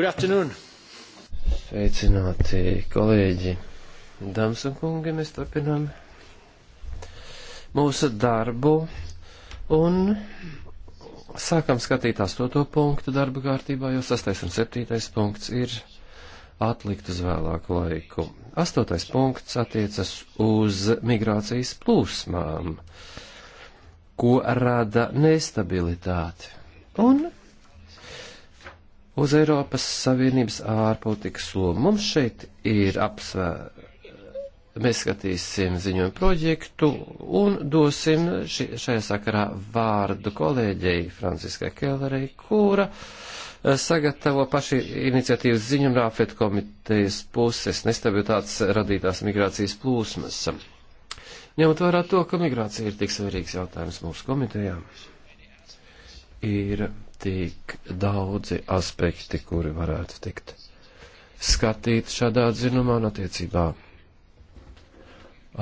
Good afternoon. Sveicināti, kolēģi. Dāmas un kungi, mēs turpinām mūsu darbu un sākam skatīt astoto punktu darba kārtībā, jo sastais un septītais punkts ir atlikt uz vēlāku laiku. Astotais punkts attiecas uz migrācijas plūsmām, ko rada nestabilitāte. Un uz Eiropas Savienības ārpolitikas lomu. Mums šeit ir apsvēr. Mēs skatīsim ziņojumu projektu un dosim ši, šajā sakarā vārdu kolēģei Franciskai Kellerei, kura eh, sagatavo paši iniciatīvas ziņojumu rāfet komitejas puses nestabilitātes radītās migrācijas plūsmas. Ņemot vērā to, ka migrācija ir tik svarīgs jautājums mūsu komitejām ir tik daudzi aspekti, kuri varētu tikt skatīti šādā atzinumā un attiecībā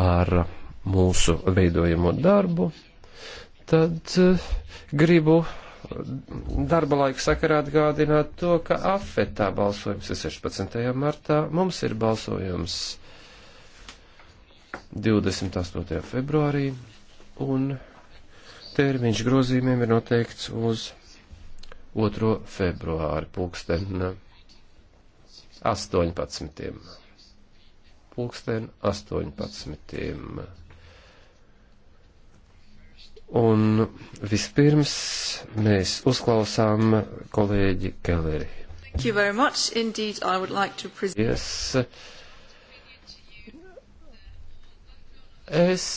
ar mūsu veidojamo darbu, tad eh, gribu darba laika sakarā atgādināt to, ka afetā balsojums ir 16. martā, mums ir balsojums 28. februārī un termiņš grozījumiem ir noteikts uz 2. februāri pulksten 18. Pulksten 18. Un vispirms mēs uzklausām kolēģi Kelleri. Thank you very much. Indeed, I would like to present. Yes. Es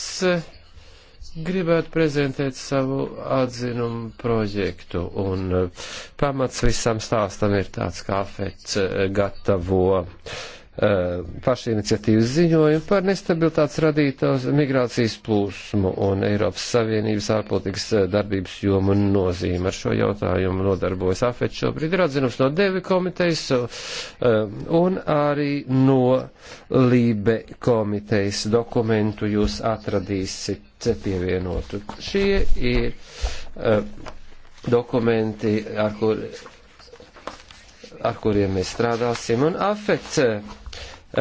gribētu prezentēt savu atzinumu projektu, un eh, pamats visam stāstam ir tāds, kā afets eh, gatavo uh, Uh, pašiniciatīvas ziņojumu par nestabilitātes radītās migrācijas plūsmu un Eiropas Savienības ārpolitikas uh, darbības jomu un nozīmi. Ar šo jautājumu nodarbojas AFET šobrīd ir atzinums no Devi komitejas uh, un arī no Lībe komitejas dokumentu jūs atradīsit pievienotu. Šie ir dokumenti, ar kur ar kuriem mēs strādāsim, un afekts eh,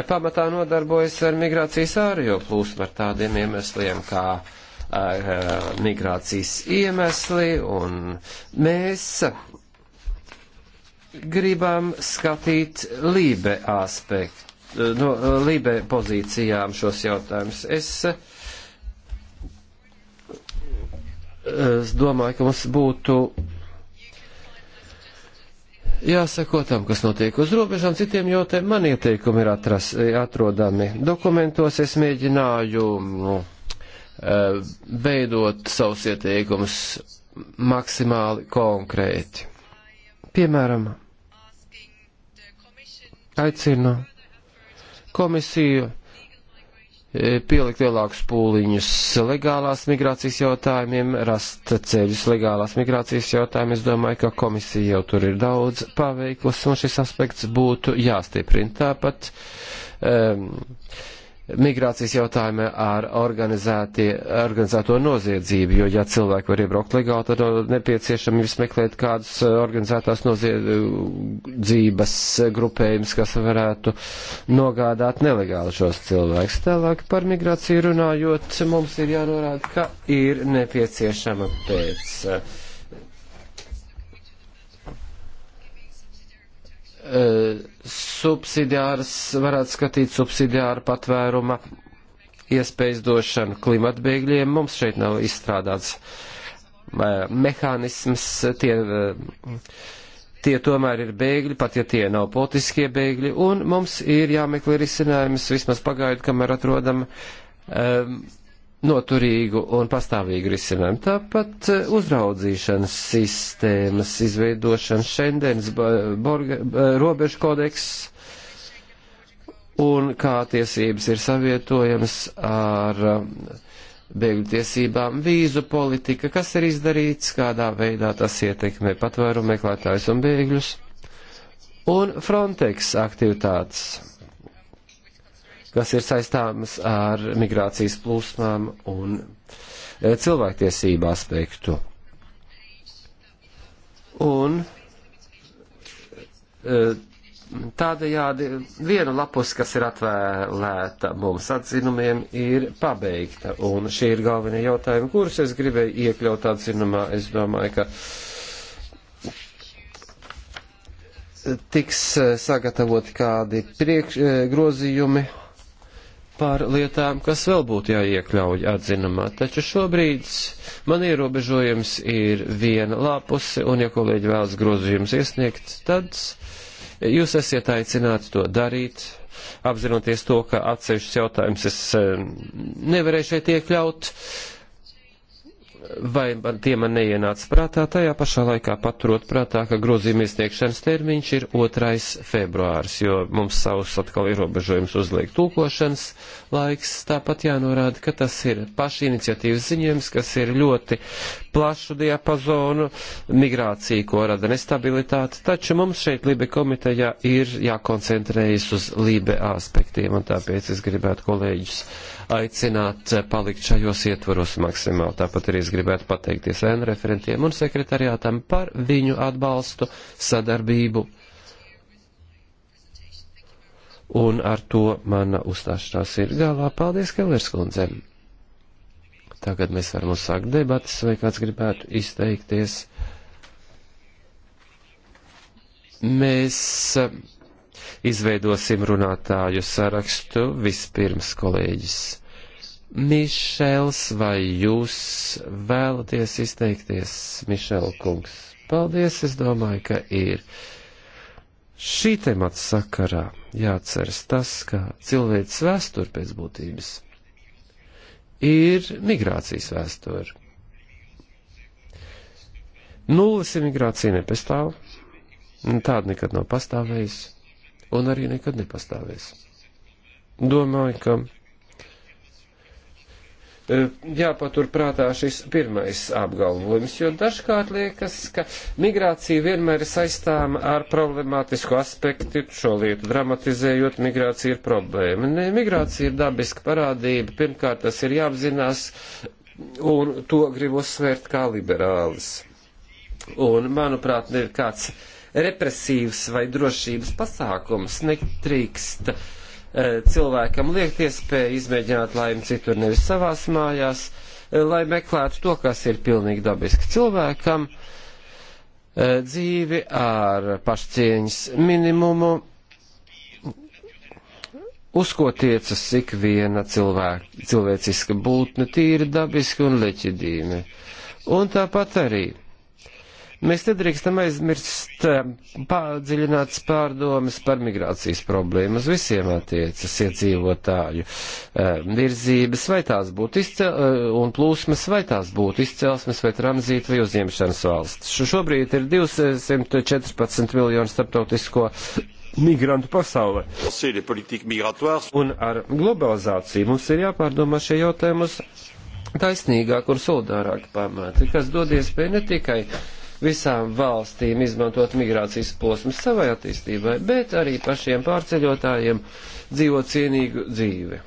pamatā nodarbojas ar migrācijas ārējo plūsmu ar tādiem iemesliem kā uh, migrācijas iemesli, un mēs gribam skatīt lībe aspektu, eh, no lībe pozīcijām šos jautājumus. Es Es domāju, ka mums būtu jāsako tam, kas notiek uz robežām, citiem jautājumiem. Man ieteikumi ir, atras, atrodami dokumentos. Es mēģināju mm, eh, veidot savus ieteikumus maksimāli konkrēti. Piemēram, aicinu komisiju E, pielikt lielākus pūliņus legālās migrācijas jautājumiem, rast ceļus legālās migrācijas jautājumiem. Es domāju, ka komisija jau tur ir daudz paveiklas, un šis aspekts būtu jāstiprina. Tāpat um, migrācijas jautājumi ar organizēto noziedzību, jo, ja cilvēki var iebraukt legāli, tad nepieciešami vismeklēt kādus eh, organizētās noziedzības grupējumus, kas varētu nogādāt nelegāli šos cilvēkus. Tālāk par migrāciju runājot, mums ir jānorāda, ka ir nepieciešama pēc. Uh, subsidiāras, varētu skatīt subsidiāru patvēruma iespējas došanu klimatbēgļiem. Mums šeit nav izstrādāts eh, mehānisms, tie, eh, tie tomēr ir bēgļi, pat ja tie nav politiskie bēgļi, un mums ir jāmeklē risinājums vismaz pagaidu, kamēr atrodam um, noturīgu un pastāvīgu risinājumu. Tāpat eh, uzraudzīšanas sistēmas izveidošana, Schengens robežu kodeks un kā tiesības ir savietojams ar eh, bēgļu tiesībām, vīzu politika, kas ir izdarīts, kādā veidā tas ietekmē patvērumu meklētājus un bēgļus, un Frontex aktivitātes kas ir saistāmas ar migrācijas plūsmām un e, cilvēktiesību aspektu. Un e, tādajādi viena lapus, kas ir atvēlēta mums atzinumiem, ir pabeigta. Un šie ir galvenie jautājumi, kurus es gribēju iekļaut atzinumā. Es domāju, ka tiks e, sagatavot kādi priekš, grozījumi par lietām, kas vēl būtu jāiekļauj atzinumā. Taču šobrīd man ierobežojums ir viena lāpuse, un ja kolēģi vēlas grozījums iesniegt, tad jūs esiet aicināti to darīt, apzinoties to, ka atsevišķus jautājumus es nevarēšu šeit iekļaut vai man tie man neienāca prātā, tajā pašā laikā paturot prātā, ka grozījuma iesniegšanas termiņš ir 2. februārs, jo mums savus atkal ierobežojums uzliek tulkošanas laiks. Tāpat jānorāda, ka tas ir paši iniciatīvas ziņojums, kas ir ļoti plašu diapazonu, migrāciju, ko rada nestabilitāte, taču mums šeit Libe komitejā ir jākoncentrējas uz Libe aspektiem, un tāpēc es gribētu kolēģus aicināt palikt šajos ietvaros maksimāli. Tāpat arī es gribētu pateikties N referentiem un sekretariātam par viņu atbalstu, sadarbību. Un ar to mana uzstāšanās ir galā. Paldies, Kalers kundzēm! Tagad mēs varam uzsākt debatas, vai kāds gribētu izteikties. Mēs eh, izveidosim runātāju sarakstu vispirms kolēģis. Mišels, vai jūs vēlaties izteikties, Mišela kungs? Paldies, es domāju, ka ir. Šī temata sakarā jāatceras tas, ka cilvēks vēstur pēc būtības ir migrācijas vēsture. Nulles imigrācija nepastāv, tāda nekad nav pastāvējusi un arī nekad nepastāvēs. Domāju, ka Eh, jāpaturprātā šis pirmais apgalvojums, jo dažkārt liekas, ka migrācija vienmēr ir saistāma ar problemātisku aspektu, šo lietu dramatizējot, migrācija ir problēma. Nē, migrācija ir dabiska parādība, pirmkārt tas ir jāapzinās, un to gribu uzsvērt kā liberālis. Un, manuprāt, ir kāds represīvs vai drošības pasākums, netrīkst. Uh, E, cilvēkam liekt iespēju izmēģināt laimi citur, nevis savās mājās, e, lai meklētu to, kas ir pilnīgi dabiski cilvēkam, e, dzīvi ar pašcieņas minimumu, uz ko tiecas ik viena cilvēka, cilvēciska būtne, tīri dabiski un leķidīmi. Un tāpat arī Mēs nedrīkstam aizmirst eh, padziļināts pārdomas par migrācijas problēmu. Uz visiem attiecas iedzīvotāju eh, virzības, vai tās būtu izcel eh, un plūsmas, vai tās būtu izcelsmes, vai tranzīta, vai uzņemšanas valsts. Šobrīd ir 214 miljonu starptautisko migrantu pasaulē. Un ar globalizāciju mums ir jāpārdomā šie jautājumus taisnīgāk un solidārāk pamāti, kas dod iespēju ne tikai uh, visām valstīm izmantot migrācijas plosmas savai attīstībai, bet arī pašiem pārceļotājiem dzīvo cienīgu dzīvi.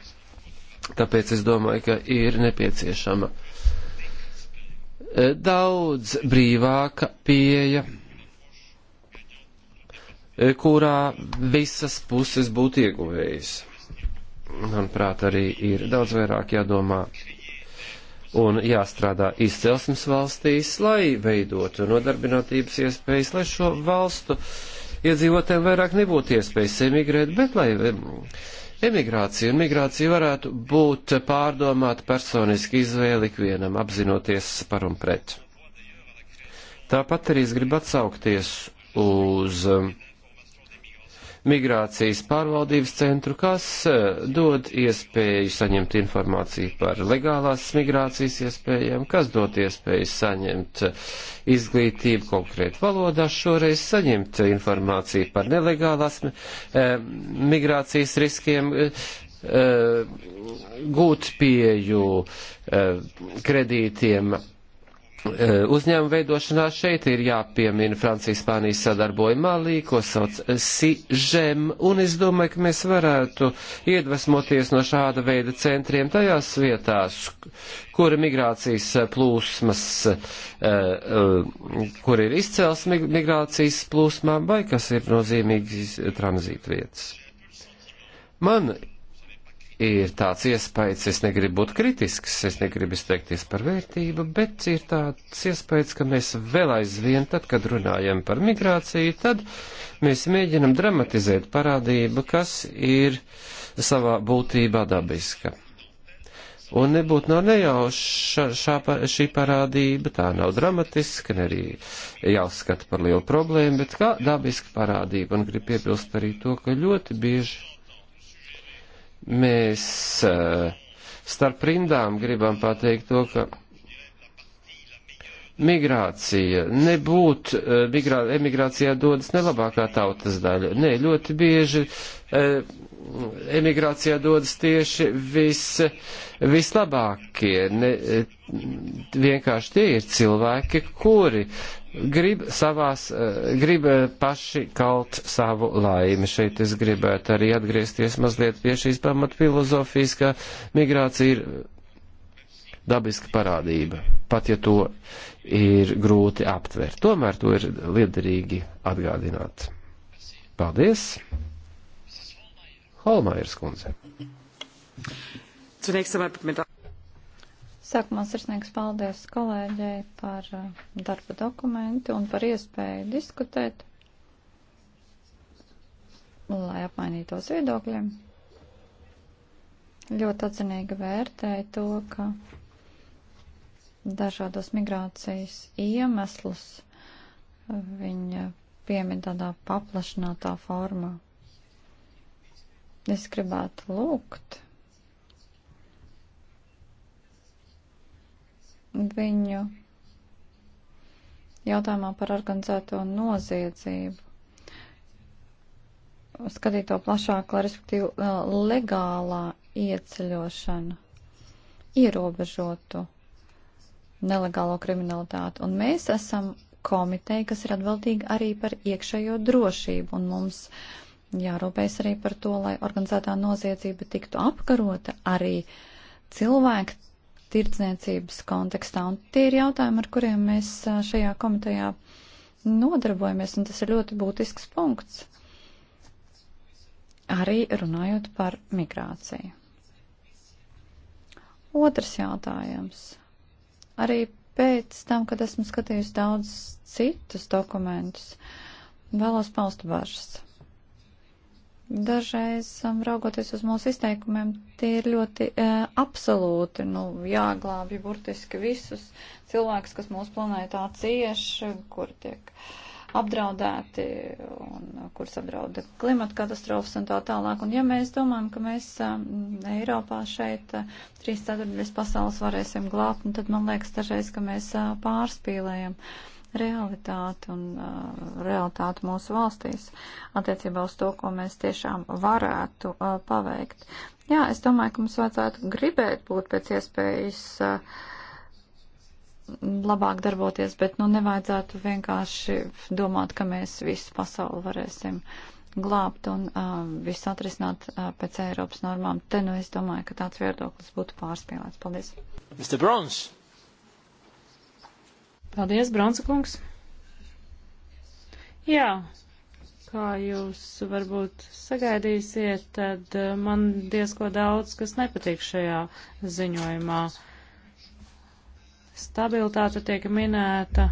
Tāpēc es domāju, ka ir nepieciešama eh, daudz brīvāka pieeja, eh, kurā visas puses būtu ieguvējis. Manuprāt, arī ir daudz vairāk jādomā un jāstrādā izcelsmes valstīs, lai veidotu nodarbinātības iespējas, lai šo valstu iedzīvotēm vairāk nebūtu iespējas emigrēt, bet lai emigrācija un migrācija varētu būt pārdomāta personiski izvēle ikvienam, apzinoties par un pret. Tāpat arī es gribu atsaukties uz uh, migrācijas pārvaldības centru, kas eh, dod iespēju saņemt informāciju par legālās migrācijas iespējām, kas dod iespēju saņemt eh, izglītību konkrēti valodā, šoreiz saņemt informāciju par nelegālās eh, migrācijas riskiem, gūt pieju kredītiem Eh, uzņēmumu veidošanā šeit ir jāpiemina Francijas-Spānijas sadarboja malī, ko sauc eh, SIŽEM, un es domāju, ka mēs varētu iedvesmoties no šāda veida centriem tajās vietās, kura migrācijas plūsmas, eh, kur ir izcels migrācijas plūsmām, vai kas ir nozīmīgas tranzītvietas. Man ir tāds iespējas, es negribu būt kritisks, es negribu izteikties par vērtību, bet ir tāds iespējas, ka mēs vēl aizvien, tad, kad runājam par migrāciju, tad mēs mēģinam dramatizēt parādību, kas ir savā būtībā dabiska. Un nebūtu nav nejauša šā, šī parādība, tā nav dramatiska, ne arī jāuzskata par lielu problēmu, bet kā dabiska parādība, un gribu piebilst arī to, ka ļoti bieži Mēs eh, starp rindām gribam pateikt to, ka migrācija, nebūt eh, migrā, emigrācijā dodas nelabākā tautas daļa. Nē, ļoti bieži e, emigrācijā dodas tieši vis, vislabākie. Ne, vienkārši tie ir cilvēki, kuri grib savās, eh, grib eh, paši kalt savu laimi. Šeit es gribētu arī atgriezties mazliet pie šīs pamat filozofijas, ka migrācija ir dabiska parādība, pat ja to ir grūti aptvert. Tomēr to ir liederīgi atgādināt. Paldies! Holmaiers kundze. Zunächst einmal mit Sākumā sirsnīgs paldies kolēģei par uh, darba dokumentu un par iespēju diskutēt, lai apmainītos viedokļiem. Ļoti atzinīgi vērtēju to, ka dažādos migrācijas iemeslus uh, viņa piemin tādā paplašinātā formā. Es gribētu lūgt viņu jautājumā par organizēto noziedzību. Skatīt to plašāk, respektīvi uh, legālā ieceļošana ierobežotu nelegālo kriminalitāti. Un mēs esam komiteja, kas ir atbildīga arī par iekšējo drošību, un mums jārūpējas arī par to, lai organizētā noziedzība tiktu apkarota arī cilvēku tirdzniecības kontekstā. Un tie ir jautājumi, ar kuriem mēs šajā komitejā nodarbojamies, un tas ir ļoti būtisks punkts. Arī runājot par migrāciju. Otrs jautājums. Arī pēc tam, kad esmu skatījis daudz citus dokumentus, vēlos paust bažas. Dažreiz, um, raugoties uz mūsu izteikumiem, tie ir ļoti uh, absolūti, nu, jāglābj burtiski visus cilvēkus, kas mūsu planētā cieš, kur tiek apdraudēti un e, kuras apdrauda klimata katastrofas un tā tālāk. Un ja mēs domājam, ka mēs um, Eiropā šeit uh, trīs ceturtdaļas pasaules varēsim glābt, nu, tad man liekas dažreiz, ka mēs uh, pārspīlējam. Uh, realitāti un uh, realitāti mūsu valstīs attiecībā uz to, ko mēs tiešām varētu uh, paveikt. Jā, es domāju, ka mums vajadzētu gribēt būt pēc iespējas uh, labāk darboties, bet nu nevajadzētu vienkārši domāt, ka mēs visu pasauli varēsim glābt un uh, visu atrisināt uh, pēc Eiropas normām. Te nu es domāju, ka tāds viedoklis būtu pārspīlēts. Paldies. Mr. Brons. Paldies, Bronsa kungs. Jā, kā jūs varbūt sagaidīsiet, tad uh, man diezko daudz, kas nepatīk šajā ziņojumā. Stabilitāte tiek minēta.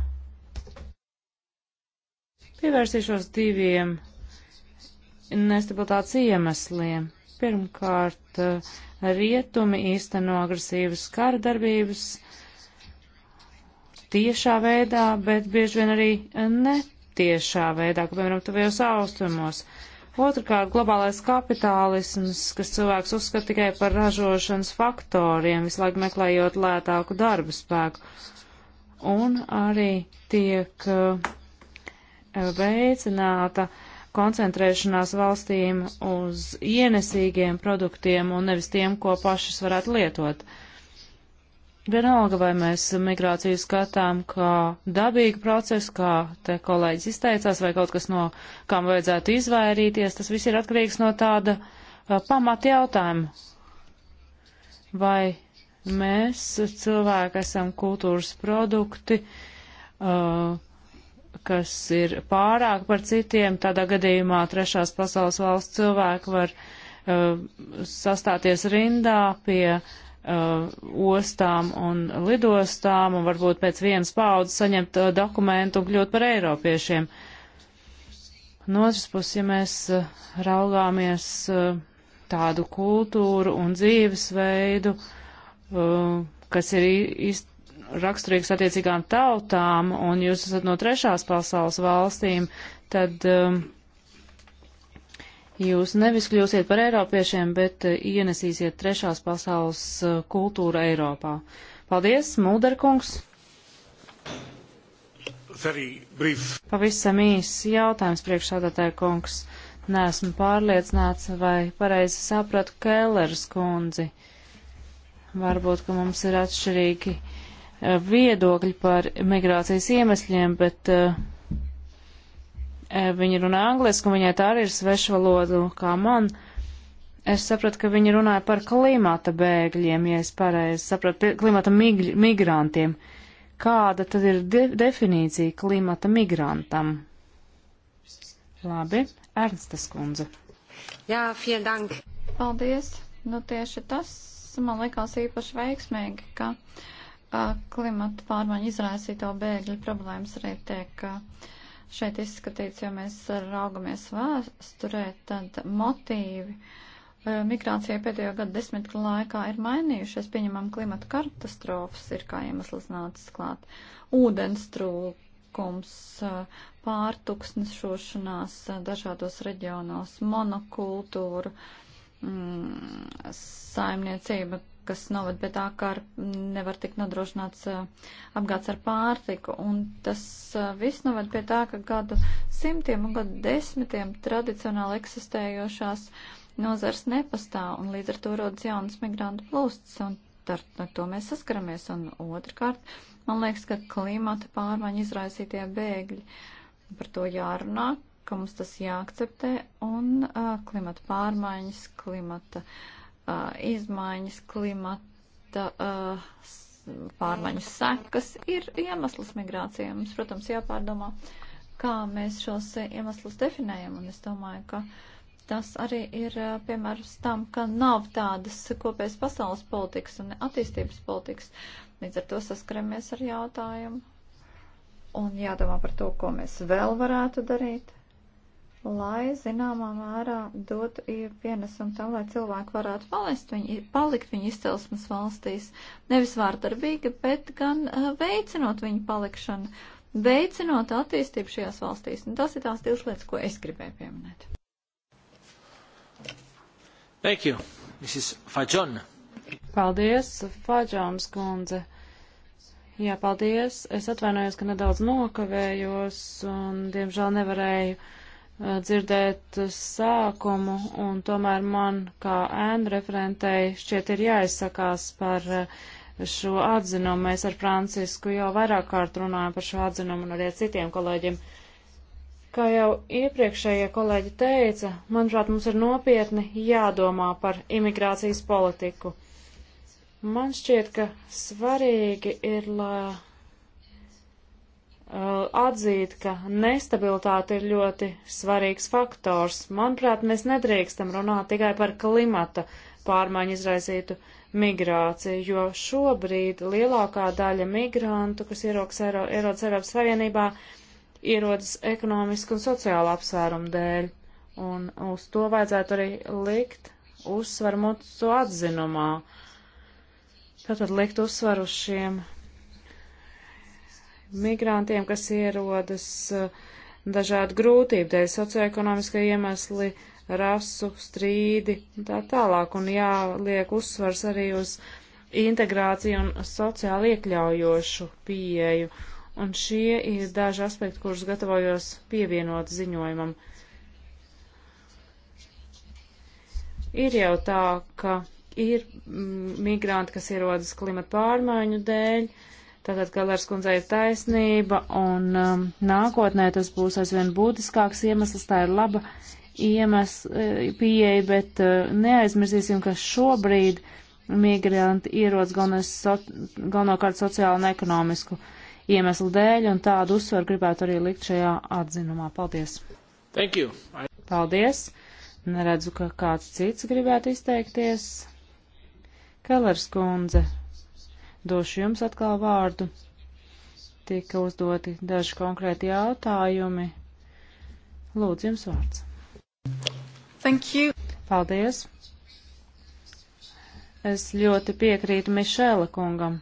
Pievērsīšos diviem nestabilitātes iemesliem. Pirmkārt, uh, rietumi īsteno agresīvas kara darbības tiešā veidā, bet bieži vien arī netiešā veidā, kā piemēram tuvējos austrumos. Otrakārt, globālais kapitālisms, kas cilvēks uzskata tikai par ražošanas faktoriem, visu laiku meklējot lētāku darba spēku. Un arī tiek eh, veicināta koncentrēšanās valstīm uz ienesīgiem produktiem un nevis tiem, ko pašas varētu lietot. Uh, Vienalga, vai mēs migrāciju skatām kā dabīgu procesu, kā te kolēģis izteicās, vai kaut kas no kam vajadzētu izvairīties, tas viss ir atkarīgs no tāda uh, pamata jautājuma. Vai mēs cilvēki esam kultūras produkti, uh, kas ir pārāk par citiem, tādā gadījumā trešās pasaules valsts cilvēki var uh, sastāties rindā pie uh, uh, ostām un lidostām un varbūt pēc vienas paudzes saņemt uh, dokumentu un kļūt par eiropiešiem. No otras puses, ja mēs uh, raugāmies uh, tādu kultūru un dzīvesveidu, uh, kas ir īst, raksturīgs attiecīgām tautām, un jūs esat no trešās pasaules valstīm, tad. Uh, Jūs nevis kļūsiet par eiropiešiem, bet eh, ienesīsiet trešās pasaules eh, kultūru Eiropā. Paldies, Mulderkungs! Pavisam īs jautājums priekšsādātāja kungs. Nesmu pārliecināts, vai pareizi sapratu Kēlers kundzi. Varbūt, ka mums ir atšķirīgi eh, viedokļi par migrācijas iemesļiem, bet uh, Eh, Viņa runā angliski, un viņai tā arī ir svešvalodu kā man. Es sapratu, ka viņi runāja par klimata bēgļiem, ja es pareizi sapratu, klimata migr migrantiem. Kāda tad ir de definīcija klimata migrantam? Labi, Ernstas kundze. Jā, vielen dank. Paldies. Nu tieši tas man likās īpaši veiksmīgi, ka uh, klimata pārmaiņu izraisīto bēgļu problēmas arī tiek. Uh, šeit izskatīts, ja mēs raugamies vēsturē, tad motīvi e, migrācijai pēdējo gadu desmitku laikā ir mainījušies. Pieņemam, klimata katastrofas ir kā iemesls nācis klāt. Ūdens trūkums, e, pārtuksnešošanās e, dažādos reģionos, monokultūra, mm, saimniecība kas novad pie tā, ka ar, nevar tikt nodrošināts apgāds ar pārtiku. Un tas viss novad pie tā, ka gadu simtiem un gadu desmitiem tradicionāli eksistējošās nozars nepastāv, un līdz ar to rodas jaunas migrantu plūsts, un ar, ar to mēs saskaramies. Un otrkārt, man liekas, ka klimata pārmaiņa izraisītie bēgļi, par to jārunā, ka mums tas jāakceptē, un uh, klimata pārmaiņas, klimata. Uh, izmaiņas, klimata pārmaiņu sekas ir iemesls migrācijai. Mums, protams, jāpārdomā, kā mēs šos iemeslus definējam, un es domāju, ka tas arī ir piemērs tam, ka nav tādas kopējas pasaules politikas un attīstības politikas. Līdz ar to saskaramies ar jautājumu un jādomā par to, ko mēs vēl varētu darīt lai zināmā mērā dotu pienesumu tam, lai cilvēki varētu palest, viņi, palikt viņu izcelsmes valstīs, nevis vārdarbīgi, bet gan uh, veicinot viņu palikšanu, veicinot attīstību šajās valstīs. Un tas ir tās divas lietas, ko es gribēju pieminēt. Thank you, Mrs. Fajon. Paldies, Fajons kundze. Jā, paldies. Es atvainojos, ka nedaudz nokavējos un, diemžēl, nevarēju Eh, dzirdēt sākumu, un tomēr man kā ēnu referentei šķiet ir jāizsakās par eh, šo atzinumu. Mēs ar Francisku jau vairāk kārt runājam par šo atzinumu un arī citiem kolēģiem. Kā jau iepriekšējie kolēģi teica, manuprāt, mums ir nopietni jādomā par imigrācijas politiku. Man šķiet, ka svarīgi ir, lai Uh, atzīt, ka nestabilitāte ir ļoti svarīgs faktors. Manuprāt, mēs nedrīkstam runāt tikai par klimata pārmaiņu izraisītu migrāciju, jo šobrīd lielākā daļa migrantu, kas ierodas Eiro, Eiropas Savienībā, ierodas ekonomisku un sociālu apsvērumu dēļ, un uz to vajadzētu arī likt uzsvaru mūsu atzinumā. Tātad likt uzsvaru uz šiem migrantiem, kas ierodas eh, dažādu grūtību dēļ, socioekonomiskie iemesli, rasu, strīdi un tā tālāk. Un jāliek uzsvars arī uz integrāciju un sociāli iekļaujošu pieeju. Un šie ir daži aspekti, kurus gatavojos pievienot ziņojumam. Ir jau tā, ka ir mm, migranti, kas ierodas klimata pārmaiņu dēļ, uh, Tātad Galers kundzei ir taisnība, un um, nākotnē tas būs aizvien būtiskāks iemesls, tā ir laba iemes e, pieeja, bet uh, neaizmirsīsim, ka šobrīd migranti ierodas so, galvenokārt sociālu un ekonomisku iemeslu dēļ, un tādu uzsvaru gribētu arī likt šajā atzinumā. Paldies! Thank you! I... Paldies! Neredzu, ka kāds cits gribētu izteikties. Kalers kundze, došu jums atkal vārdu. Tika uzdoti daži konkrēti jautājumi. Lūdzu, jums vārds. Thank you. Paldies. Es ļoti piekrītu Mišēla kungam.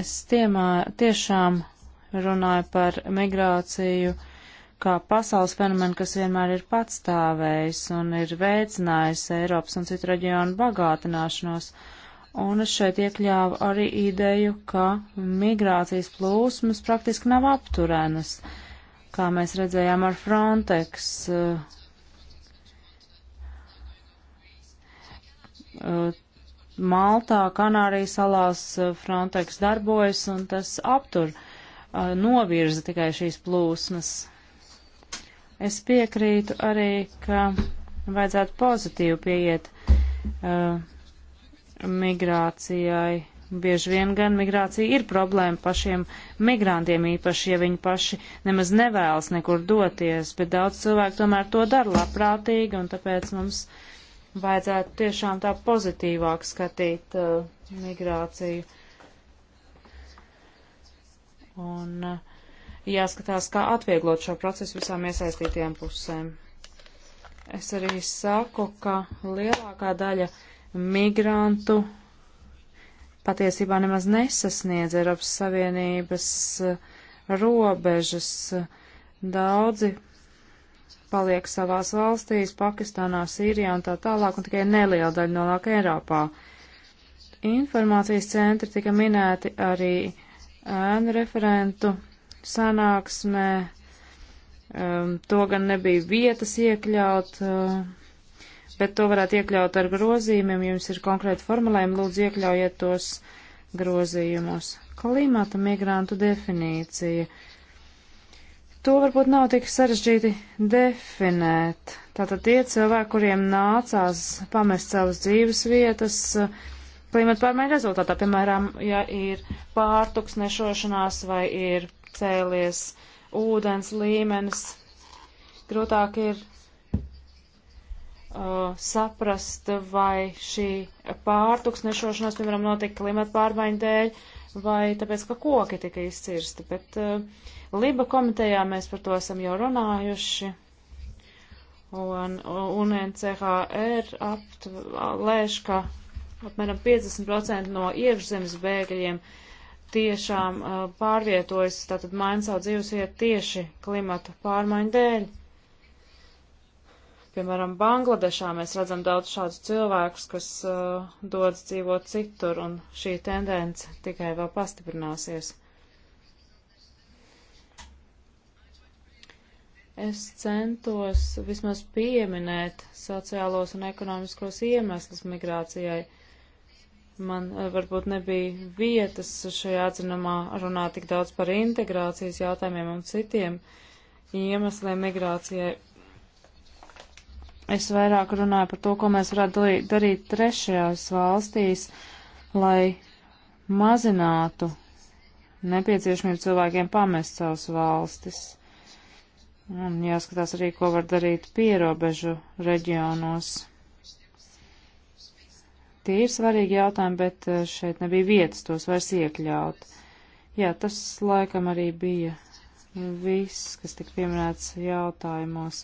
Es tiemā, tiešām runāju par migrāciju kā pasaules fenomenu, kas vienmēr ir patstāvējis un ir veicinājis Eiropas un citu reģionu bagātināšanos. Un es šeit iekļāvu arī ideju, ka migrācijas plūsmas praktiski nav apturenas, kā mēs redzējām ar Frontex. Eh, Maltā, Kanārijas salās eh, Frontex darbojas un tas aptur, eh, novirza tikai šīs plūsmas. Es piekrītu arī, ka vajadzētu pozitīvi pieiet uh, migrācijai. Bieži vien gan migrācija ir problēma pašiem migrantiem, īpaši, ja viņi paši nemaz nevēlas nekur doties, bet daudz cilvēku tomēr to dara labprātīgi, un tāpēc mums vajadzētu tiešām tā pozitīvāk skatīt uh, migrāciju. Un uh, jāskatās, kā atvieglot šo procesu visām iesaistītajām pusēm. Es arī saku, ka lielākā daļa migrantu patiesībā nemaz nesasniedz Eiropas Savienības eh, robežas. Daudzi paliek savās valstīs, Pakistānā, Sīrijā un tā tālāk, un tikai neliela daļa nonāk Eiropā. Informācijas centri tika minēti arī ēnu referentu sanāksmē. Um, to gan nebija vietas iekļaut, uh, bet to varētu iekļaut ar grozījumiem. Jums ir konkrēti formulējumi, lūdzu iekļaujiet tos grozījumus. Klimata migrantu definīcija. To varbūt nav tik sarežģīti definēt. Tātad tie cilvēki, kuriem nācās pamest savas dzīves vietas, uh, klimata pārmaiņu rezultātā, piemēram, ja ir pārtuksnešošanās vai ir cēlies, ūdens līmenis. Grūtāk ir uh, saprast, vai šī pārtuksnešošanās, piemēram, notika klimata pārmaiņu dēļ, vai tāpēc, ka koki tika izcirsti. Bet uh, Liba komitejā mēs par to esam jau runājuši. Un UNCHR apt, lēš, ka apmēram 50% no iekšzemes bēgļiem uh, tiešām uh, pārvietojas, tātad maina savu dzīvesvietu tieši klimata pārmaiņu dēļ. Piemēram, Bangladešā mēs redzam daudz šādus cilvēkus, kas uh, dodas dzīvot citur, un šī tendence tikai vēl pastiprināsies. Es centos vismaz pieminēt sociālos un ekonomiskos iemeslus migrācijai. Uh, Man eh, varbūt nebija vietas šajā atzinumā runāt tik daudz par integrācijas jautājumiem un citiem iemesliem migrācijai. Es vairāk runāju par to, ko mēs varētu darīt trešajās valstīs, lai mazinātu nepieciešamību cilvēkiem pamest savus valstis. Un jāskatās arī, ko var darīt pierobežu reģionos. Tie ir svarīgi jautājumi, bet eh, šeit nebija vietas tos vairs iekļaut. Jā, tas laikam arī bija viss, kas tik pieminēts jautājumos.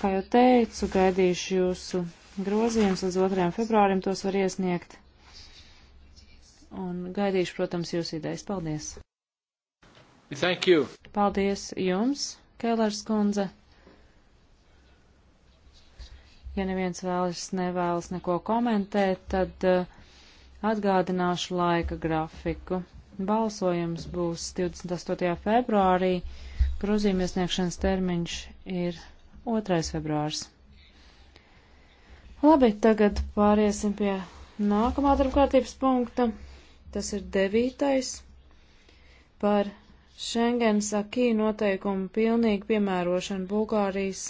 Kā jau teicu, gaidīšu jūsu grozījumus līdz 2. februārim, tos var iesniegt. Un gaidīšu, protams, jūsu idejas. Paldies! Thank you! Paldies jums, Kēlers kundze! Ja neviens vēlas, nevēlas neko komentēt, tad eh, atgādināšu laika grafiku. Balsojums būs 28. februārī, grozījuma iesniegšanas termiņš ir 2. februārs. Labi, tagad pāriesim pie nākamā darbkārtības punkta. Tas ir devītais par Schengens akī noteikumu pilnīgu piemērošanu Bulgārijas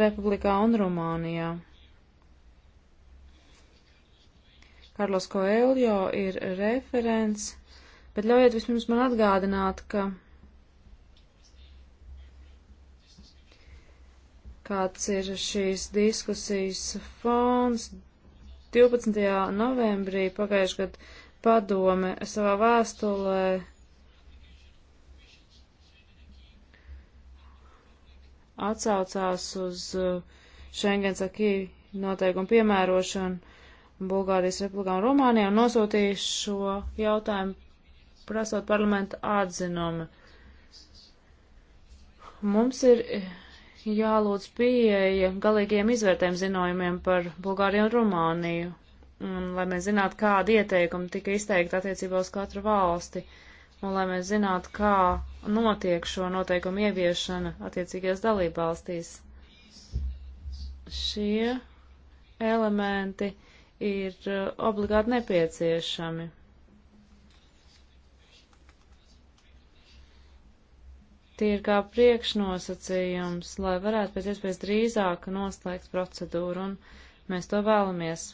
Republikā un Rumānijā. Karlos Koeljo ir referents, bet ļaujiet vispirms man atgādināt, ka kāds ir šīs diskusijas fons. 12. novembrī pagājušajā gadā padome savā vēstulē atsaucās uz eh, Schengens akī noteikumu piemērošanu Bulgārijas republikā un Rumānijā un nosūtīja šo jautājumu prasot parlamenta atzinumu. Mums ir eh, jālūdz pieeja galīgiem izvērtējiem zinojumiem par Bulgāriju un Rumāniju, un lai mēs zinātu, kāda ieteikuma tika izteikta attiecībā uz katru valsti, un lai mēs zinātu, kā notiek šo noteikumu ieviešana attiecīgajās dalībvalstīs. Šie elementi ir uh, obligāti nepieciešami. Tie ir kā priekšnosacījums, lai varētu pēc iespējas drīzāk noslēgt procedūru, un mēs to vēlamies,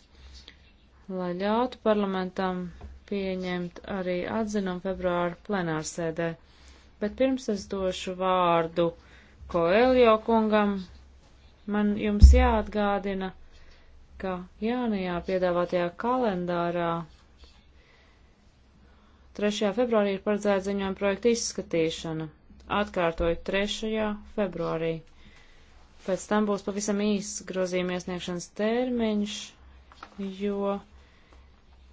lai ļautu parlamentam pieņemt arī atzinumu februāru plenārsēdē. Ar bet pirms es došu vārdu Koeljo kungam, man jums jāatgādina, ka jaunajā piedāvātajā kalendārā 3. februārī ir paredzēta ziņojuma projekta izskatīšana. Atkārtoju 3. februārī. Pēc tam būs pavisam īsts grozījuma iesniegšanas termiņš, jo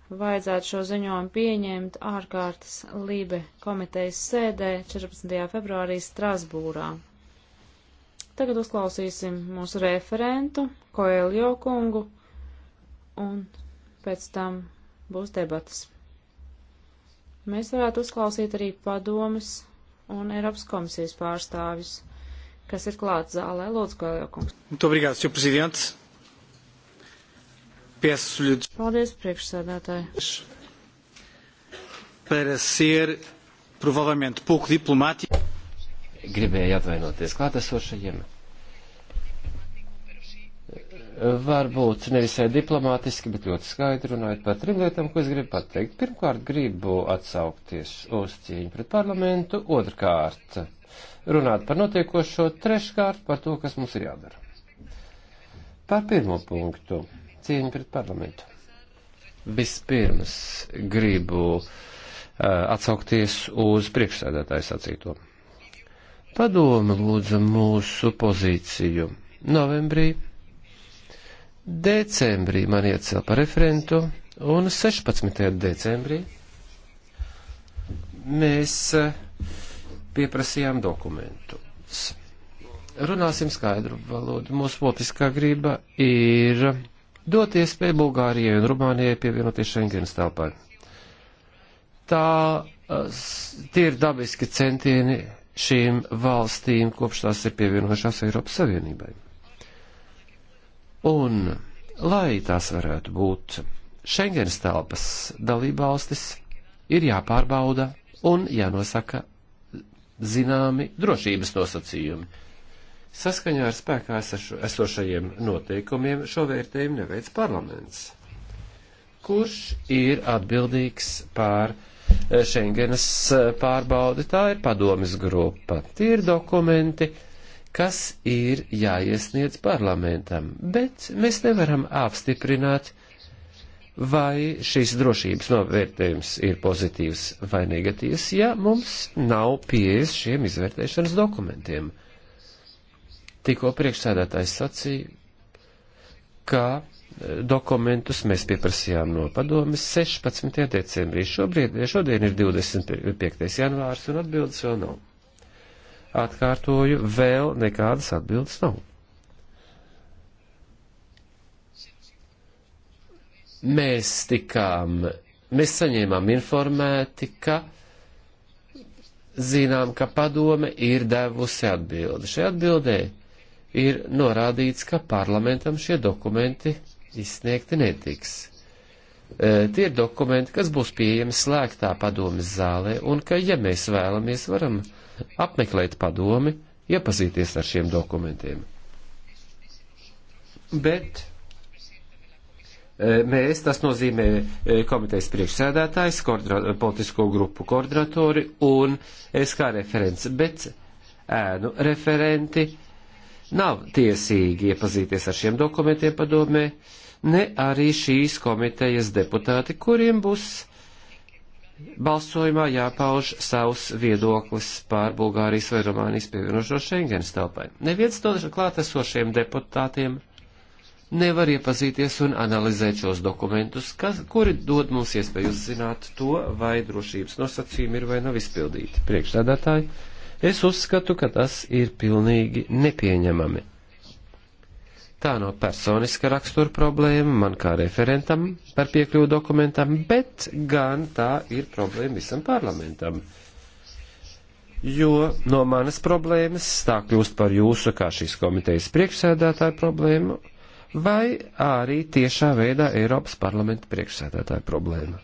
vajadzētu šo ziņojumu pieņemt ārkārtas Lībe komitejas sēdē 14. februārī Strasbūrā. Tagad uzklausīsim mūsu referentu, Koeljo kungu, un pēc tam būs debatas. Mēs varētu uzklausīt arī padomas un Eiropas komisijas pārstāvis, kas ir klāts zālē. Lūdzu, Koeljo kungs. Muito obrigado, senhor presidente. Peço-lhe. Paldies, priekšsēdētāji. Para ser provavelmente pouco diplomático. Gribēju atvainoties klātesošajiem. Varbūt nevisai diplomātiski, bet ļoti skaidri runājot par trim lietām, ko es gribu pateikt. Pirmkārt, gribu atsaukties uz cieņu pret parlamentu, otrkārt, runāt par notiekošo, treškārt, par to, kas mums ir jādara. Par pirmo punktu cieņu pret parlamentu. Vispirms gribu uh, atsaukties uz priekšsēdētāju sacīto. Padoma lūdza mūsu pozīciju novembrī, decembrī man iecēla par referentu un 16. decembrī mēs pieprasījām dokumentus runāsim skaidru valodu. Mūsu politiskā grība ir dot iespēju Bulgārijai un Rumānijai pievienoties Schengenas telpai. Tā tie ir dabiski centieni šīm valstīm, kopš tās ir pievienojušās Eiropas Savienībai. Un, lai tās varētu būt Schengenas telpas dalībvalstis, ir jāpārbauda un jānosaka zināmi drošības nosacījumi Saskaņā ar spēkā esošajiem noteikumiem šo vērtējumu neveic parlaments, kurš ir atbildīgs pār eh, Schengenas eh, pārbaudi. Tā ir padomis grupa. Tie ir dokumenti, kas ir jāiesniedz parlamentam, bet mēs nevaram apstiprināt, vai šīs drošības novērtējums ir pozitīvs vai negatīvs, ja mums nav pieejas šiem izvērtēšanas dokumentiem. Tikko priekšsēdētājs sacīja, ka e, dokumentus mēs pieprasījām no padomes 16. decembrī. Šobrīd, šodien ir 25. janvārs un atbildes vēl nav. Atkārtoju, vēl nekādas atbildes nav. Mēs tikām, mēs saņēmām informēti, ka zinām, ka padome ir devusi atbildi. Šajā atbildē ir norādīts, ka parlamentam šie dokumenti izsniegti netiks. E, tie ir dokumenti, kas būs pieejami slēgtā padomes zālē, un ka, ja mēs vēlamies, varam apmeklēt padomi, iepazīties ar šiem dokumentiem. Bet e, mēs, tas nozīmē e, komitejas priekšsēdētājs, politisko grupu koordinatori un es kā referents, bet ēnu referenti nav tiesīgi iepazīties ar šiem dokumentiem padomē, ne arī šīs komitejas deputāti, kuriem būs balsojumā jāpauž savs viedoklis pār Bulgārijas vai Romānijas pievienošo Schengens telpai. Neviens no klātesošiem deputātiem nevar iepazīties un analizēt šos dokumentus, kas, kuri dod mums iespēju uzzināt to, vai drošības nosacījumi ir vai nav izpildīti. Priekšstādātāji. Es uzskatu, ka tas ir pilnīgi nepieņemami. Tā nav no personiska rakstura problēma man kā referentam par piekļuvu dokumentam, bet gan tā ir problēma visam parlamentam. Jo no manas problēmas tā kļūst par jūsu kā šīs komitejas priekšsēdētāja problēmu vai arī tiešā veidā Eiropas parlamenta priekšsēdētāja problēma.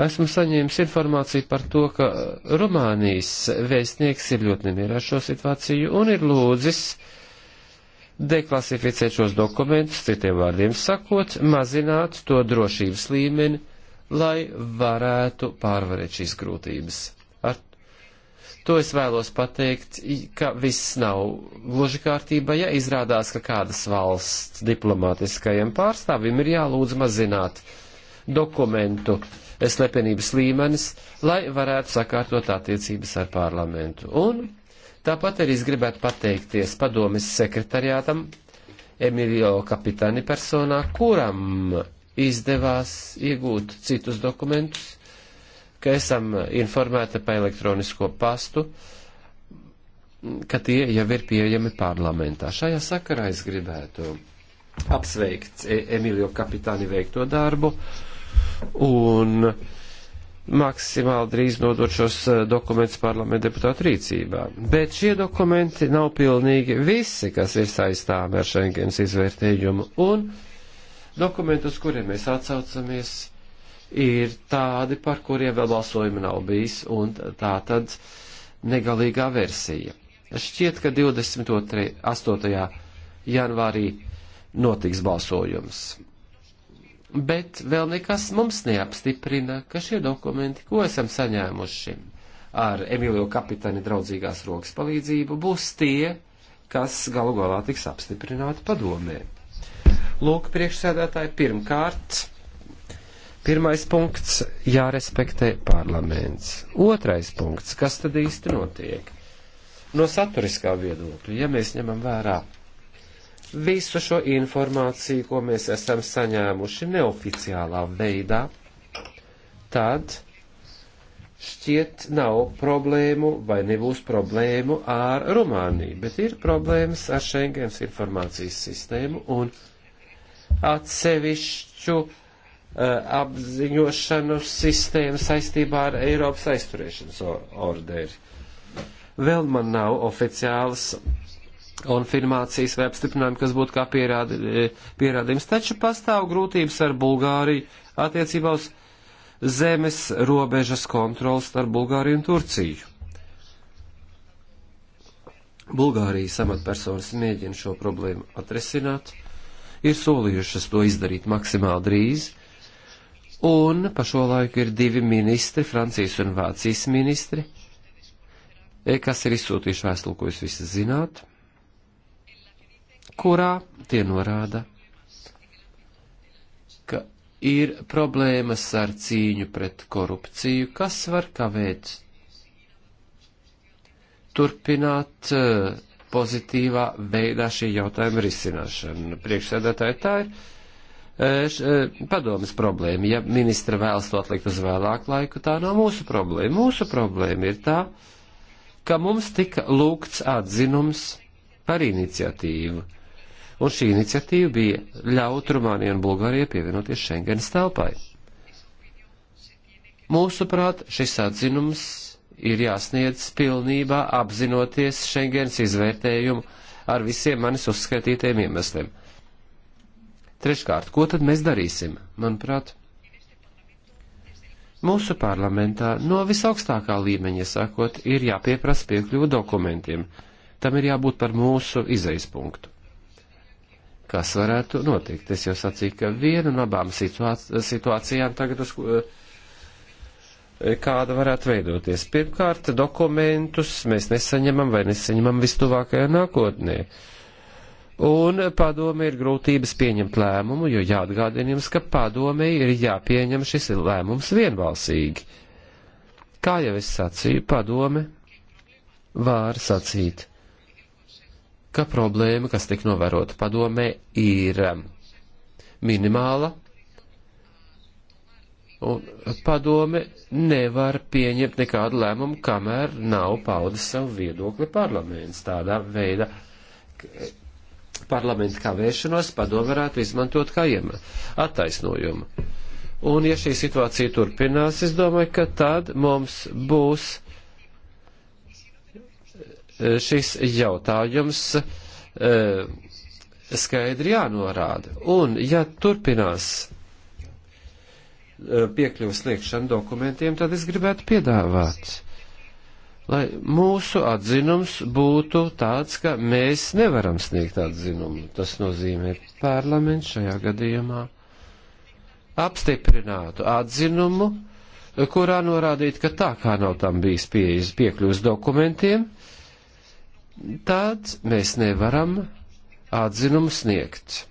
Esmu saņēmis informāciju par to, ka uh, Rumānijas vēstnieks ir ļoti nemierā ar šo situāciju un ir lūdzis deklasificēt šos dokumentus, citiem vārdiem sakot, mazināt to drošības līmeni, lai varētu pārvarēt šīs grūtības. Ar to es vēlos pateikt, ka viss nav gluži kārtībā, ja izrādās, ka kādas valsts diplomātiskajiem pārstāvim ir jālūdz mazināt dokumentu slepenības līmenis, lai varētu sakārtot attiecības ar parlamentu. Un tāpat arī es gribētu pateikties padomis sekretariātam Emilio Kapitani personā, kuram izdevās iegūt citus dokumentus, ka esam informēti pa elektronisko pastu, ka tie jau ir pieejami parlamentā. Šajā sakarā es gribētu apsveikt e- Emilio Kapitāni veikto darbu un maksimāli drīz nodot šos eh, dokumentus parlamentu deputātu rīcībā. Bet šie dokumenti nav pilnīgi visi, kas ir saistāmi ar Schengens izvērtējumu, un dokumenti, uz kuriem mēs atsaucamies, ir tādi, par kuriem vēl balsojuma nav bijis, un tā tad negalīgā versija. Šķiet, ka 22. 8. janvārī notiks balsojums bet vēl nekas mums neapstiprina, ka šie dokumenti, ko esam saņēmuši ar Emīlio kapitani draudzīgās rokas palīdzību, būs tie, kas galu galā tiks apstiprināti padomē. Lūk, priekšsēdētāji, pirmkārt, pirmais punkts - jārespektē parlaments. Otrais punkts - kas tad īsti notiek? No saturiskā viedokļa, ja mēs ņemam vērā visu šo informāciju, ko mēs esam saņēmuši neoficiālā veidā, tad šķiet nav problēmu vai nebūs problēmu ar Rumāniju, bet ir problēmas ar Schengens informācijas sistēmu un atsevišķu uh, apziņošanu sistēmu saistībā ar Eiropas aizturēšanas orderi. Vēl man nav oficiāls konfirmācijas vai apstiprinājumu, kas būtu kā pierādi, e, pierādījums. Taču pastāv grūtības ar Bulgāriju attiecībā uz zemes robežas kontrols starp Bulgāriju un Turciju. Bulgārijas amatpersonas mēģina šo problēmu atrisināt, ir solījušas to izdarīt maksimāli drīz, un pa šo laiku ir divi ministri, Francijas un Vācijas ministri, e, kas ir izsūtījuši vēstuli, ko jūs visi zināt, kurā tie norāda, ka ir problēmas ar cīņu pret korupciju, kas var kavēt turpināt eh, pozitīvā veidā šī jautājuma risināšanu. Priekšsēdētāji tā ir eh, eh, padomas problēma. Ja ministra vēlas to atlikt uz vēlāku laiku, tā nav mūsu problēma. Mūsu problēma ir tā, ka mums tika lūgts atzinums par iniciatīvu un šī iniciatīva bija ļaut Rumānijai un Bulgārijai pievienoties Schengenas telpai. Mūsuprāt, šis atzinums ir jāsniedz pilnībā apzinoties Schengens izvērtējumu ar visiem manis uzskaitītiem iemesliem. Treškārt, ko tad mēs darīsim? Manuprāt, mūsu parlamentā no visaugstākā līmeņa sākot ir jāpieprasa piekļuvu dokumentiem. Tam ir jābūt par mūsu izejas punktu kas varētu notikt. Es jau sacīju, ka viena no abām situācijām tagad uz eh, kāda varētu veidoties. Pirmkārt, dokumentus mēs nesaņemam vai nesaņemam vistuvākajā nākotnē. Un padome ir grūtības pieņemt lēmumu, jo jāatgādina jums, ka padome ir jāpieņem šis lēmums vienbalsīgi. Kā jau es sacīju, padome var sacīt ka problēma, kas tik novērota padomē, ir um, minimāla, un padome nevar pieņemt nekādu lēmumu, kamēr nav paudis savu viedokli parlaments. Tādā veidā parlamenta kavēšanos padome varētu izmantot kā attaisnojumu. Un ja šī situācija turpinās, es domāju, ka tad mums būs Eh, šis jautājums eh, skaidri jānorāda. Un, ja turpinās eh, piekļuvas sniegšana dokumentiem, tad es gribētu piedāvāt, lai mūsu atzinums būtu tāds, ka mēs nevaram sniegt atzinumu. Tas nozīmē parlaments šajā gadījumā apstiprinātu atzinumu, kurā norādīt, ka tā kā nav tam bijis pieejas piekļuvas dokumentiem, tad mēs nevaram atzinumu sniegt.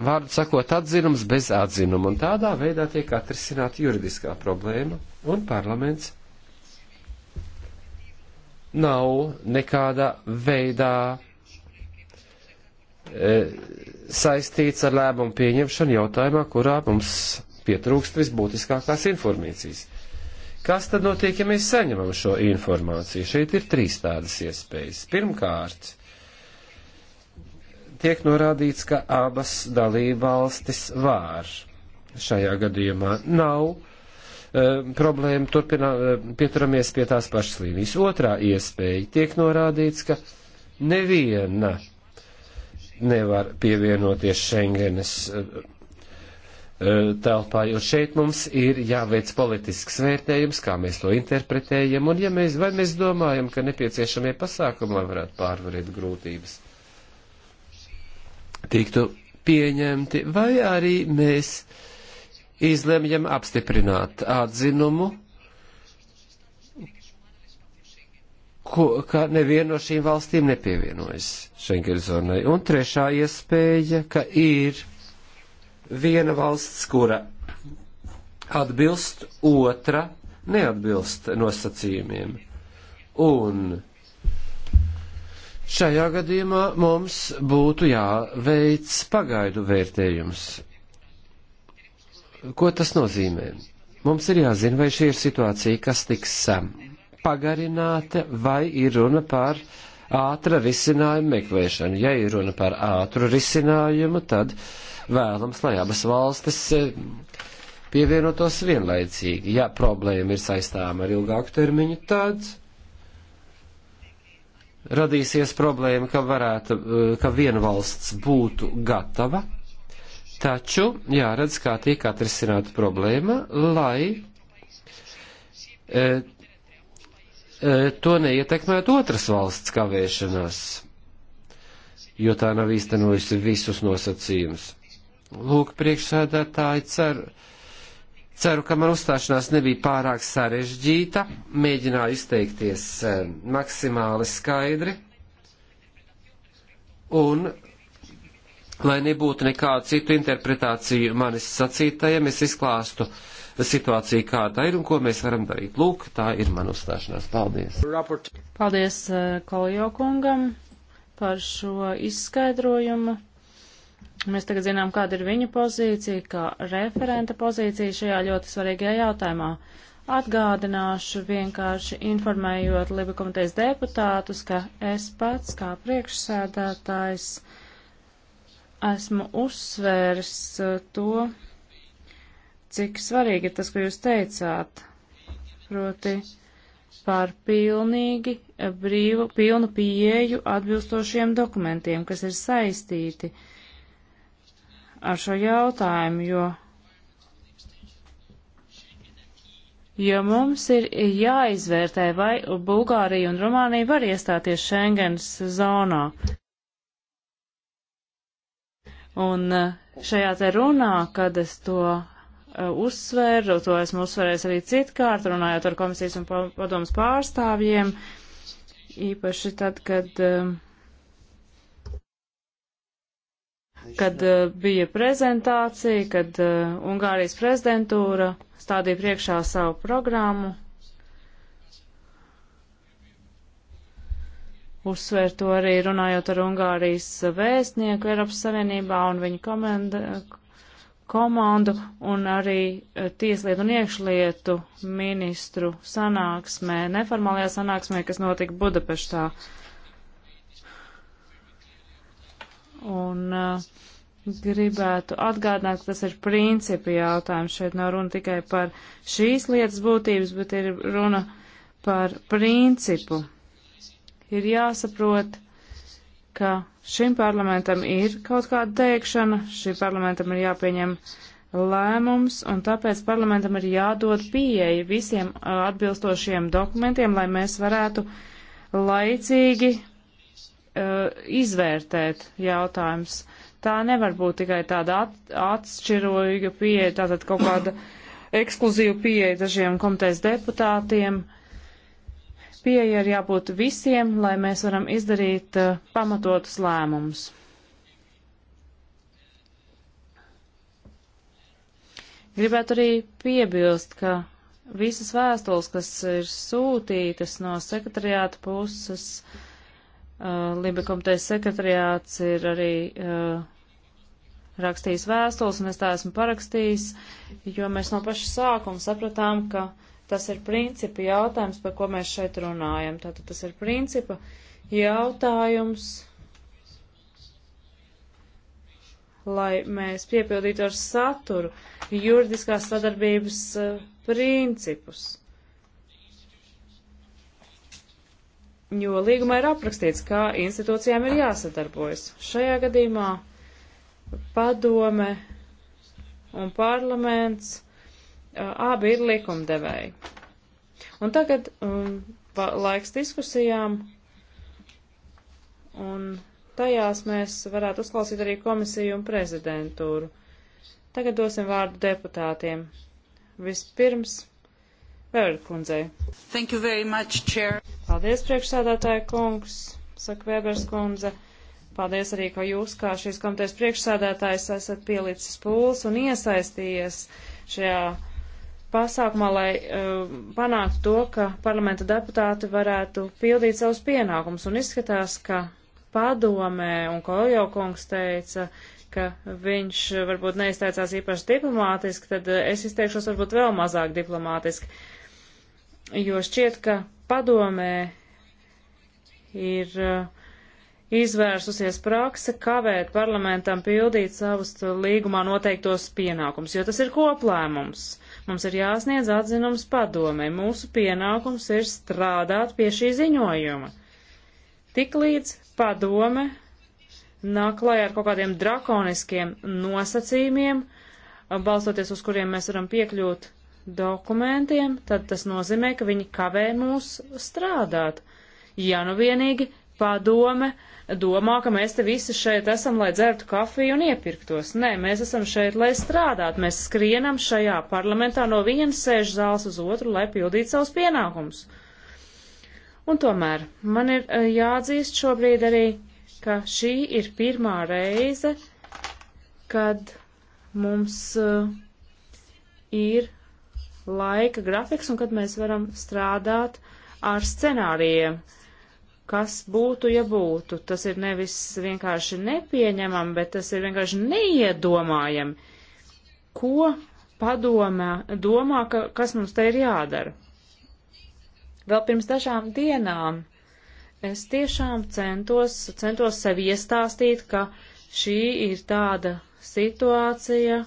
Vārdu sakot, atzinums bez atzinuma, un tādā veidā tiek atrisināta juridiskā problēma, un parlaments nav nekādā veidā e, saistīts ar lēmumu pieņemšanu jautājumā, kurā mums pietrūkst visbūtiskākās informācijas. Kas tad notiek, ja mēs saņemam šo informāciju? Šeit ir trīs tādas iespējas. Pirmkārt, tiek norādīts, ka abas dalībvalstis var. Šajā gadījumā nav e, problēma, turpinā, e, pieturamies pie tās pašas līnijas. Otrā iespēja tiek norādīts, ka neviena nevar pievienoties Schengenes. E, telpā, jo šeit mums ir jāveic politisks vērtējums, kā mēs to interpretējam, un ja mēs, vai mēs domājam, ka nepieciešamie pasākumi, lai varētu pārvarēt grūtības, tiktu pieņemti, vai arī mēs izlemjam apstiprināt atzinumu, ko, ka neviena no šīm valstīm nepievienojas Schengen zonai. Un trešā iespēja, ka ir viena valsts, kura atbilst, otra neatbilst nosacījumiem. Un šajā gadījumā mums būtu jāveic pagaidu vērtējums. Ko tas nozīmē? Mums ir jāzina, vai šī ir situācija, kas tiks um, pagarināta, vai ir runa par uh, ātra risinājuma meklēšana. Ja ir runa par ātru risinājumu, tad vēlams, lai abas valstis eh, pievienotos vienlaicīgi. Ja problēma ir saistāma ar ilgāku termiņu, tad radīsies problēma, ka, varētu, eh, ka viena valsts būtu gatava, taču jāredz, kā tiek atrisināta problēma, lai eh, E, to neietekmētu otras valsts kavēšanās, jo tā nav īstenojusi visus nosacījumus. Lūk, priekšsēdētāji, ceru, ceru, ka man uzstāšanās nebija pārāk sarežģīta, mēģināju izteikties e, maksimāli skaidri, un, lai nebūtu nekādu citu interpretāciju manis sacītajiem, es izklāstu uh, situācija kā tā ir un ko mēs varam darīt. Lūk, tā ir man uzstāšanās. Paldies! Paldies eh, Koljo kungam par šo izskaidrojumu. Mēs tagad zinām, kāda ir viņa pozīcija, kā referenta pozīcija šajā ļoti svarīgajā jautājumā. Atgādināšu vienkārši informējot Liba komitejas deputātus, ka es pats kā priekšsēdētājs esmu uzsvērs eh, to, cik svarīgi ir tas, ko jūs teicāt, proti par pilnīgi eh, brīvu, pilnu pieeju atbilstošiem dokumentiem, kas ir saistīti ar šo jautājumu, jo jo mums ir jāizvērtē, vai Bulgārija un Rumānija var iestāties Schengens zonā. Un eh, šajā te runā, kad es to Uh, uzsvēru, to esmu uzsvērējis arī citkārt, runājot ar komisijas un padomas pārstāvjiem, īpaši tad, kad, um, kad uh, bija prezentācija, kad uh, Ungārijas prezidentūra stādīja priekšā savu programmu. Uzsvēr to arī runājot ar Ungārijas vēstnieku Eiropas Savienībā un viņa komenda, komandu un arī eh, tieslietu un iekšlietu ministru sanāksmē, neformālajā sanāksmē, kas notika Budapeštā. Un uh, gribētu atgādināt, ka tas ir principi jautājums. Šeit nav runa tikai par šīs lietas būtības, bet ir runa par principu. Ir jāsaprot, ka Šim parlamentam ir kaut kāda teikšana, šim parlamentam ir jāpieņem lēmums, un tāpēc parlamentam ir jādod pieeja visiem uh, atbilstošiem dokumentiem, lai mēs varētu laicīgi uh, izvērtēt jautājums. Tā nevar būt tikai tāda at, atšķiroja pieeja, tātad kaut kāda ekskluzīva pieeja dažiem komitejas deputātiem. Uh, pieeja ir jābūt visiem, lai mēs varam izdarīt uh, pamatotus lēmumus. Gribētu arī piebilst, ka visas vēstules, kas ir sūtītas no sekretariāta puses, uh, eh, Libekomitejas sekretariāts ir arī uh, rakstījis vēstules, un es tā esmu parakstījis, jo mēs no paša sākuma sapratām, ka uh, Tas ir principi jautājums, par ko mēs šeit runājam. Tātad tas ir principa jautājums, lai mēs piepildītu ar saturu juridiskās sadarbības eh, principus. Jo līgumā ir aprakstīts, kā institūcijām ir jāsadarbojas. Šajā gadījumā padome un parlaments abi ir likumdevēji. Un tagad um, laiks diskusijām, un tajās mēs varētu uzklausīt arī komisiju un prezidentūru. Tagad dosim vārdu deputātiem. Vispirms Vēbera kundzei. Thank you very much, Chair. Paldies, priekšsādātāja kungs, saka Vēbers kundze. Paldies arī, ka jūs, kā šīs komitejas priekšsādātājs, esat pielicis pūles un iesaistījies šajā pasākumā, lai uh, panāktu to, ka parlamenta deputāti varētu pildīt savus pienākumus. Un izskatās, ka padomē, un Koljo kungs teica, ka viņš varbūt neizteicās īpaši diplomātiski, tad eh, es izteikšos varbūt vēl mazāk diplomātiski, jo šķiet, ka padomē ir uh, izvērsusies prakse kavēt parlamentam pildīt savus līgumā noteiktos pienākumus, jo tas ir koplēmums. Uh, Mums ir jāsniedz atzinums padomē. Mūsu pienākums ir strādāt pie šī ziņojuma. Tiklīdz padome nāk klajā ar kaut kādiem drakoniskiem nosacījumiem, balstoties uz kuriem mēs varam piekļūt dokumentiem, tad tas nozīmē, ka viņi kavē mūs strādāt. Ja nu vienīgi padome domā, ka mēs te visi šeit esam, lai dzertu kafiju un iepirktos. Nē, mēs esam šeit, lai strādātu. Mēs skrienam šajā parlamentā no vienas sēžu zāles uz otru, lai pildītu savus pienākumus. Un tomēr man ir eh, jāatzīst šobrīd arī, ka šī ir pirmā reize, kad mums eh, ir laika grafiks un kad mēs varam strādāt ar scenārijiem. Uh, kas būtu, ja būtu. Tas ir nevis vienkārši nepieņemam, bet tas ir vienkārši neiedomājam, ko padomā, domā, ka, kas mums te ir jādara. Vēl pirms dažām dienām es tiešām centos, centos sev iestāstīt, ka šī ir tāda situācija,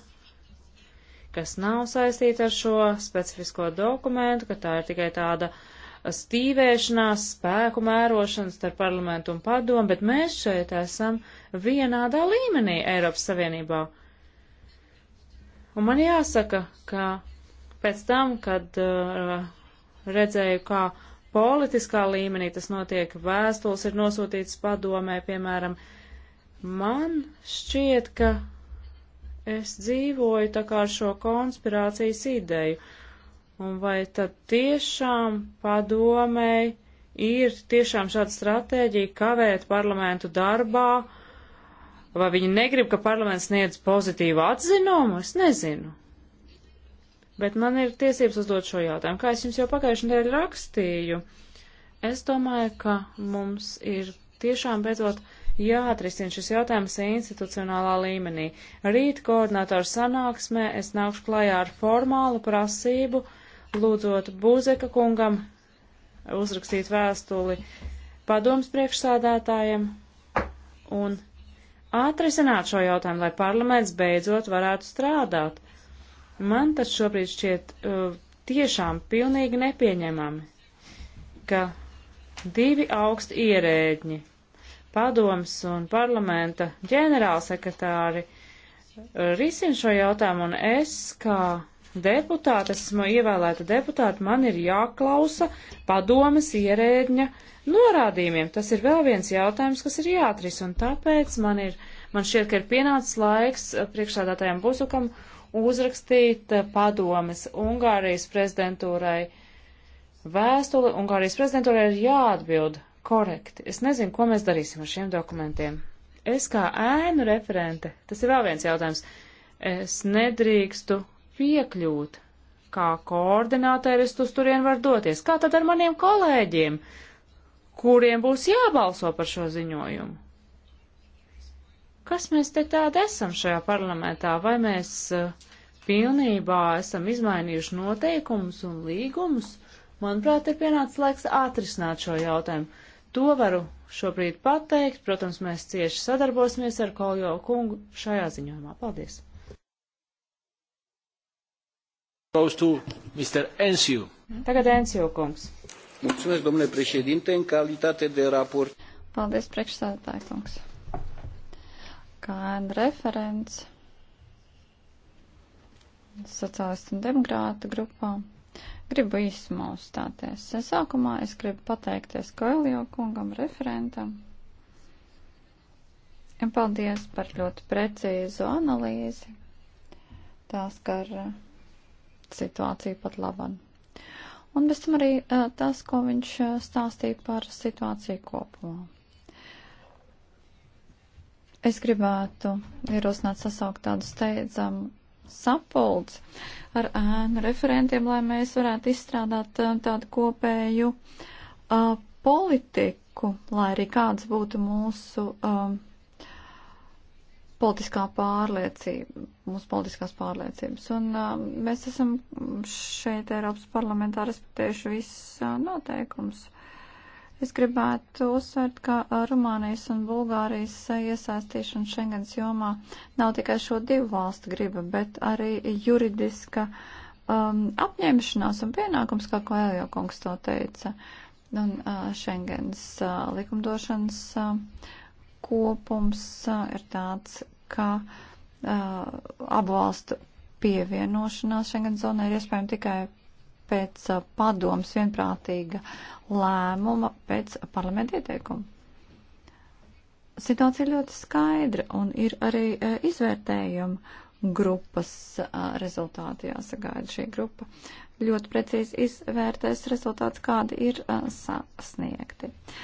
kas nav saistīta ar šo specifisko dokumentu, ka tā ir tikai tāda uh, stīvēšanās, spēku mērošanas starp parlamentu un padomu, bet mēs šeit esam vienādā līmenī Eiropas Savienībā. Un man jāsaka, ka pēc tam, kad uh, redzēju, kā politiskā līmenī tas notiek, vēstules ir nosūtītas padomē, piemēram, man šķiet, ka es dzīvoju tā kā ar šo konspirācijas ideju. Uh, Un vai tad tiešām padomēji ir tiešām šāda stratēģija kavēt parlamentu darbā, vai viņi negrib, ka parlaments sniedz pozitīvu atzinumu, es nezinu. Bet man ir tiesības uzdot šo jautājumu. Kā es jums jau pagājušajā nedēļā rakstīju, es domāju, ka mums ir tiešām beidzot jāatrisina šis jautājums institucionālā līmenī. Rīt koordinātoru sanāksmē es nākšu klajā ar formālu prasību, uh, lūdzot Būzeka kungam uzrakstīt vēstuli padoms priekšsādātājiem un atrisināt šo jautājumu, lai parlaments beidzot varētu strādāt. Man tas šobrīd šķiet uh, tiešām pilnīgi nepieņemami, ka divi augsti ierēģi, padoms un parlamenta ģenerālsekretāri, uh, risina šo jautājumu, un es kā deputāta, esmu ievēlēta deputāta, man ir jāklausa padomas ierēdņa norādījumiem. Tas ir vēl viens jautājums, kas ir jāatris, un tāpēc man ir, man šķiet, ka ir pienācis laiks priekšsādātājiem Buzukam uzrakstīt padomas Ungārijas prezidentūrai vēstuli. Ungārijas prezidentūrai ir jāatbild korekti. Es nezinu, ko mēs darīsim ar šiem dokumentiem. Es kā ēnu referente, tas ir vēl viens jautājums, es nedrīkstu piekļūt, kā koordinātājs uz turien var doties. Kā tad ar maniem kolēģiem, kuriem būs jābalso par šo ziņojumu? Kas mēs te tādi esam šajā parlamentā? Vai mēs uh, pilnībā esam izmainījuši noteikumus un līgumus? Manuprāt, ir pienācis laiks atrisināt šo jautājumu. To varu šobrīd pateikt. Protams, mēs cieši sadarbosimies ar Koljo kungu šajā ziņojumā. Paldies! Ensiu. Tagad Ensiju kungs. Mulțumesc, domnule președinte, în calitate de raport. Paldies, priekšsēdētāji kungs. Kā referents sociālistu un demokrātu grupā gribu īsumā uzstāties. Sākumā es gribu pateikties Koelio kungam, referentam. Un paldies par ļoti precīzu analīzi. Tās, ka ar situāciju pat laban. Un bez tam arī uh, tas, ko viņš uh, stāstīja par situāciju kopumā. Es gribētu ierosināt sasaukt tādu steidzamu sapulci ar ēnu referentiem, lai mēs varētu izstrādāt uh, tādu kopēju uh, politiku, lai arī kāds būtu mūsu. Uh, politiskā pārliecība, mūsu politiskās pārliecības. Un uh, mēs esam šeit Eiropas parlamentā respektējuši visus uh, noteikums. Es gribētu uzsvērt, ka uh, Rumānijas un Bulgārijas uh, iesaistīšana Schengens jomā nav tikai šo divu valstu griba, bet arī juridiska um, apņemšanās un pienākums, kā Koeljo kungs to teica, un uh, Schengens uh, likumdošanas. Uh, kopums uh, ir tāds, ka uh, abu valstu pievienošanās Schengen zonai ir iespējama tikai pēc uh, padomas vienprātīga lēmuma, pēc parlamenta ieteikuma. Situācija ļoti skaidra un ir arī uh, izvērtējuma grupas uh, rezultāti jāsagaida šī grupa. Ļoti precīzi izvērtēs rezultāts, kādi ir uh, sasniegti. Uh,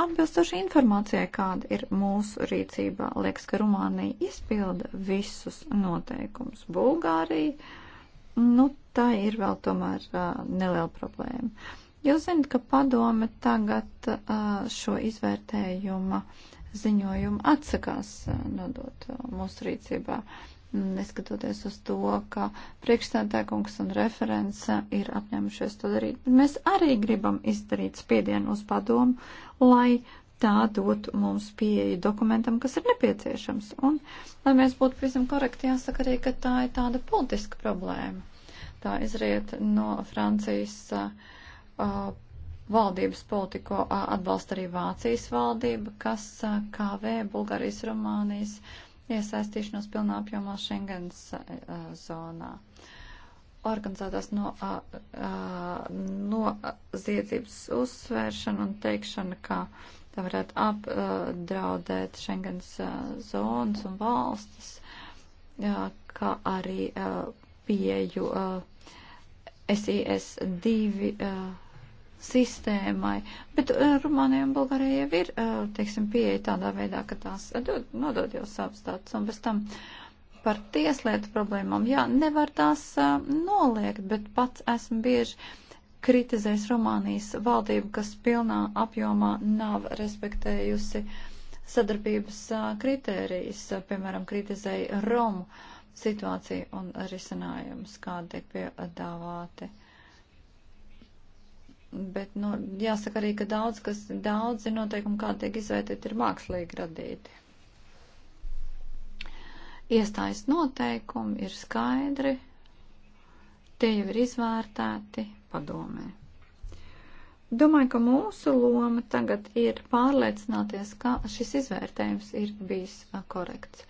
Atbilstoši informācijai, kāda ir mūsu rīcībā, liekas, ka Rumānija izpilda visus noteikumus. Bulgārija, nu, tā ir vēl tomēr uh, neliela problēma. Jūs zinat, ka padome tagad uh, šo izvērtējuma ziņojumu atsakās uh, nodot uh, mūsu rīcībā. Uh, neskatoties uz to, ka priekšstādākums un referents ir apņēmušies to darīt. Bet mēs arī gribam izdarīt spiedienu uz padomu, lai tā dot mums pieeju dokumentam, kas ir nepieciešams. Un, lai mēs būtu visam korekti, jāsaka arī, ka tā ir tāda politiska problēma. Tā izriet no Francijas uh, valdības politiko uh, atbalsta arī Vācijas valdība, kas uh, kavē Bulgārijas, Rumānijas uh, iesaistīšanos pilnā apjomā Schengens uh, zonā. Organizētās no, uh, uh, noziedzības uzsvēršana un teikšana, ka tā varētu apdraudēt uh, Schengens uh, zonas un valstis, uh, kā arī uh, pieju uh, SIS 2. Uh, sistēmai, bet uh, Rumānija un Bulgārija jau ir, uh, teiksim, pieeja tādā veidā, ka tās uh, dod, nodod jau savus datus, un bez tam par tieslietu problēmām, jā, nevar tās noliegt, bet pats esmu bieži kritizējis Rumānijas valdību, kas pilnā apjomā nav respektējusi sadarbības kritērijas, piemēram, kritizēja Romu situāciju un risinājumus, kādi tiek piedāvāti. Uh, Bet, nu, jāsaka arī, ka daudz, kas daudzi noteikumi, kā tiek izvērtēti, ir mākslīgi radīti. Iestājas noteikumi ir skaidri, tie jau ir izvērtēti padomē. Domāju, ka mūsu loma tagad ir pārliecināties, ka šis izvērtējums ir bijis uh, korekts.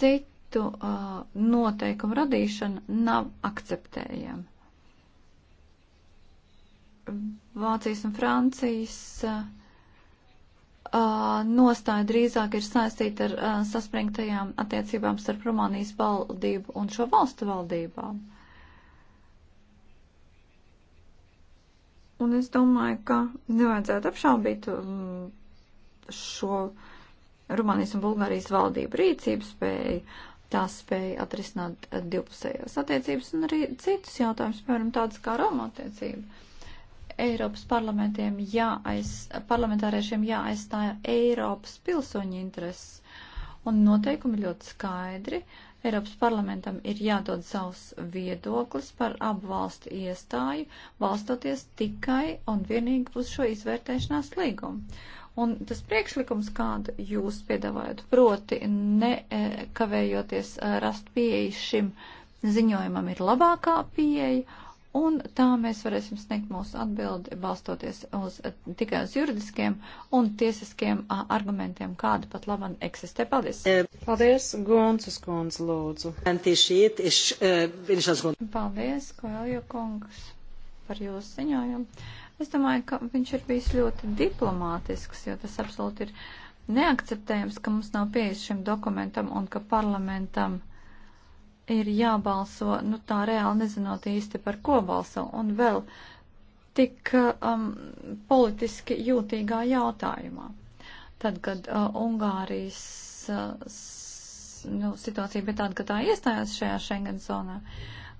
Citu uh, noteikumu radīšana nav akceptējama Vācijas un Francijas nostāja drīzāk ir saistīta ar saspringtajām attiecībām starp Rumānijas valdību un šo valstu valdībām. Un es domāju, ka nevajadzētu apšaubīt šo Rumānijas un Bulgārijas valdību rīcības spēju. Tā spēja atrisināt divpusējās attiecības un arī citus jautājumus, piemēram, tādas kā Roma attiecība. Eiropas parlamentiem jāaiz, parlamentāriešiem jāaizstāja Eiropas pilsoņu intereses. Un noteikumi ļoti skaidri. Eiropas parlamentam ir jādod savs viedoklis par abu valstu iestāju, balstoties tikai un vienīgi uz šo izvērtēšanās līgumu. Un tas priekšlikums, kādu jūs piedāvājat, proti nekavējoties eh, rast pieeju šim ziņojumam, ir labākā pieeja Un tā mēs varēsim sniegt mūsu atbildi, balstoties uz, tikai uz juridiskiem un tiesiskiem argumentiem, kāda pat laban eksistē. Paldies! E, Paldies, Gonces kundz, lūdzu. E, Paldies, Koeljo kungs, par jūsu ziņojumu. Es domāju, ka viņš ir bijis ļoti diplomātisks, jo tas absolūti ir neakceptējams, ka mums nav pieejas šim dokumentam un ka parlamentam. Uh, ir jābalso, nu tā reāli nezinot īsti par ko balso, un vēl tik um, politiski jūtīgā jautājumā. Tad, kad uh, Ungārijas uh, s, nu, situācija bija tāda, ka tā iestājās šajā Schengen zonā,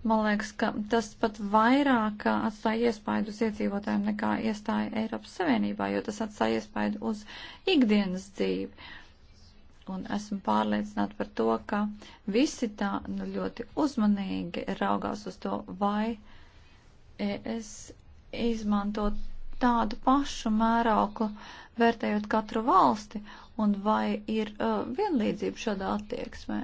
man liekas, ka tas pat vairāk uh, atstāja iespaidu uz iedzīvotājiem nekā iestāja Eiropas Savienībā, jo tas atstāja iespaidu uz ikdienas dzīvi. Uh, un esmu pārliecināta par to, ka visi tā nu, ļoti uzmanīgi raugās uz to, vai es izmantot tādu pašu mērauklu, vērtējot katru valsti, un vai ir uh, vienlīdzība šādā attieksmē.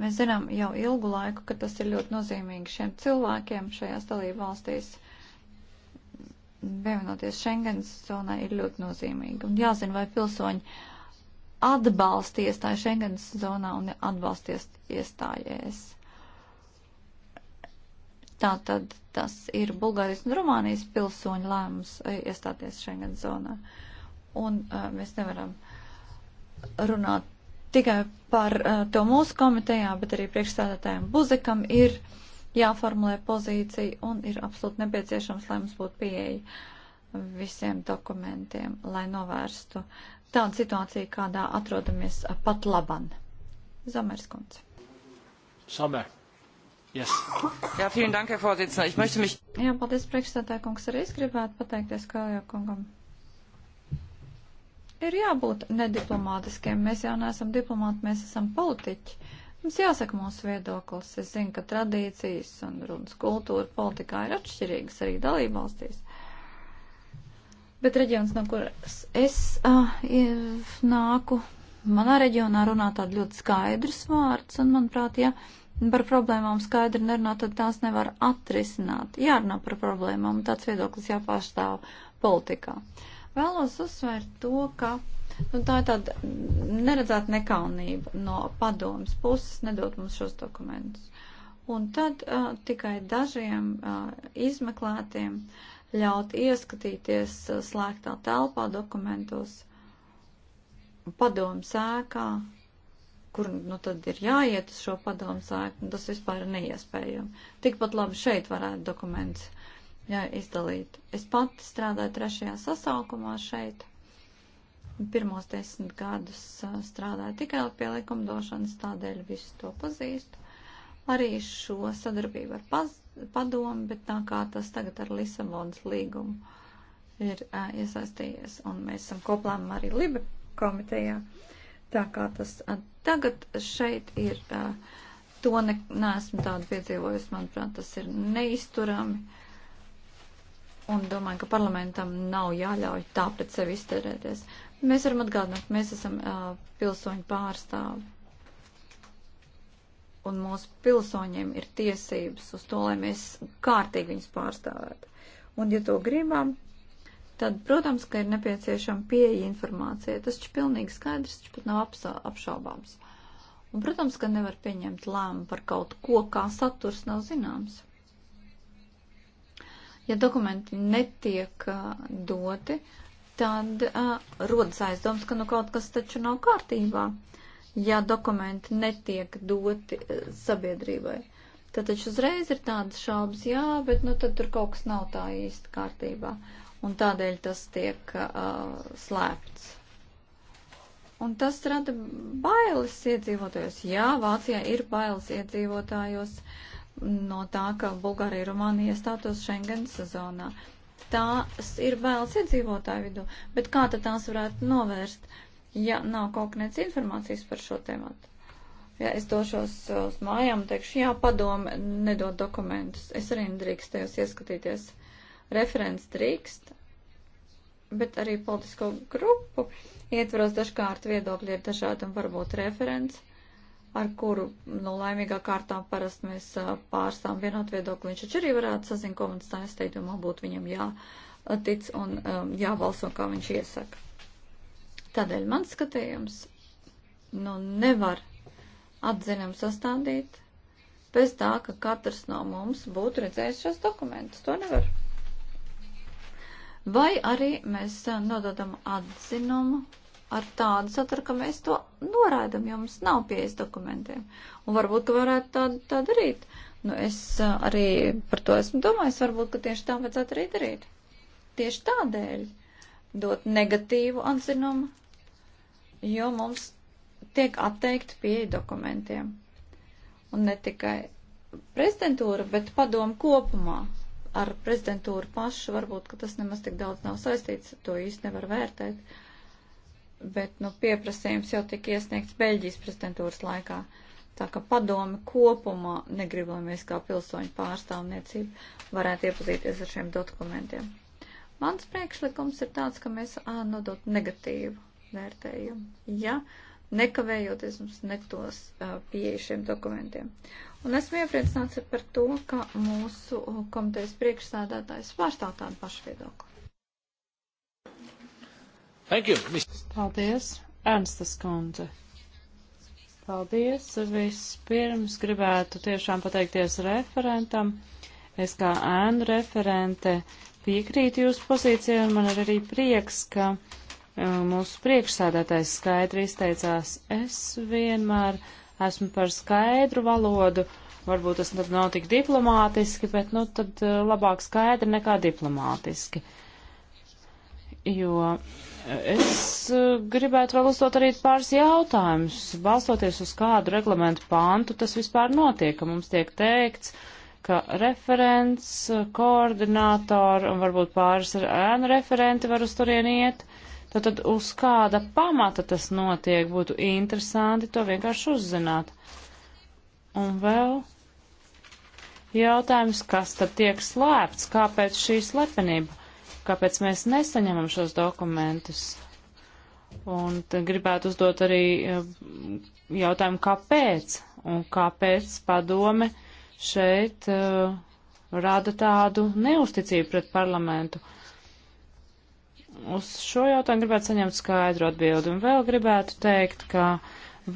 Mēs zinām jau ilgu laiku, ka tas ir ļoti nozīmīgi šiem cilvēkiem šajās dalību valstīs. Pievienoties Schengens zonai ir ļoti nozīmīgi. Un jāzina, vai pilsoņi uh, atbalsta iestāju Schengens zonā un atbalsta iestājies. Tātad tas ir Bulgārijas un Rumānijas pilsoņu lēmums eh, iestāties Schengen zonā. Un uh, mēs nevaram runāt tikai par uh, to mūsu komitejā, bet arī priekšstādātājiem Buzekam ir jāformulē pozīcija un ir absolūti nepieciešams, lai mums būtu pieeja visiem dokumentiem, lai novērstu tāda situācija, kādā atrodamies pat laban. Zamers kundze. Samer. Yes. Jā, vielen dank, Herr Vorsitzender. Ich möchte mich... Jā, paldies, priekšstādāja kungs. Arī es gribētu pateikties Kāljā kungam. Ir jābūt nediplomātiskiem. Mēs jau neesam diplomāti, mēs esam politiķi. Mums jāsaka mūsu viedoklis. Es zinu, ka tradīcijas un runas kultūra politikā ir atšķirīgas arī dalībvalstīs. Bet reģions, no kuras es uh, nāku, manā reģionā runā tādu ļoti skaidrus vārdus, un, manuprāt, ja par problēmām skaidri nerunā, tad tās nevar atrisināt. Jārunā par problēmām, un tāds viedoklis jāpārstāv politikā. Vēlos uzsvērt to, ka nu, tā ir tāda neredzēta nekaunība no padomas puses nedot mums šos dokumentus. Un tad uh, tikai dažiem uh, izmeklētiem uh, ļaut ieskatīties uh, slēgtā telpā dokumentos, padomu sēkā, kur nu tad ir jāiet uz šo padomu sēku, tas vispār ir neiespējami. Tikpat labi šeit varētu dokuments jā, izdalīt. Es pati strādāju trešajā sasaukumā šeit. Pirmos desmit gadus uh, strādāju tikai pie likumdošanas, tādēļ visu to pazīstu arī šo sadarbību ar paz, padomu, bet tā kā tas tagad ar Lisabonas līgumu ir uh, iesaistījies, un mēs esam koplēmumi arī Libe komitejā, tā kā tas uh, tagad šeit ir, uh, to ne, neesmu tādu piedzīvojusi, manuprāt, tas ir neizturami. Un domāju, ka parlamentam nav jāļauj tā pret sevi izterēties. Mēs varam atgādināt, ka mēs esam uh, pilsoņu pārstāvi un mūsu pilsoņiem ir tiesības uz to, lai mēs kārtīgi viņus pārstāvētu. Un, ja to gribam, tad, protams, ka ir nepieciešama pieeja informācija. Tas taču pilnīgi skaidrs, taču pat nav apšaubāms. Un, protams, ka nevar pieņemt lēmumu par kaut ko, kā saturs nav zināms. Ja dokumenti netiek uh, doti, tad uh, rodas aizdoms, ka nu kaut kas taču nav kārtībā. Uh, ja dokumenti netiek doti eh, sabiedrībai. Tātad uzreiz ir tādas šaubas, jā, bet nu tad tur kaut kas nav tā īsti kārtībā. Un tādēļ tas tiek uh, slēpts. Un tas rada bailes iedzīvotājos. Jā, Vācijā ir bailes iedzīvotājos no tā, ka Bulgārija Rumānija iestātos Schengen sezonā. Tās ir bailes iedzīvotāju vidū, bet kā tad tās varētu novērst? Uh, ja nav kaut kādas informācijas par šo tēmatu. Ja es došos uh, uz mājām, teikšu, jā, padome nedod dokumentus. Es arī nedrīkstējos ieskatīties. Referents drīkst, bet arī politisko grupu ietvaros dažkārt viedokļi ir dažādi un varbūt referents, ar kuru, nu, laimīgā kārtā parasti mēs uh, pārstām vienot viedokli. Viņš taču arī varētu sazin, ko man stāstīt, un man būtu viņam jātic un um, jābalso, kā viņš iesaka. Tādēļ man skatījums nu, nevar atzinam sastādīt bez tā, ka katrs no mums būtu redzējis šos dokumentus. To nevar. Vai arī mēs eh, nododam atzinumu ar tādu saturu, ka mēs to noraidam, jo mums nav pieejas dokumentiem. Un varbūt, ka varētu tā, tā darīt. Nu, es eh, arī par to esmu domājis, varbūt, ka tieši tā vajadzētu arī darīt. Tieši tādēļ dot negatīvu atzinumu, jo mums tiek atteikti pieeja dokumentiem. Un ne tikai prezidentūra, bet padomu kopumā ar prezidentūru pašu, varbūt, ka tas nemaz tik daudz nav saistīts, to īsti nevar vērtēt, bet, nu, pieprasījums jau tika iesniegts Beļģijas prezidentūras laikā. Tā kā padome kopumā negrib, lai mēs kā pilsoņu pārstāvniecība varētu iepazīties ar šiem dokumentiem. Mans priekšlikums ir tāds, ka mēs ā, nodot negatīvu vērtējumu, ja nekavējoties mums netos pieeja šiem dokumentiem. Un esmu iepriecināts par to, ka mūsu komitejas priekšsādātājs pārstāv tādu pašu viedokli. Thank you. Paldies, Ernstas kundze. Paldies. Vispirms gribētu tiešām pateikties referentam. Es kā ēnu referente piekrītu jūsu pozīcijai, un man ir arī prieks, ka e, mūsu priekšsēdētājs skaidri izteicās. Es vienmēr esmu par skaidru valodu, varbūt tas tad nav tik diplomātiski, bet nu tad e, labāk skaidri nekā diplomātiski. Jo es e, gribētu vēl uzdot arī pāris jautājumus, balstoties uz kādu reglamentu pāntu, tas vispār notiek, ka mums tiek teikts, uh, ka referents, koordinātori un varbūt pāris ar ēnu referenti var uz turieni iet. Tad, tad uz kāda pamata tas notiek, būtu interesanti to vienkārši uzzināt. Un vēl jautājums, kas tad tiek slēpts, kāpēc šī slepenība, kāpēc mēs nesaņemam šos dokumentus. Un gribētu uzdot arī eh, jautājumu, kāpēc un kāpēc padome šeit uh, rada tādu neusticību pret parlamentu. Uz šo jautājumu gribētu saņemt skaidru atbildi. Un vēl gribētu teikt, ka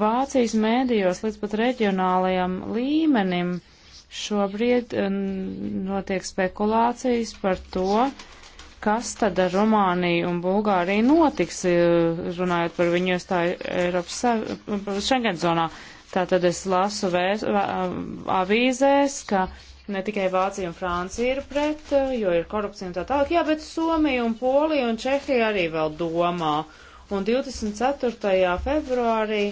Vācijas mēdījos līdz pat reģionālajam līmenim šobrīd uh, notiek spekulācijas par to, kas tad ar Romāniju un Bulgāriju notiks, uh, runājot par viņu iestāju Eiropas Schengen zonā. Uh, Tātad es lasu vēs, avīzēs, ka ne tikai Vācija un Francija ir pret, jo ir korupcija un tā tālāk, jā, bet Somija un Polija un Čehija arī vēl domā. Un 24. februārī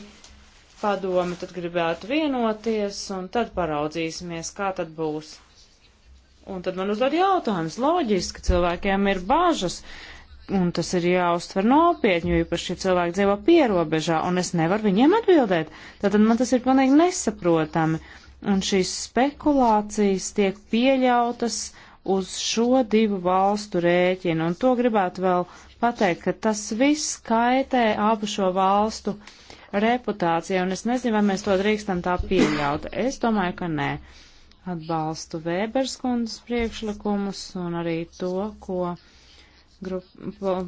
padomi tad gribētu vienoties, un tad paraudzīsimies, kā tad būs. Un tad man uzdod jautājums, loģiski cilvēkiem ir bažas, un tas ir jāuztver nopietni, jo īpaši šie cilvēki dzīvo pierobežā, un es nevaru viņiem atbildēt. Tātad man tas ir pilnīgi nesaprotami. Un šīs spekulācijas tiek pieļautas uz šo divu valstu rēķinu, un to gribētu vēl pateikt, ka tas viss kaitē abu šo valstu reputācija, un es nezinu, vai mēs to drīkstam tā pieļaut. Es domāju, ka nē. Atbalstu Vēberskundas priekšlikumus un arī to, ko grupu,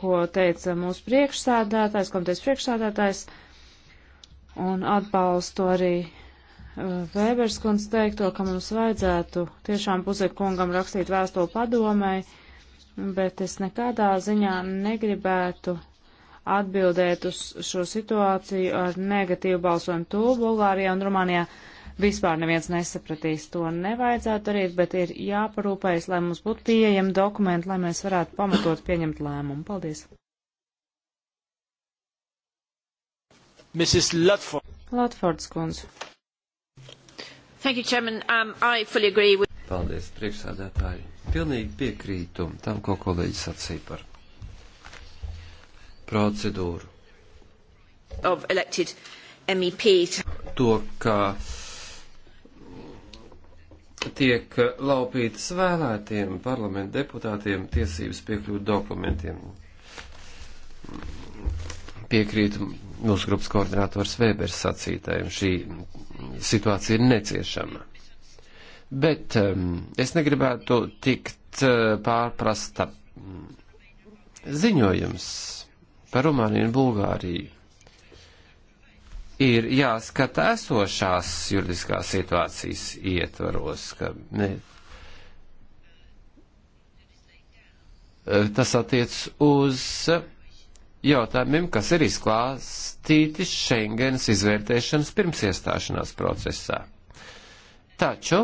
ko teica mūsu priekšsādātājs, komitejas priekšsādātājs, un atbalstu arī uh, Vēbers kundz teikto, ka mums vajadzētu tiešām Buzek kungam rakstīt vēstuli padomai, bet es nekādā ziņā negribētu atbildēt uz šo situāciju ar negatīvu balsojumu to Bulgārijā un Rumānijā. Uh, vispār neviens nesapratīs. To nevajadzētu darīt, bet ir jāparūpējas, lai mums būtu pieejami dokumenti, lai mēs varētu pamatot pieņemt lēmumu. Paldies! Mrs. Lutford. Lutfords kundze. Thank you, Chairman. Um, I fully agree with... Paldies, priekšsādātāji. Pilnīgi piekrītu tam, ko kolēģis sacīja par procedūru. Of elected MEPs. To, ka uh, tiek eh, laupītas vēlētiem parlamentu deputātiem tiesības piekļūt dokumentiem. Piekrīt mūsu grupas koordinators Vēbers sacītājiem, šī situācija ir neciešama. Bet um, es negribētu tikt uh, pārprasta mm, ziņojums par Rumāniju un Bulgāriju ir jāskata esošās juridiskās situācijas ietvaros, ka ne, tas attiec uz jautājumiem, kas ir izklāstīti Schengens izvērtēšanas pirms iestāšanās procesā. Taču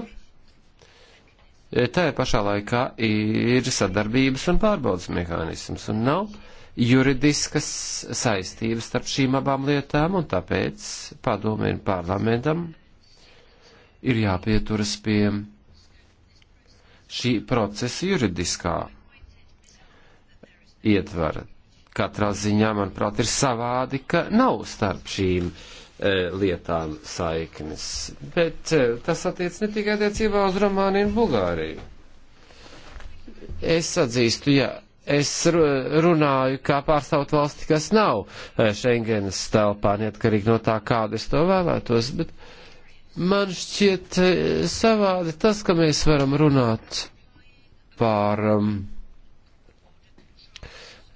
e, tā ir pašā laikā ir sadarbības un pārbaudas mehānisms un nav juridiskas saistības starp šīm abām lietām, un tāpēc padomē un parlamentam ir jāpieturas pie šī procesa juridiskā ietvara. Katrā ziņā, manuprāt, ir savādi, ka nav starp šīm e, lietām saiknes. Bet e, tas attiec ne tikai attiecībā uz Romāniju un Bulgāriju. Es atzīstu, ja es runāju kā pārstāvot valsti, kas nav eh, Schengenas telpā, neatkarīgi no tā, kāda es to vēlētos, bet man šķiet eh, savādi tas, ka mēs varam runāt par um,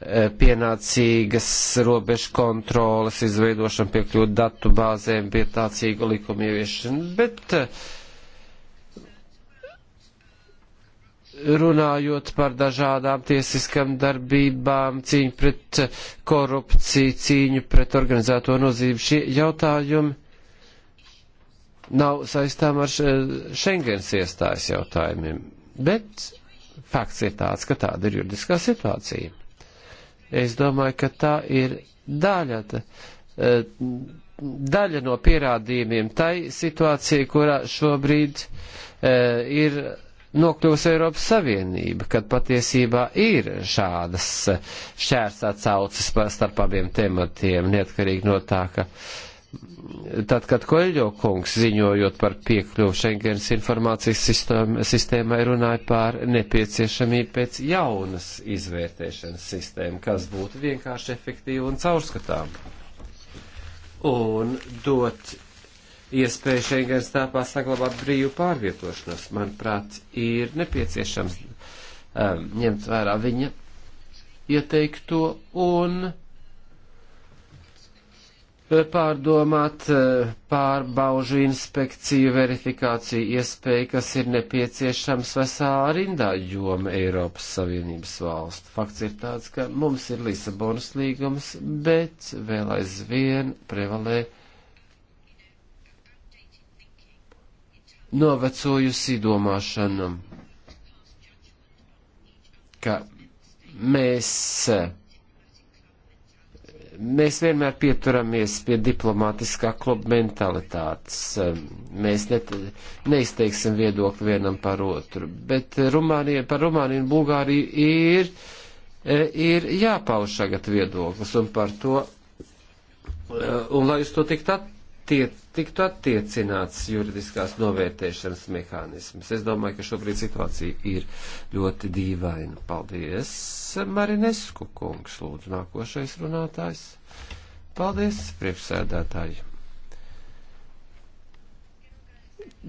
eh, pienācīgas robežu kontrolas izveidošanu, piekļūt datu bāzēm, pietācīgu likumu ieviešanu, bet uh, runājot par dažādām tiesiskām darbībām, cīņu pret korupciju, cīņu pret organizēto nozīmi. Šie jautājumi nav saistām ar Schengens iestājas jautājumiem, bet fakts ir tāds, ka tāda ir juridiskā situācija. Es domāju, ka tā ir daļa. E, daļa no pierādījumiem tai situācija, kurā šobrīd e, ir nokļūs Eiropas Savienība, kad patiesībā ir šādas šķērs atsaucas starp abiem tematiem, neatkarīgi no tā, ka tad, kad Koļļo kungs ziņojot par piekļuvu Schengens informācijas sistēmai, runāja par nepieciešamību pēc jaunas izvērtēšanas sistēma, kas būtu vienkārši efektīva un caurskatām. Un dot iespēju Schengens tāpā saglabāt brīvu pārvietošanos, manuprāt, ir nepieciešams um, ņemt vērā viņa ieteikto un uh, pārdomāt uh, pārbaužu inspekciju verifikāciju iespēju, kas ir nepieciešams vesā rindā joma Eiropas Savienības valstu. Fakts ir tāds, ka mums ir Lisabonas līgums, bet vēl aizvien prevalē uh, novecojusi domāšana, ka mēs, mēs vienmēr pieturamies pie diplomātiskā kluba mentalitātes. Mēs net, neizteiksim viedokli vienam par otru, bet Rumānija, par Rumāniju un Bulgāriju ir, ir jāpauž tagad viedoklis un par to, un lai uz to tiktu atpakaļ attie, tiktu attiecināts juridiskās novērtēšanas mehānisms. Es domāju, ka šobrīd situācija ir ļoti dīvaina. Paldies, Marinesku kungs, lūdzu, nākošais runātājs. Paldies, priekšsēdētāji.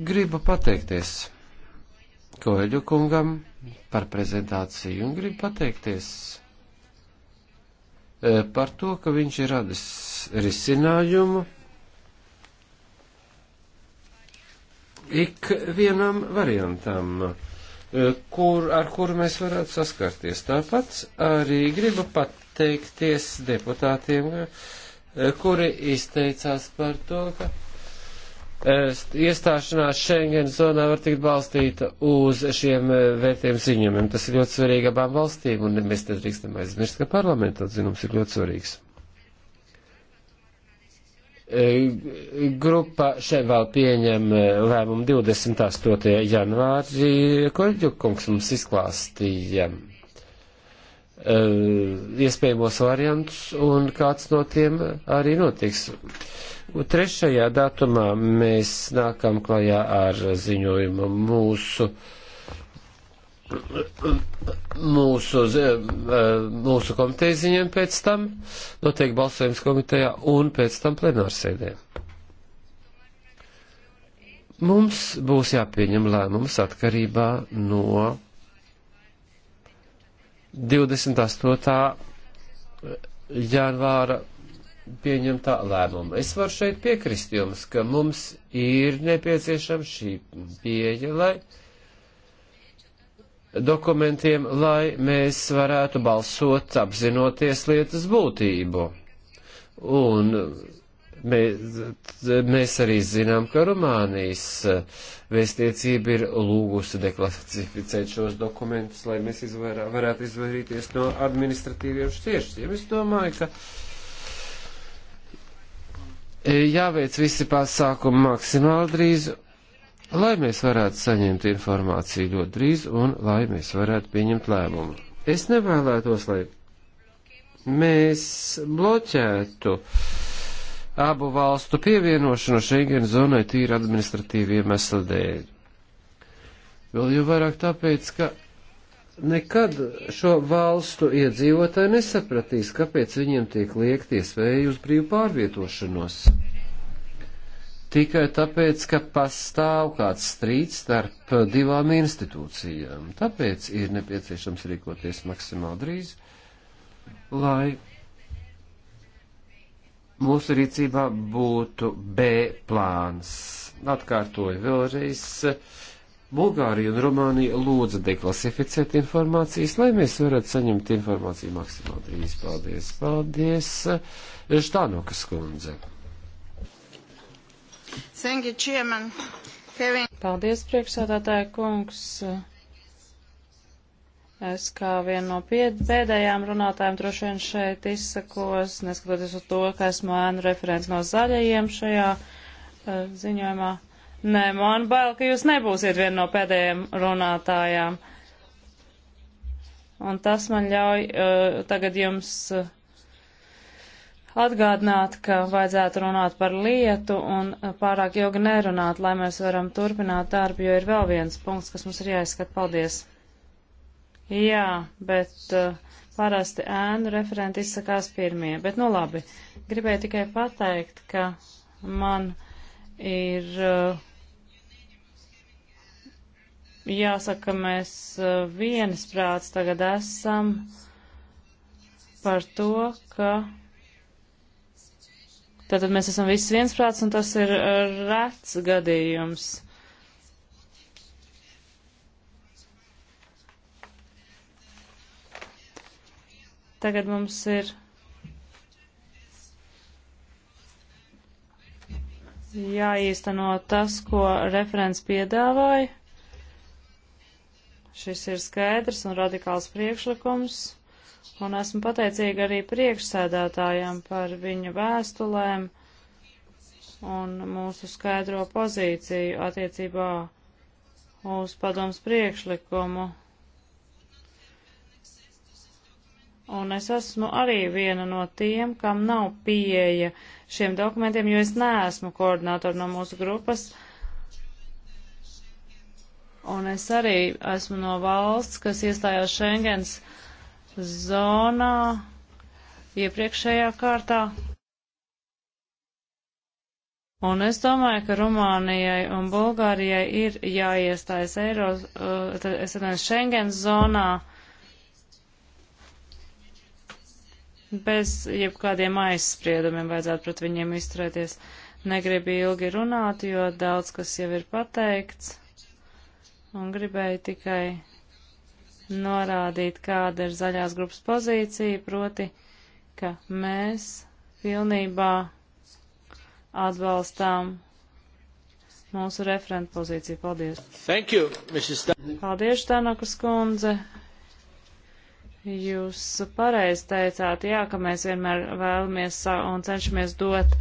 Gribu pateikties Koeļu kungam par prezentāciju un gribu pateikties eh, par to, ka viņš ir radis risinājumu ik vienam variantam, e, kur, ar kuru mēs varētu saskarties. Tāpat arī gribu pateikties deputātiem, e, kuri izteicās par to, ka e, iestāšanās Schengen zonā var tikt balstīta uz šiem vērtiem ziņojumiem. Tas ir ļoti svarīgi abām valstīm, un mēs nedrīkstam aizmirst, ka parlamenta atzinums ir ļoti svarīgs. E, grupa šeit vēl pieņem e, lēmumu 28. janvārī, ko Ļukungs mums izklāstīja e, iespējamos variantus, un kāds no tiem arī notiks. Trešajā datumā mēs nākam klajā ar ziņojumu mūsu uh, mūsu, eh, mūsu komitejas ziņiem pēc tam, notiek balsojums komitejā un pēc tam plenārsēdē. Mums būs jāpieņem lēmums atkarībā no 28. janvāra pieņemtā lēmuma. Es varu šeit piekrist jums, ka mums ir nepieciešama šī pieeja, lai dokumentiem, lai mēs varētu balsot apzinoties lietas būtību. Un mēs, mēs arī zinām, ka Rumānijas vēstniecība ir lūgusi deklasificēt šos dokumentus, lai mēs izvairā, varētu izvairīties no administratīviem šķēršļiem. Es domāju, ka jāveic visi pasākumi maksimāli drīz lai mēs varētu saņemt informāciju ļoti drīz un lai mēs varētu pieņemt lēmumu. Es nevēlētos, lai mēs bloķētu abu valstu pievienošanu Schengen zonai tīri administratīvi iemesli dēļ. Vēl jau vairāk tāpēc, ka nekad šo valstu iedzīvotāji nesapratīs, kāpēc viņiem tiek liekties vēju uz brīvu pārvietošanos tikai tāpēc, ka pastāv kāds strīds starp divām institūcijām. Tāpēc ir nepieciešams rīkoties maksimāli drīz, lai mūsu rīcībā būtu B plāns. Atkārtoju vēlreiz. Bulgārija un Rumānija lūdza deklasificēt informācijas, lai mēs varētu saņemt informāciju maksimāli drīz. Paldies, paldies, Štānokas kundze. Thank you, Chairman. Having... Paldies, priekšsādātāja kungs. Es kā viena no pēdējām runātājiem droši vien šeit izsakos, neskatoties uz to, ka esmu ēnu referents no zaļajiem šajā uh, ziņojumā. Nē, man bail, ka jūs nebūsiet viena no pēdējiem runātājām. Un tas man ļauj uh, tagad jums uh, atgādināt, ka vajadzētu runāt par lietu un eh, pārāk ilgi nerunāt, lai mēs varam turpināt darbu, jo ir vēl viens punkts, kas mums ir jāizskat. Paldies! Jā, bet uh, parasti ēnu referenti izsakās pirmie. Bet nu labi, gribēju tikai pateikt, ka man ir. Uh, jāsaka, mēs viensprāts tagad esam par to, ka Tātad mēs esam visi viensprāts, un tas ir eh, rēts gadījums. Tagad mums ir jāīsteno tas, ko referents piedāvāja. Šis ir skaidrs un radikāls priekšlikums un esmu pateicīga arī priekšsēdētājiem par viņu vēstulēm un mūsu skaidro pozīciju attiecībā uz padoms priekšlikumu. Un es esmu arī viena no tiem, kam nav pieeja šiem dokumentiem, jo es neesmu koordinātori no mūsu grupas. Un es arī esmu no valsts, kas iestājās Schengens uh, zonā iepriekšējā kārtā. Un es domāju, ka Rumānijai un Bulgārijai ir jāiestājas Eiros, uh, es atvainojos, Schengens zonā bez jebkādiem aizspriedumiem vajadzētu pret viņiem izturēties. Negribu ilgi runāt, jo daudz kas jau ir pateikts, un gribēju tikai norādīt, kāda ir zaļās grupas pozīcija, proti, ka mēs pilnībā atbalstām mūsu referentu pozīciju. Paldies. Thank you, Mrs. Dan Paldies, Tanakas kundze. Jūs pareizi teicāt, jā, ka mēs vienmēr vēlamies un cenšamies dot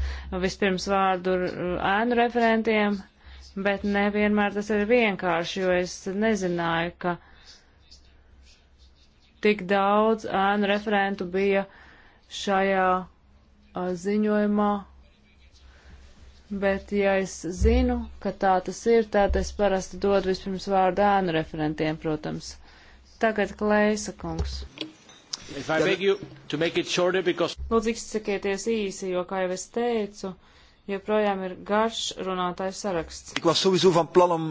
vispirms vārdu ēnu referentiem, bet nevienmēr tas ir vienkārši, jo es nezināju, ka tik daudz ēnu referentu bija šajā ziņojumā, bet ja es zinu, ka tā tas ir, tad es parasti dodu vispirms vārdu ēnu referentiem, protams. Tagad Klēsa kungs. Shorter, because... Lūdzu, izsakieties īsi, jo, kā jau es teicu, joprojām ir garš runātājs saraksts. Ik was sowieso van plan om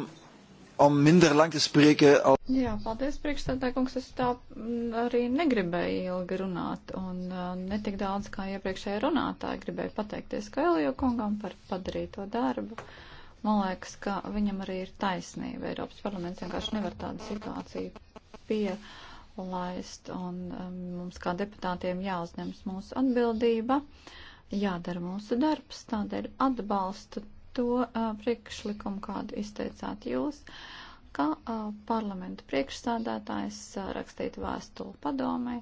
om minder lang te spreken. Al... Jā, paldies, priekšstādāj, kungs. Es tā mm, arī negribēju ilgi runāt, un uh, netik daudz kā iepriekšējā runātāja gribēju pateikties Kailio kungam par padarīto darbu. Man liekas, ka viņam arī ir taisnība. Eiropas parlaments vienkārši nevar tādu situāciju pielaist, un um, mums kā deputātiem jāuzņems mūsu atbildība. Jādara mūsu darbs, tādēļ atbalstu to uh, priekšlikumu, kādu izteicāt jūs, ka uh, parlamentu priekšsādātājs uh, rakstītu vēstuli padomai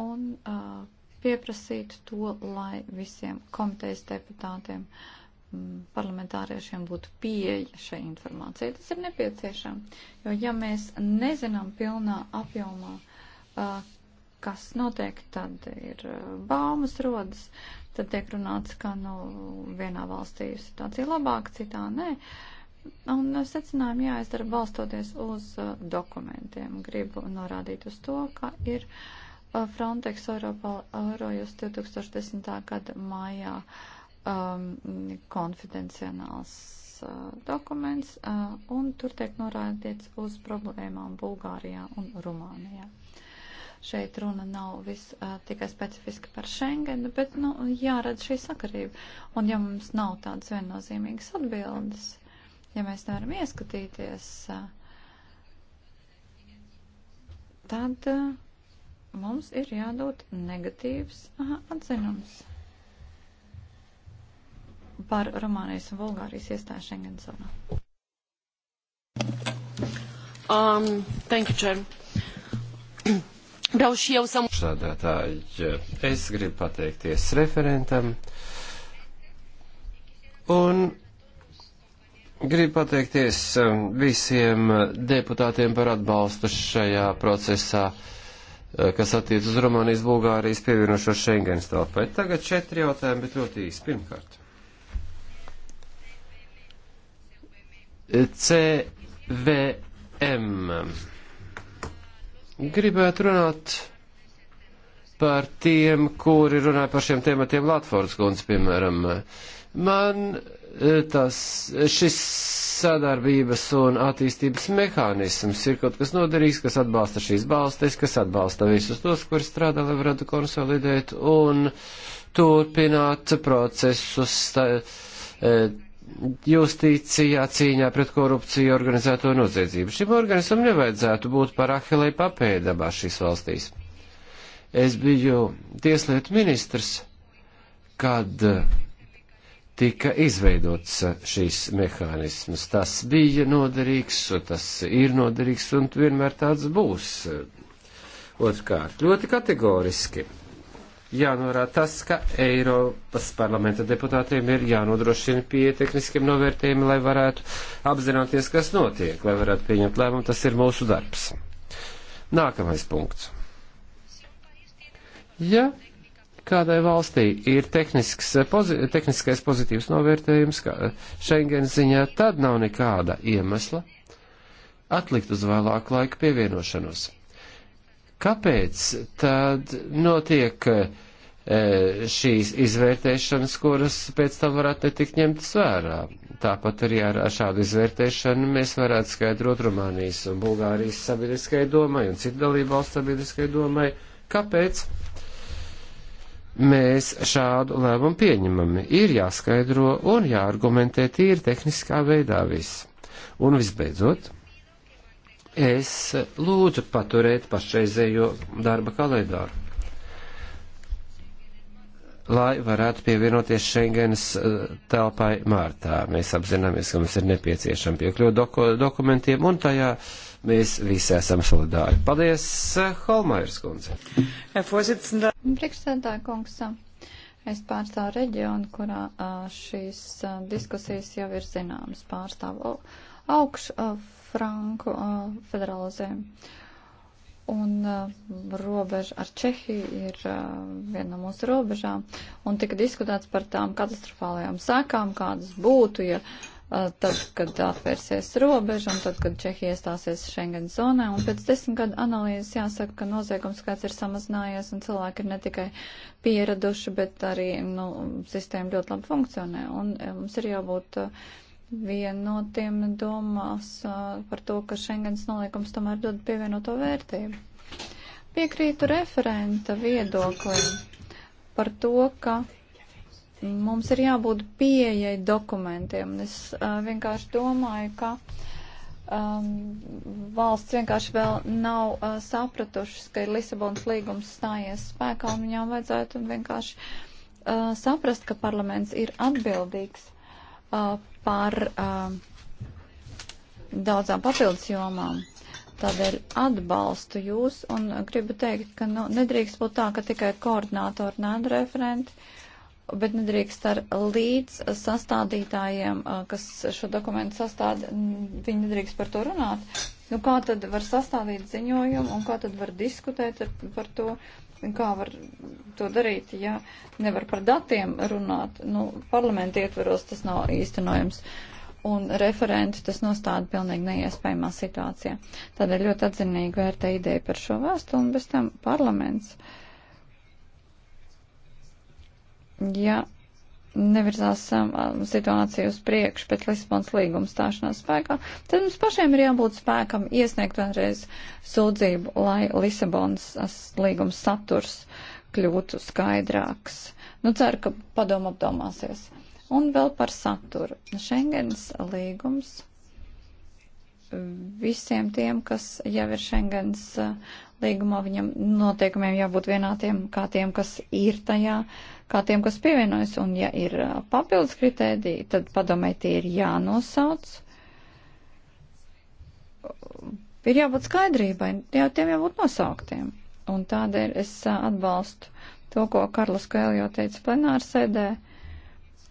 un uh, pieprasītu to, lai visiem komitejas deputātiem uh, parlamentāriešiem būtu pieeja šai informācijai. Tas ir nepieciešams, jo ja mēs nezinām pilnā apjomā, kas notiek, tad ir baumas rodas, tad tiek runāts, ka nu, vienā valstī ir situācija labāka, citā nē. Un uh, secinājumi jāizdara balstoties uz uh, dokumentiem. Gribu norādīt uz to, ka ir uh, Frontex Europa Eurojust 2010. gada mājā um, konfidencionāls uh, dokuments, uh, un tur tiek norādīts uz problēmām Bulgārijā un Rumānijā. Uh, Šeit runa nav vis, uh, tikai specifiski par Schengenu, bet nu, jārada šī sakarība. Un ja mums nav tādas viennozīmīgas atbildes, ja mēs nevaram ieskatīties, uh, tad uh, mums ir jādod negatīvs uh, atzinums par Rumānijas un Bulgārijas iestāju Schengen zonā. Um, thank you, Chair. Vreau și eu să... Šādātāji, es gribu pateikties referentam un gribu pateikties um, visiem deputātiem par atbalstu šajā procesā, uh, kas attiec uz Rumānijas Bulgārijas pievienošo Schengen stelpai. Tagad četri jautājumi, bet ļoti īsti. Pirmkārt. CVM. Gribētu runāt par tiem, kuri runāja par šiem tematiem Latvijas kundze, piemēram. Man e, tas, šis sadarbības un attīstības mehānisms ir kaut kas noderīgs, kas atbalsta šīs balstis, kas atbalsta visus tos, kuri strādā, lai varētu konsolidēt un turpināt procesus. Tā, e, justīcijā, cīņā pret korupciju, organizēto noziedzību. Šim organismam nevajadzētu būt par ahilei papēdamā šīs valstīs. Es biju tieslietu ministrs, kad eh, tika izveidots eh, šīs mehānismas. Tas bija noderīgs, tas ir noderīgs un vienmēr tāds būs. Eh, otrkārt, ļoti kategoriski jānorāda tas, ka Eiropas parlamenta deputātiem ir jānodrošina pie tehniskiem novērtējumiem, lai varētu apzināties, kas notiek, lai varētu pieņemt lēmumu. Tas ir mūsu darbs. Nākamais punkts. Ja kādai valstī ir tehnisks, pozi, tehniskais pozitīvs novērtējums Schengen ziņā, tad nav nekāda iemesla atlikt uz vēlāku laiku pievienošanos kāpēc tad notiek E, šīs izvērtēšanas, kuras pēc tam varētu netikt ņemtas vērā. Tāpat arī ar, ar šādu izvērtēšanu mēs varētu skaidrot Rumānijas un Bulgārijas sabiedriskai domai un citu dalību valsts sabiedriskai domai, kāpēc mēs šādu lēmumu pieņemam. Ir jāskaidro un jāargumentē tīri tehniskā veidā viss. Un visbeidzot, es lūdzu paturēt pašreizējo darba kalendāru lai varētu pievienoties Schengenas eh, telpai mārtā. Mēs apzināmies, ka mums ir nepieciešama piekļuva doku dokumentiem, un tajā mēs visi esam solidāri. Paldies, eh, Holmairs kundze. Priekšsēdētāja kungs, es pārstāvu reģionu, kurā eh, šīs diskusijas jau ir zināmas. Pārstāvu augšu Franku federalizējumu Un uh, robeža ar Čehiju ir uh, viena no mūsu robežām. Un tika diskutēts par tām katastrofālajām sākām, kādas būtu, ja uh, tad, kad atvērsies robeža un tad, kad Čehija iestāsies Schengen zonē. Un pēc desmit gadu analīzes jāsaka, ka noziegums kāds ir samazinājies un cilvēki ir ne tikai pieraduši, bet arī nu, sistēma ļoti labi funkcionē. Un mums ir jābūt. Uh, Viena no tiem domās par to, ka Schengens noliekums tomēr dod pievienoto vērtību. Piekrītu referenta viedoklim par to, ka mums ir jābūt pieejai dokumentiem. Es uh, vienkārši domāju, ka um, valsts vienkārši vēl nav uh, sapratušas, ka ir Lisabons līgums stājies spēkā un viņām vajadzētu vienkārši uh, saprast, ka parlaments ir atbildīgs uh, par uh, daudzām papildus jomām. Tādēļ atbalstu jūs un gribu teikt, ka nu, nedrīkst būt tā, ka tikai koordinātori nēda referenti, bet nedrīkst ar līdz sastādītājiem, uh, kas šo dokumentu sastāda, viņi nedrīkst par to runāt. Nu, kā tad var sastādīt ziņojumu un kā tad var diskutēt ar, par to? Kā var to darīt, ja nevar par datiem runāt? Nu, parlamenta ietveros tas nav īstenojams. Un referenti tas nostāda pilnīgi neiespējamā situācijā. Tādēļ ļoti atzinīgi vērtē ideju par šo vēstuli un bez tam parlaments. Ja nevirzās um, um, situāciju uz priekšu pēc Lisbonas līguma stāšanās spēkā, tad mums pašiem ir jābūt spēkam iesniegt vienreiz sūdzību, lai Lisabonas līgums saturs kļūtu skaidrāks. Nu, ceru, ka padomu apdomāsies. Un vēl par saturu. Šengens līgums visiem tiem, kas jau ir Šengens uh, līgumā, viņam noteikumiem jābūt vienādiem kā tiem, kas ir tajā, kā tiem, kas pievienojas. Un ja ir uh, papildus kritēriji, tad padomē tie ir jānosauc. Ir jābūt skaidrībai, jau tiem jābūt nosauktiem. Un tādēļ es uh, atbalstu to, ko Karlas Kēljo teica plenārsēdē. sēdē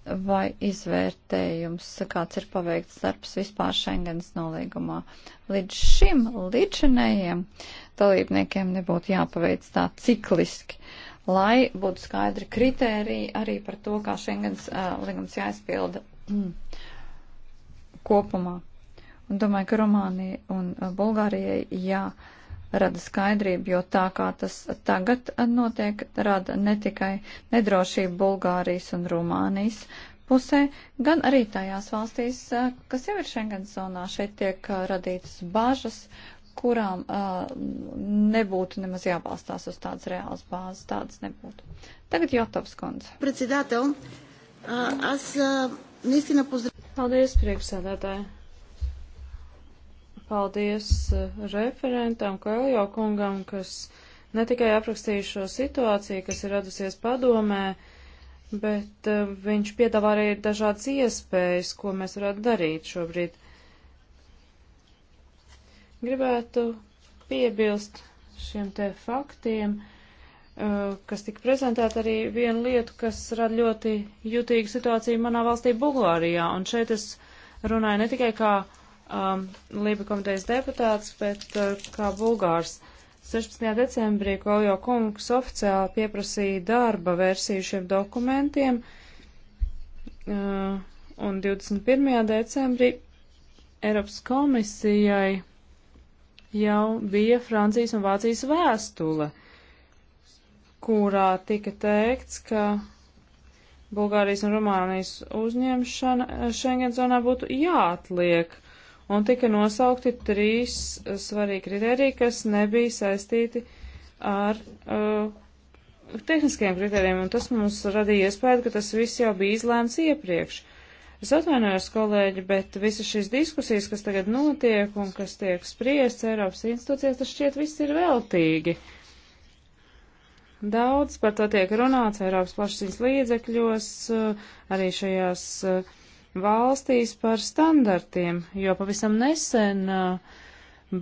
vai izvērtējums, kāds ir paveikts darbs vispār Schengens nolīgumā. Līdz šim, līdzinējiem dalībniekiem nebūtu jāpaveic tā cikliski, lai būtu skaidri kritēriji arī par to, kā Schengens uh, līgums jāizpilda kopumā. Un domāju, ka Romānija un Bulgārijai jā. Ja rada skaidrību, jo tā kā tas tagad notiek, rada ne tikai nedrošību Bulgārijas un Rumānijas pusē, gan arī tajās valstīs, kas jau ir Schengen zonā. Šeit tiek radītas bažas, kurām uh, nebūtu nemaz jābalstās uz tādas reālas bāzes, tādas nebūtu. Tagad Jotovs kundze. Paldies, priekšsēdētāji. Paldies eh, referentam Koeljo kungam, kas ne tikai aprakstīja šo situāciju, kas ir radusies padomē, bet eh, viņš piedāvā arī dažādas iespējas, ko mēs varētu darīt šobrīd. Gribētu piebilst šiem te faktiem, eh, kas tika prezentēta arī viena lieta, kas rada ļoti jutīgu situāciju manā valstī Bulgārijā. Un šeit es runāju ne tikai kā uh, um, Lība komitejas deputāts, bet uh, kā bulgārs. 16. decembrī Koljo kungs oficiāli pieprasīja darba versiju šiem dokumentiem, uh, un 21. decembrī Eiropas komisijai jau bija Francijas un Vācijas vēstule, kurā tika teikts, ka Bulgārijas un Rumānijas uzņemšana Schengen zonā būtu jāatliek un tika nosaukti trīs eh, svarīgi kriteriji, kas nebija saistīti ar uh, eh, tehniskiem kriterijiem, un tas mums radīja iespēju, ka tas viss jau bija izlēmts iepriekš. Es atvainojos, kolēģi, bet visas šīs diskusijas, kas tagad notiek un kas tiek spriests Eiropas institūcijās, tas šķiet viss ir veltīgi. Daudz par to tiek runāts Eiropas plašsaziņas līdzekļos, eh, arī šajās uh, valstīs par standartiem, jo pavisam nesen uh,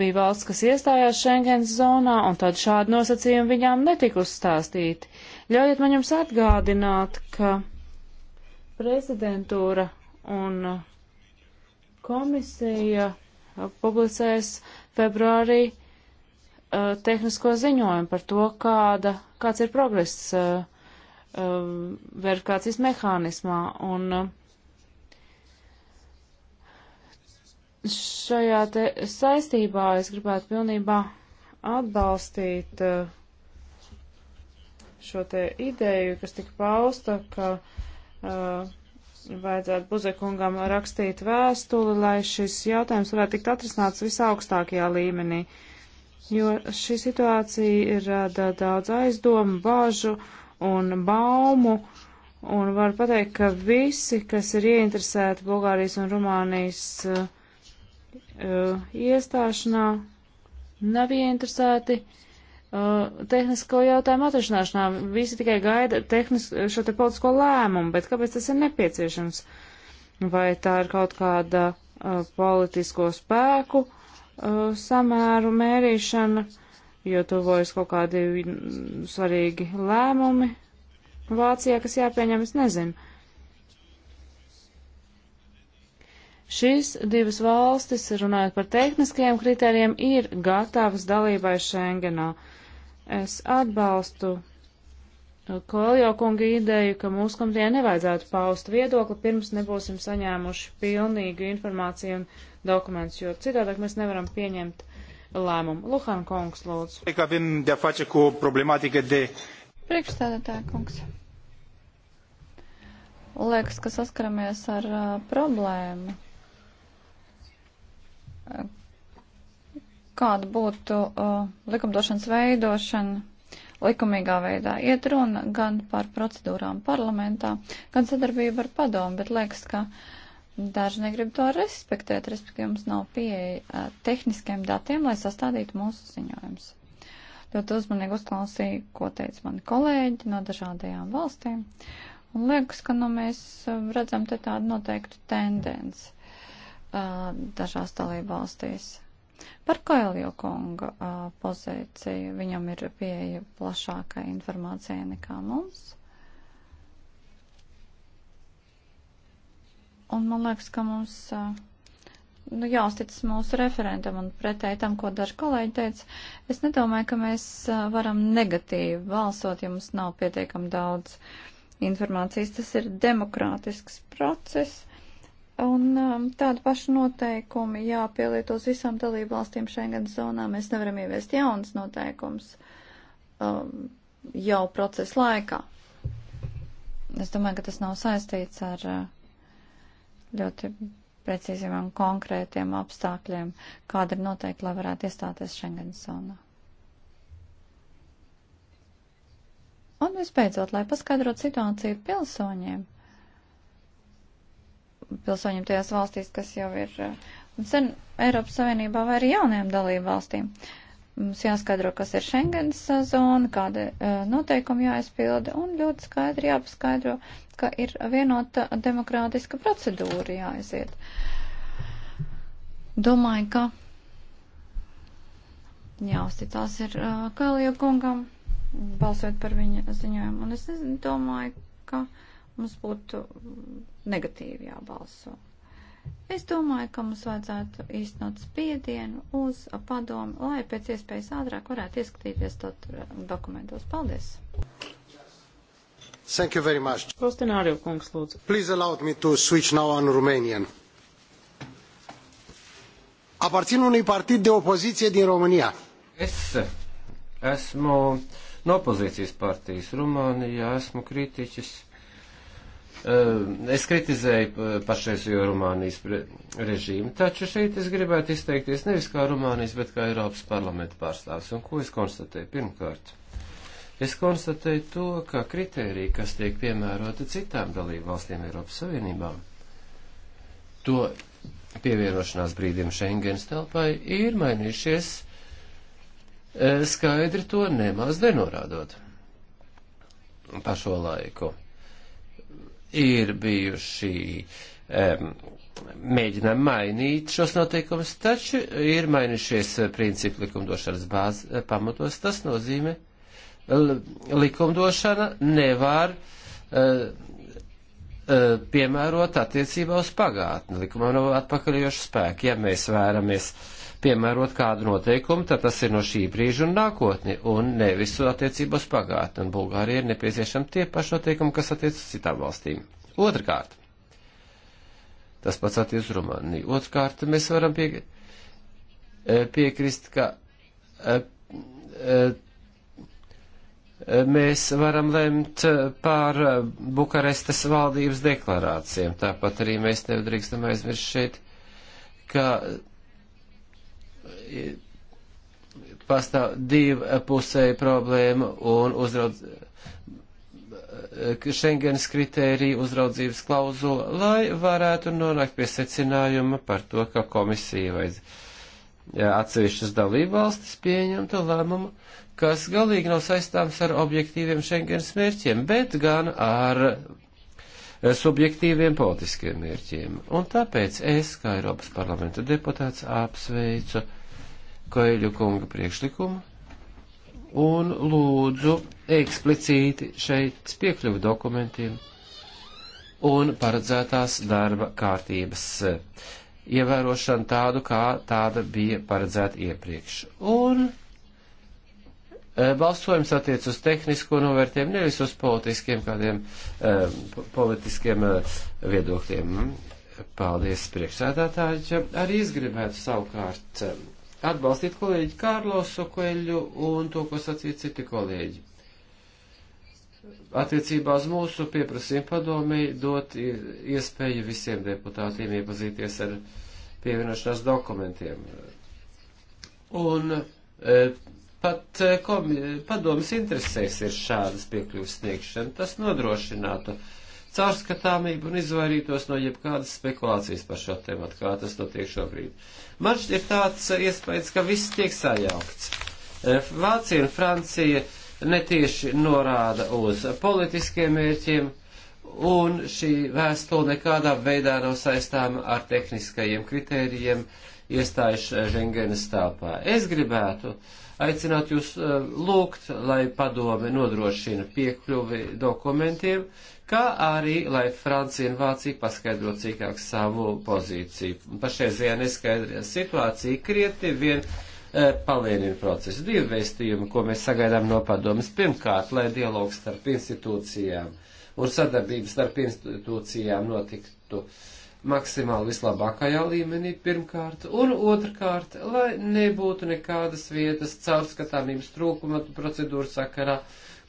bija valsts, kas iestājās Schengens zonā, un tad šādi nosacījumi viņām netika uzstāstīti. Ļaujiet man jums atgādināt, ka prezidentūra un uh, komisija uh, publicēs februārī uh, tehnisko ziņojumu par to, kāda, kāds ir progress uh, uh, verifikācijas mehānismā. Un, uh, šajā te saistībā es gribētu pilnībā atbalstīt uh, šo te ideju, kas tika pausta, ka uh, vajadzētu Buzekungam rakstīt vēstuli, lai šis jautājums varētu tikt atrisināts visaugstākajā līmenī, jo šī situācija ir rada daudz aizdomu, bāžu un baumu. Un var pateikt, ka visi, kas ir ieinteresēti Bulgārijas un Rumānijas uh, uh, iestāšanā nav ieinteresēti uh, tehnisko jautājumu atrašanāšanā. Visi tikai gaida tehnis, šo te politisko lēmumu, bet kāpēc tas ir nepieciešams? Vai tā ir kaut kāda uh, politisko spēku samēru mērīšana, jo tuvojas kaut kādi mm, svarīgi lēmumi Vācijā, kas jāpieņem, es nezinu. Šīs divas valstis, runājot par tehniskajiem kritērijiem, ir gatavas dalībai Schengenā. Es atbalstu uh, Koljo kunga ideju, ka mūsu komitē nevajadzētu paust viedokli, pirms nebūsim saņēmuši pilnīgu informāciju un dokumentus, jo citādāk mēs nevaram pieņemt lēmumu. Luhan kungs, lūdzu. Priekšstādātā kungs. Liekas, ka saskaramies ar uh, problēmu kāda būtu uh, likumdošanas veidošana likumīgā veidā. Iet runa gan par procedūrām parlamentā, gan sadarbību ar padomu, bet liekas, ka daži negrib to respektēt, respektīvi mums nav pieeja uh, tehniskiem datiem, lai sastādītu mūsu ziņojumus. Ļoti uzmanīgi uzklausīju, ko teica mani kolēģi no dažādajām valstīm. Un liekas, ka nu, mēs uh, redzam te tādu noteiktu tendenci dažās dalībvalstīs. Par Koelio kunga pozīciju viņam ir pieeja plašākai informācijai nekā mums. Un man liekas, ka mums nu, jāuzticas mūsu referentam un pretēji tam, ko daži kolēģi teica. Es nedomāju, ka mēs varam negatīvi balsot, ja mums nav pietiekam daudz informācijas. Tas ir demokrātisks process Un um, tādu pašu noteikumu jāpieliet uz visām dalību valstīm Schengen zonā. Mēs nevaram ieviest jaunas noteikums um, jau procesa laikā. Es domāju, ka tas nav saistīts ar uh, ļoti precīziem un konkrētiem apstākļiem, kāda ir noteikti, lai varētu iestāties Schengen zonā. Un visbeidzot, lai paskaidrotu situāciju pilsoņiem, pilsoņiem tajās valstīs, kas jau ir eh, sen Eiropas Savienībā vai arī jaunajām dalību valstīm. Mums jāskaidro, kas ir Schengens eh, zona, kāda eh, noteikuma jāizpilda, un ļoti skaidri jāpaskaidro, ka ir vienota demokrātiska procedūra jāaiziet. Domāju, ka jāuzticās ir uh, Kalija kungam, balsot par viņa ziņojumu. Un es domāju, ka mums būtu negatīvi jābalso. Es domāju, ka mums vajadzētu īstenot spiedienu uz padomu, lai pēc iespējas ātrāk varētu ieskatīties eh, dokumentos. Paldies! Thank you very much. Kostinārio kungs, lūdzu. Please allow me to switch now on Romanian. Aparțin unui partid de opoziție din România. Es esmu no opozīcijas partijas Rumānijā, esmu kritiķis Ehm, es kritizēju pašreizējo Rumānijas režīmu, taču šeit es gribētu izteikties nevis kā Rumānijas, bet kā Eiropas parlamenta pārstāvis. Un ko es konstatēju? Pirmkārt, es konstatēju to, ka kritērija, kas tiek piemērota citām dalību valstīm Eiropas Savienībā, to pievienošanās brīdim Schengens telpai ir mainījušies eh, skaidri to nemaz nenorādot pa šo laiku ir bijuši um, mēģinām mainīt šos noteikumus, taču ir mainījušies principi likumdošanas bāzes eh, pamatos. Tas nozīmē, likumdošana nevar uh, uh, piemērot attiecībā uz pagātni. Likumam nav atpakaļjošu spēku. Ja mēs vēramies uh, piemērot kādu noteikumu, tad tas ir no šī brīža un nākotni, un nevis attiecībos pagātni, un Bulgārija ir nepieciešama tie paši noteikumi, kas attiec uz citām valstīm. Otrkārt, tas pats attiec uz Rumāniju. Otrkārt, mēs varam pie, e, piekrist, ka e, e, mēs varam lemt pār Bukarestes valdības deklarācijām. Tāpat arī mēs nedrīkstam aizmirst šeit, ka pastāv divu pusēju problēma un uzraudz. Šengens kritērija uzraudzības klauzula, lai varētu nonākt pie secinājuma par to, ka komisija vai atsevišķas dalībvalstis pieņemtu lēmumu, kas galīgi nav saistāms ar objektīviem Šengens mērķiem, bet gan ar eh, subjektīviem politiskiem mērķiem. Un tāpēc es, kā Eiropas parlamenta deputāts, apsveicu Koeļu kunga priekšlikumu un lūdzu eksplicīti šeit piekļuvu dokumentiem un paredzētās darba kārtības ievērošanu tādu, kā tāda bija paredzēta iepriekš. Un e, balsojums attiec uz tehnisko novērtiem, nevis uz politiskiem kādiem e, politiskiem e, viedokļiem. Paldies, priekšsēdētāji. Arī es gribētu savukārt atbalstīt kolēģi Kārlosu Koeļu un to, ko sacīja citi kolēģi. Attiecībā uz mūsu pieprasījumu padomī dot iespēju visiem deputātiem iepazīties ar pievienošanās dokumentiem. Un e, pat e, komi, padomas interesēs ir šādas piekļuvas sniegšana. Tas nodrošinātu uh, caurskatāmību un izvairītos no jebkādas spekulācijas par šo tematu, kā tas notiek šobrīd. Man šķiet tāds eh, iespējas, ka viss tiek sajaukts. Eh, Vācija un Francija netieši norāda uz politiskiem mērķiem, un šī vēstule nekādā veidā nav saistāma ar tehniskajiem kritērijiem iestājas eh, Schengenas telpā. Es gribētu aicināt jūs lūgt, lai padome nodrošina piekļuvi dokumentiem, uh, kā arī, lai Francija un Vācija paskaidro cīkāk savu pozīciju. Pašreizajā neskaidrajā situācija krietni vien e, palielina procesu. Divi vēstījumi, ko mēs sagaidām no padomas. Pirmkārt, lai dialogs starp institūcijām un sadarbības starp institūcijām notiktu maksimāli vislabākajā līmenī pirmkārt, un otrkārt, lai nebūtu nekādas vietas caurskatāmības trūkuma procedūru sakarā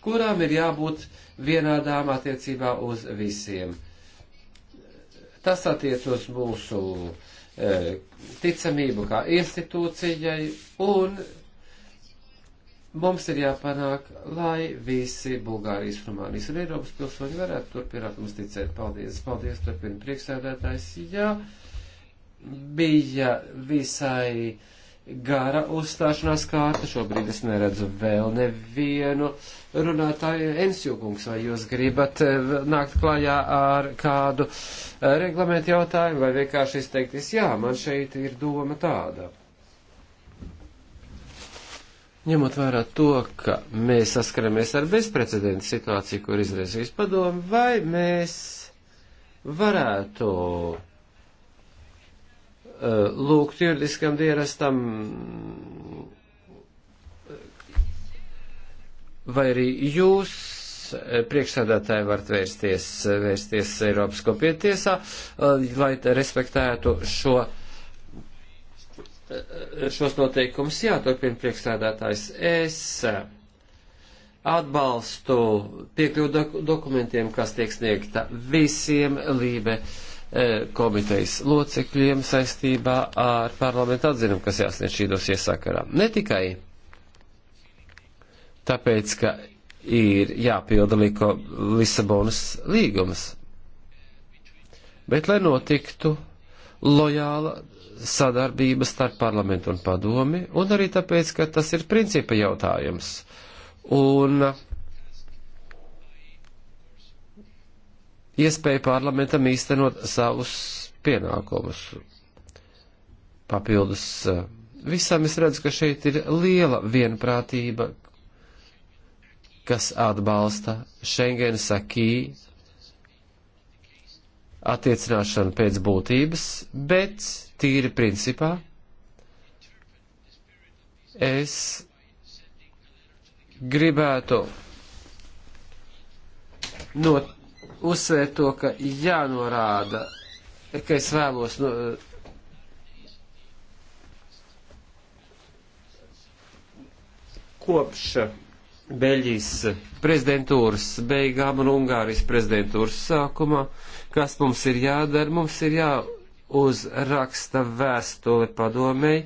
kurām ir jābūt vienādām attiecībā uz visiem. Tas attiec uz mūsu e, ticamību kā institūcijai, un mums ir jāpanāk, lai visi Bulgārijas, Rumānijas un Eiropas pilsoņi varētu turpināt mums ticēt. Paldies, paldies, turpina priekšsēdētājs. Jā, bija visai gara uzstāšanās kārta. Šobrīd es neredzu vēl nevienu runātāju. Ensjūkungs, vai jūs gribat eh, nākt klājā ar kādu eh, reglamentu jautājumu vai vienkārši izteikties, jā, man šeit ir doma tāda. Ņemot vērā to, ka mēs saskaramies ar bezprecedenta situāciju, kur izraisīs padomu, vai mēs varētu Eh, lūgt juridiskam dienestam vai arī jūs eh, priekšsēdētāji varat vērsties, eh, vērsties Eiropas kopietiesā, lai respektētu šo, šos noteikumus. Jā, turpina priekšsēdētājs. Es atbalstu piekļuvu dokumentiem, kas tiek sniegta visiem lībe E, komitejas locekļiem saistībā ar parlamentu atzinumu, kas jāsniedz šī dosie sakarā. Ne tikai tāpēc, ka ir jāpilda liko Lisabonas līgums, bet lai notiktu lojāla sadarbība starp parlamentu un padomi, un arī tāpēc, ka tas ir principa jautājums. Un uh, iespēju parlamentam īstenot savus pienākumus. Papildus eh, visam es redzu, ka šeit ir liela vienprātība, kas atbalsta Schengen sakī attiecināšanu pēc būtības, bet tīri principā es gribētu not uzsvērt to, ka jānorāda, ka es vēlos. No, kopš Beļģijas prezidentūras beigām un Ungārijas prezidentūras sākumā, kas mums ir jādara, mums ir jāuzraksta vēstule padomēji,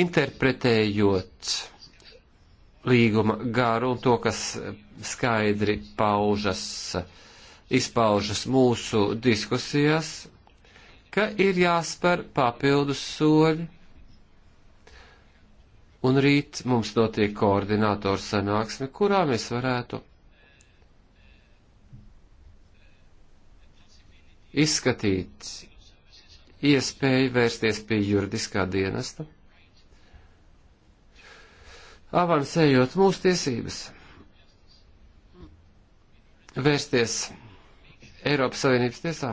interpretējot līguma garu un to, kas skaidri paužas, izpaužas mūsu diskusijās, ka ir jāspēr papildus soļi. Un rīt mums notiek koordinātoru sanāksme, kurā mēs varētu izskatīt iespēju vērsties pie juridiskā dienesta avansējot mūsu tiesības vērsties Eiropas Savienības tiesā,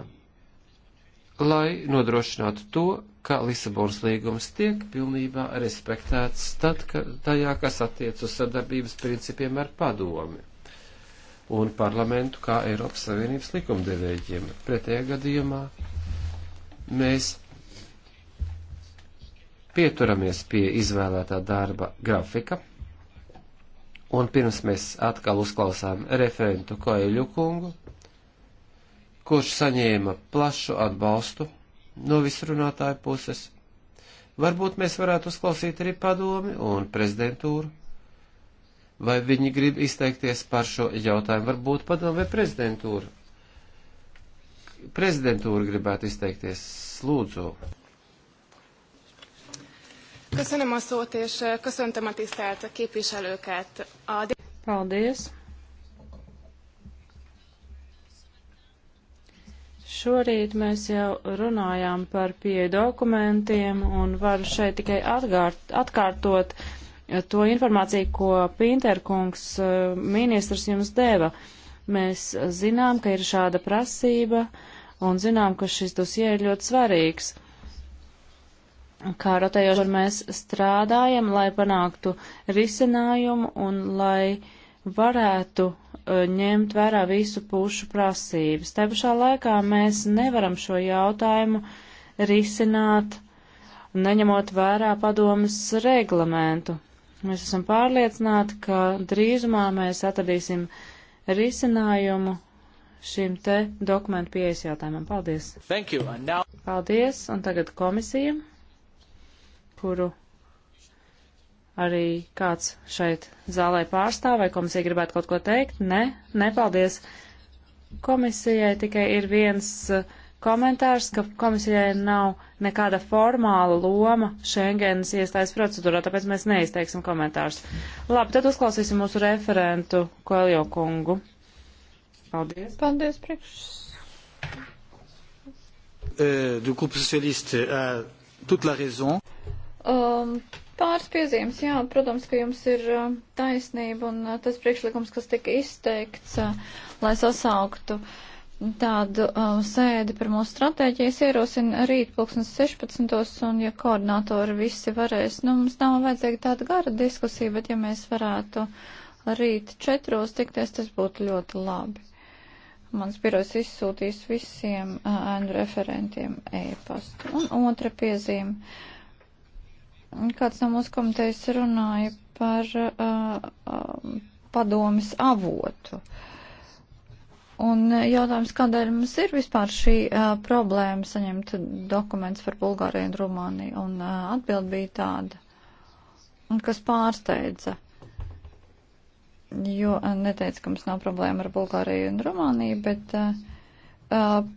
lai nodrošinātu to, ka Lisabonas līgums tiek pilnībā respektēts tad, ka tajā, kas attiec uz sadarbības principiem ar padomi un parlamentu kā Eiropas Savienības likumdevēģiem. Pretējā gadījumā mēs pieturamies pie izvēlētā darba grafika Un pirms mēs atkal uzklausām referentu Koeļu kungu, kurš saņēma plašu atbalstu no visrunātāju puses, varbūt mēs varētu uzklausīt arī padomi un prezidentūru. Vai viņi grib izteikties par šo jautājumu? Varbūt padomu vai prezidentūru. Prezidentūra gribētu izteikties. Lūdzu. Köszönöm a szót, és köszöntöm a tisztelt képviselőket. A... Paldies! Šorīt mēs jau runājām par pieeju dokumentiem un varu šeit tikai atgārt, atkārtot to informāciju, ko Pinterkungs ministrs jums deva. Mēs zinām, ka ir šāda prasība un zinām, ka šis dosie ir ļoti svarīgs kā rotējoši, kur mēs strādājam, lai panāktu risinājumu un lai varētu e, ņemt vērā visu pušu prasības. Tā pašā laikā mēs nevaram šo jautājumu risināt, neņemot vērā padomas reglamentu. Mēs esam pārliecināti, ka drīzumā mēs atradīsim risinājumu šim te dokumentu pieejas jautājumam. Paldies! Now... Paldies! Un tagad komisijam kuru arī kāds šeit zālē pārstāv, vai komisija gribētu kaut ko teikt? Nē, ne? nepaldies. Komisijai tikai ir viens uh, komentārs, ka komisijai nav nekāda formāla loma Schengens iestājas procedūrā, tāpēc mēs neizteiksim komentārus. Labi, tad uzklausīsim mūsu referentu Koeljo kungu. Paldies. Paldies, priekš. Uh, du groupe socialiste a toute la raison. Um, pāris piezīmes, jā, protams, ka jums ir uh, taisnība un uh, tas priekšlikums, kas tika izteikts, uh, lai sasauktu tādu uh, sēdi par mūsu stratēģijas ierosina rīt pulksnes 16. un ja koordinātori visi varēs, nu mums nav vajadzīga tāda gara diskusija, bet ja mēs varētu rīt četros tikties, tas būtu ļoti labi. Mans birojs izsūtīs visiem uh, ēnu uh, referentiem e-pastu. Un otra piezīme. Uh, Kāds no mūsu komitejas runāja par uh, uh, um, padomis avotu. Un jautājums, kādēļ mums ir vispār šī uh, problēma saņemt dokumentus par Bulgāriju un Rumāniju? Un uh, atbild bija tāda, kas pārsteidza, jo uh, neteica, ka mums nav problēma ar Bulgāriju un Rumāniju, bet uh, uh,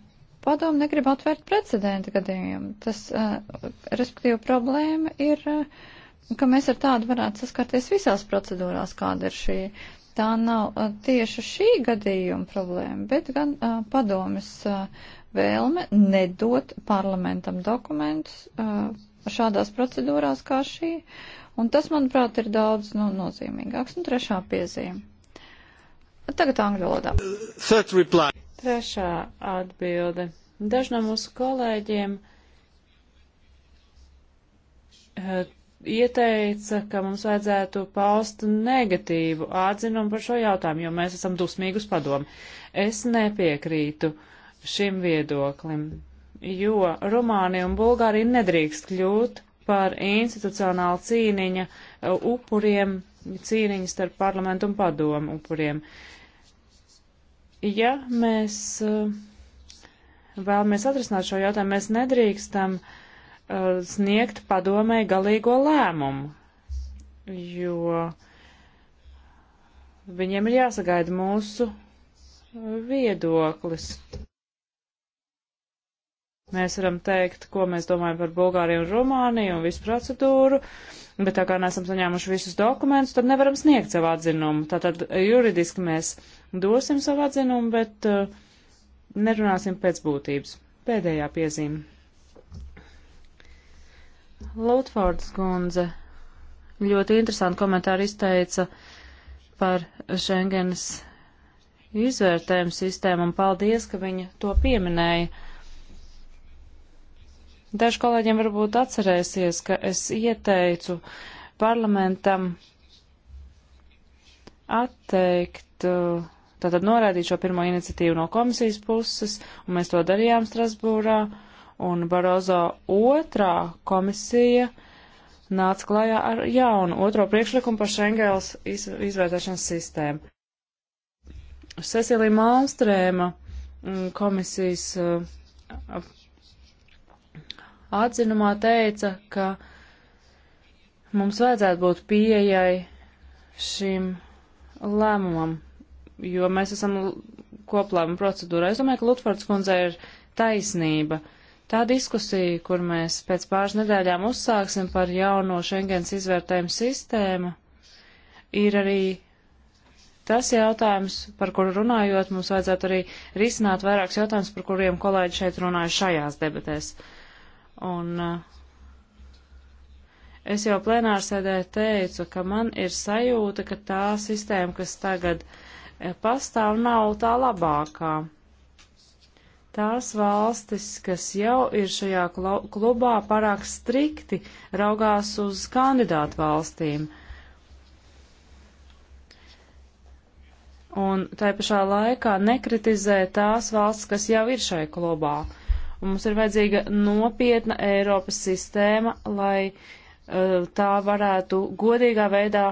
padomu negrib atvērt precedenta gadījumu. Tas, uh, respektīvi, problēma ir, uh, ka mēs ar tādu varētu saskarties visās procedūrās, kāda ir šī. Tā nav uh, tieši šī gadījuma problēma, bet gan uh, padomas uh, vēlme nedot parlamentam dokumentus uh, šādās procedūrās kā šī. Un tas, manuprāt, ir daudz nu, nozīmīgāks. Un trešā piezīme. Tagad angļu valodā. Trešā atbilde. Daži no mūsu kolēģiem eh, ieteica, ka mums vajadzētu paust negatīvu atzinumu par šo jautājumu, jo mēs esam dusmīgi uz padomu. Es nepiekrītu šim viedoklim, jo Rumānija un Bulgārija nedrīkst kļūt par institucionālu cīniņa eh, upuriem, cīniņa starp parlamentu un padomu upuriem. Uh, Ja mēs eh, vēlamies atrisināt šo jautājumu, mēs nedrīkstam eh, sniegt padomē galīgo lēmumu, jo viņiem ir jāsagaida mūsu eh, viedoklis. Mēs varam teikt, ko mēs domājam par Bulgāriju un Rumāniju un visu procedūru, bet tā kā neesam saņēmuši visus dokumentus, tad nevaram sniegt savu atzinumu. Tātad juridiski mēs dosim savu atzinumu, bet uh, nerunāsim pēc būtības. Pēdējā piezīme. Lutfords kundze ļoti interesanti komentāri izteica par Schengenas izvērtējumu sistēmu, un paldies, ka viņa to pieminēja. Daži kolēģiem varbūt atcerēsies, ka es ieteicu parlamentam atteikt uh, tātad noraidīt šo pirmo iniciatīvu no komisijas puses, un mēs to darījām Strasbūrā, un Barozo otrā komisija nāca klajā ar jaunu otro priekšlikumu par Šengēls iz, izvērtēšanas sistēmu. Cecilija Malmstrēma mm, komisijas uh, atzinumā teica, ka mums vajadzētu būt pieejai šim lēmumam, jo mēs esam koplēma procedūra. Es domāju, ka Lutfords kundzei ir taisnība. Tā diskusija, kur mēs pēc pāris nedēļām uzsāksim par jauno Schengens izvērtējumu sistēmu, ir arī tas jautājums, par kuru runājot, mums vajadzētu arī risināt vairākus jautājumus, par kuriem kolēģi šeit runāja šajās debatēs. Un uh, es jau plenārsēdē teicu, ka man ir sajūta, ka tā sistēma, kas tagad uh, pastāv, nav tā labākā. Tās valstis, kas jau ir šajā klubā, parāk strikti raugās uz kandidātu valstīm. Un tai pašā laikā nekritizē tās valsts, kas jau ir šai klubā. Un mums ir vajadzīga nopietna Eiropas sistēma, lai uh, tā varētu godīgā veidā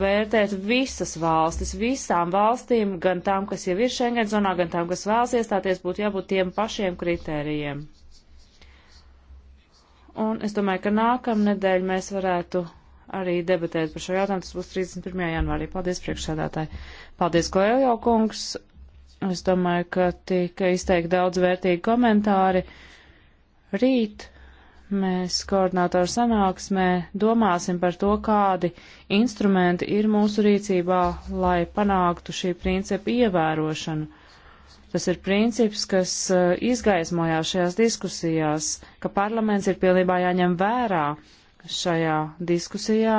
vērtēt visas valstis, visām valstīm, gan tām, kas jau ir Schengen zonā, gan tām, kas vēlas iestāties, būtu jābūt tiem pašiem kritērijiem. Un es domāju, ka nākamnedēļ mēs varētu arī debatēt par šo jautājumu. Tas būs 31. janvārī. Paldies, priekšsēdētāji. Paldies, Koeljo kungs. Es domāju, ka tika izteikti daudz vērtīgi komentāri. Rīt Mēs koordinātoru sanāksmē domāsim par to, kādi instrumenti ir mūsu rīcībā, lai panāktu šī principa ievērošanu. Tas ir princips, kas eh, izgaismojās šajās diskusijās, ka parlaments ir pilnībā jāņem vērā šajā diskusijā,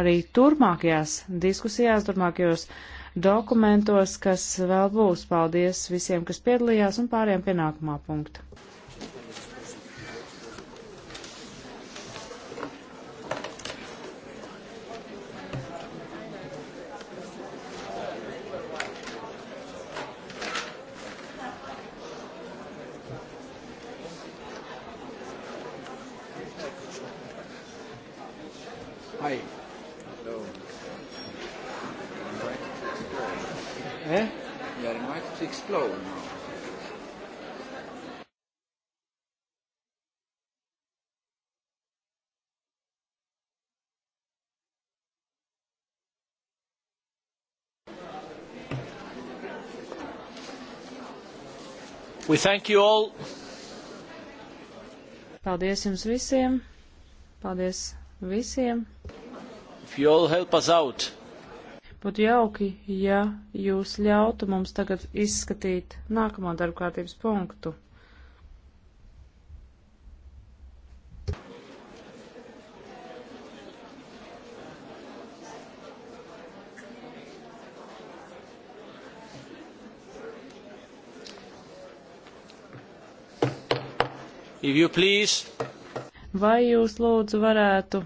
arī turpmākajās diskusijās, turpmākajos dokumentos, kas vēl būs. Paldies visiem, kas piedalījās un pāriem pie nākamā punkta. We thank you all. Paldies jums visiem. Paldies visiem. If you all help us out. Būtu jauki, ja jūs ļautu mums tagad izskatīt nākamo darbkārtības punktu. Vai jūs lūdzu varētu?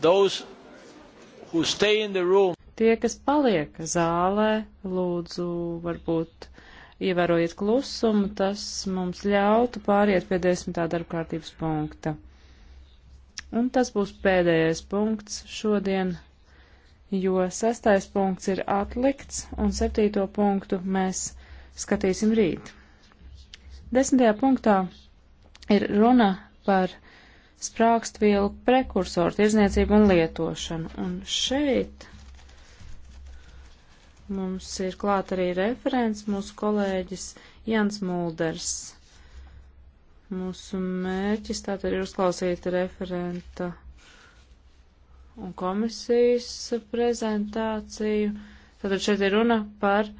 Tie, kas paliek zālē, lūdzu varbūt ievērojiet klusumu, tas mums ļautu pāriet pie desmitā darbkārtības punkta. Un tas būs pēdējais punkts šodien, jo sastais punkts ir atlikts, un septīto punktu mēs skatīsim rīt. Desmitajā punktā ir runa par sprākstvielu prekursoru tirzniecību un lietošanu. Un šeit mums ir klāt arī referents mūsu kolēģis Jans Mulders. Mūsu mērķis tātad ir uzklausīt referenta un komisijas prezentāciju. Tātad šeit ir runa par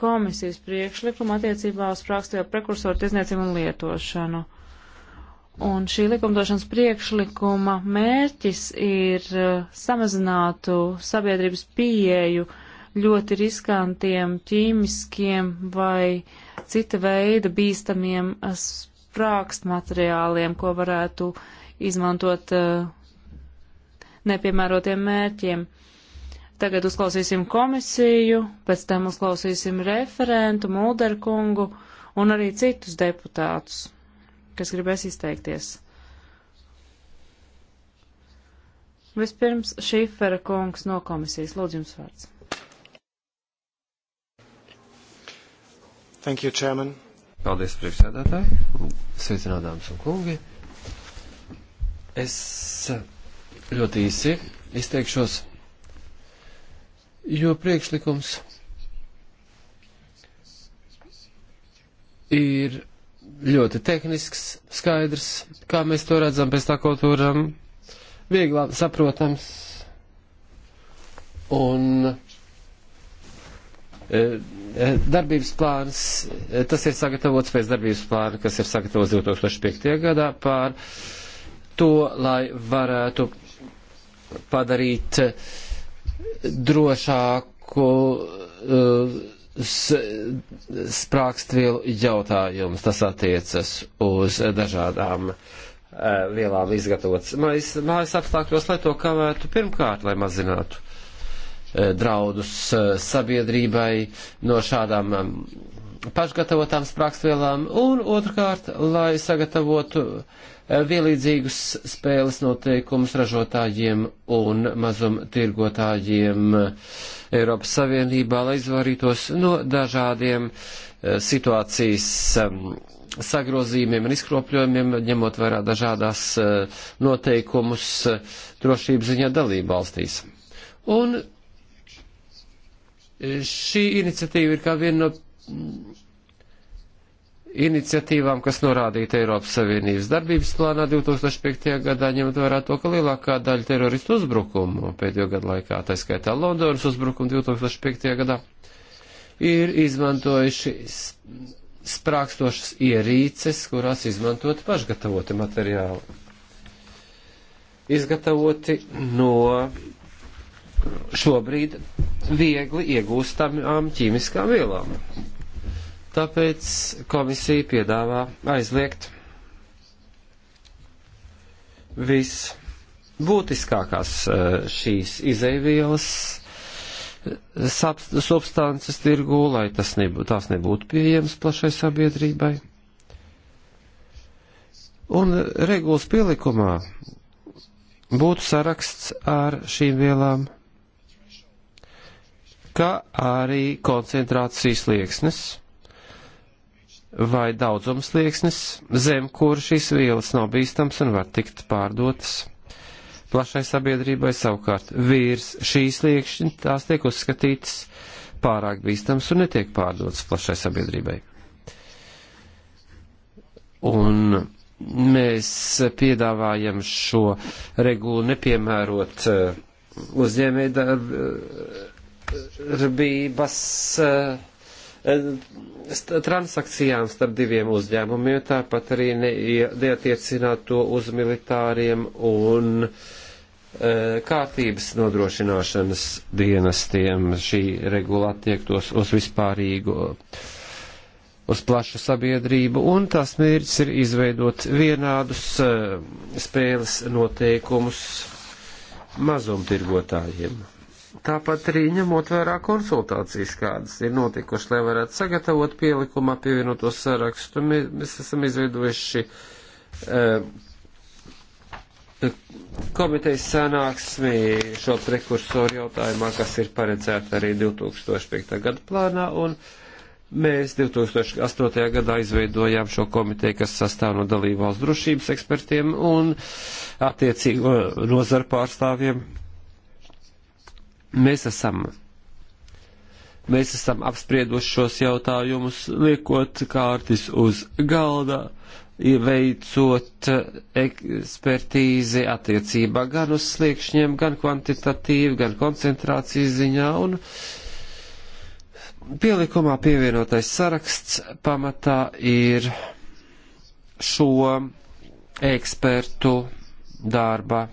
komisijas priekšlikumu attiecībā uz prākstīvo prekursoru tiesniecību un lietošanu. Un šī likumdošanas priekšlikuma mērķis ir uh, samazinātu sabiedrības pieeju ļoti riskantiem ķīmiskiem vai cita veida bīstamiem uh, sprākstmateriāliem, ko varētu izmantot uh, nepiemērotiem mērķiem. Uh, Tagad uzklausīsim komisiju, pēc tam uzklausīsim referentu, Mulderkungu un arī citus deputātus, kas gribēs izteikties. Vispirms Šīfera kungs no komisijas. Lūdzu, jums vārds. Thank you, Chairman. Paldies, priekšsēdētāji. Sveicinātāms un kungi. Es ļoti īsi izteikšos jo priekšlikums ir ļoti tehnisks, skaidrs, kā mēs to redzam pēc tā, ko turam, viegli saprotams un e, e, darbības plāns, e, tas ir sagatavots pēc darbības plāna, kas ir sagatavots 2005. gadā pār to, lai varētu padarīt uh, drošāku uh, sprākstvielu jautājums. Tas attiecas uz dažādām uh, vielām izgatavotas mājas, mājas apstākļos, lai to kavētu pirmkārt, lai mazinātu uh, draudus uh, sabiedrībai no šādām. Um, pašgatavotām sprākstvielām, un otrkārt, lai sagatavotu eh, vienlīdzīgus spēles noteikumus ražotājiem un mazumtirgotājiem eh, Eiropas Savienībā, lai izvarītos no dažādiem eh, situācijas sagrozījumiem un izkropļojumiem, ņemot vērā dažādās noteikumus drošības ziņā dalību valstīs. Un šī iniciatīva ir kā viena no Mm. iniciatīvām, kas norādīta Eiropas Savienības darbības plānā 2005. gadā, ņemot vērā to, ka lielākā daļa teroristu uzbrukumu pēdējo gadu laikā, tā skaitā Londonas uzbrukumu 2005. gadā, ir izmantojuši sprākstošas ierīces, kurās izmantot pašgatavoti materiāli. Izgatavoti no šobrīd viegli iegūstamām ķīmiskām vielām Tāpēc komisija piedāvā aizliegt visbūtiskākās eh, šīs izaivielas eh, substances tirgū, lai tas nebūtu, tās nebūtu pieejamas plašai sabiedrībai. Un regulas pielikumā būtu saraksts ar šīm vielām, kā arī koncentrācijas lieksnes vai daudzums lieksnis, zem kur šīs vielas nav bīstams un var tikt pārdotas. Plašai sabiedrībai savukārt vīrs šīs liekšņi tās tiek uzskatītas pārāk bīstams un netiek pārdotas plašai sabiedrībai. Un mēs piedāvājam šo regulu nepiemērot eh, uzņēmējdarbības darb, eh, transakcijām starp diviem uzņēmumiem, tāpat arī neatiecināt to uz militāriem un e, kārtības nodrošināšanas dienestiem. Šī regula attiektos uz vispārīgo, uz plašu sabiedrību, un tās mērķis ir izveidot vienādus e, spēles noteikumus mazumtirgotājiem. Tāpat arī ņemot vērā konsultācijas, kādas ir notikušas, lai varētu sagatavot pielikumā pievienoto sarakstu. Mēs esam izveidojuši eh, komitejas sanāksmi šo prekursoru jautājumā, kas ir paredzēta arī 2005. gada plānā, un mēs 2008. gadā izveidojām šo komiteju, kas sastāv no dalībvalsts drošības ekspertiem un attiecīgo nozaru pārstāvjiem Mēs esam, mēs esam apsprieduši šos jautājumus, liekot kārtis uz galda, veicot ekspertīzi attiecībā gan uz sliekšņiem, gan kvantitatīvi, gan koncentrācijas ziņā. Un pielikumā pievienotais saraksts pamatā ir šo ekspertu darba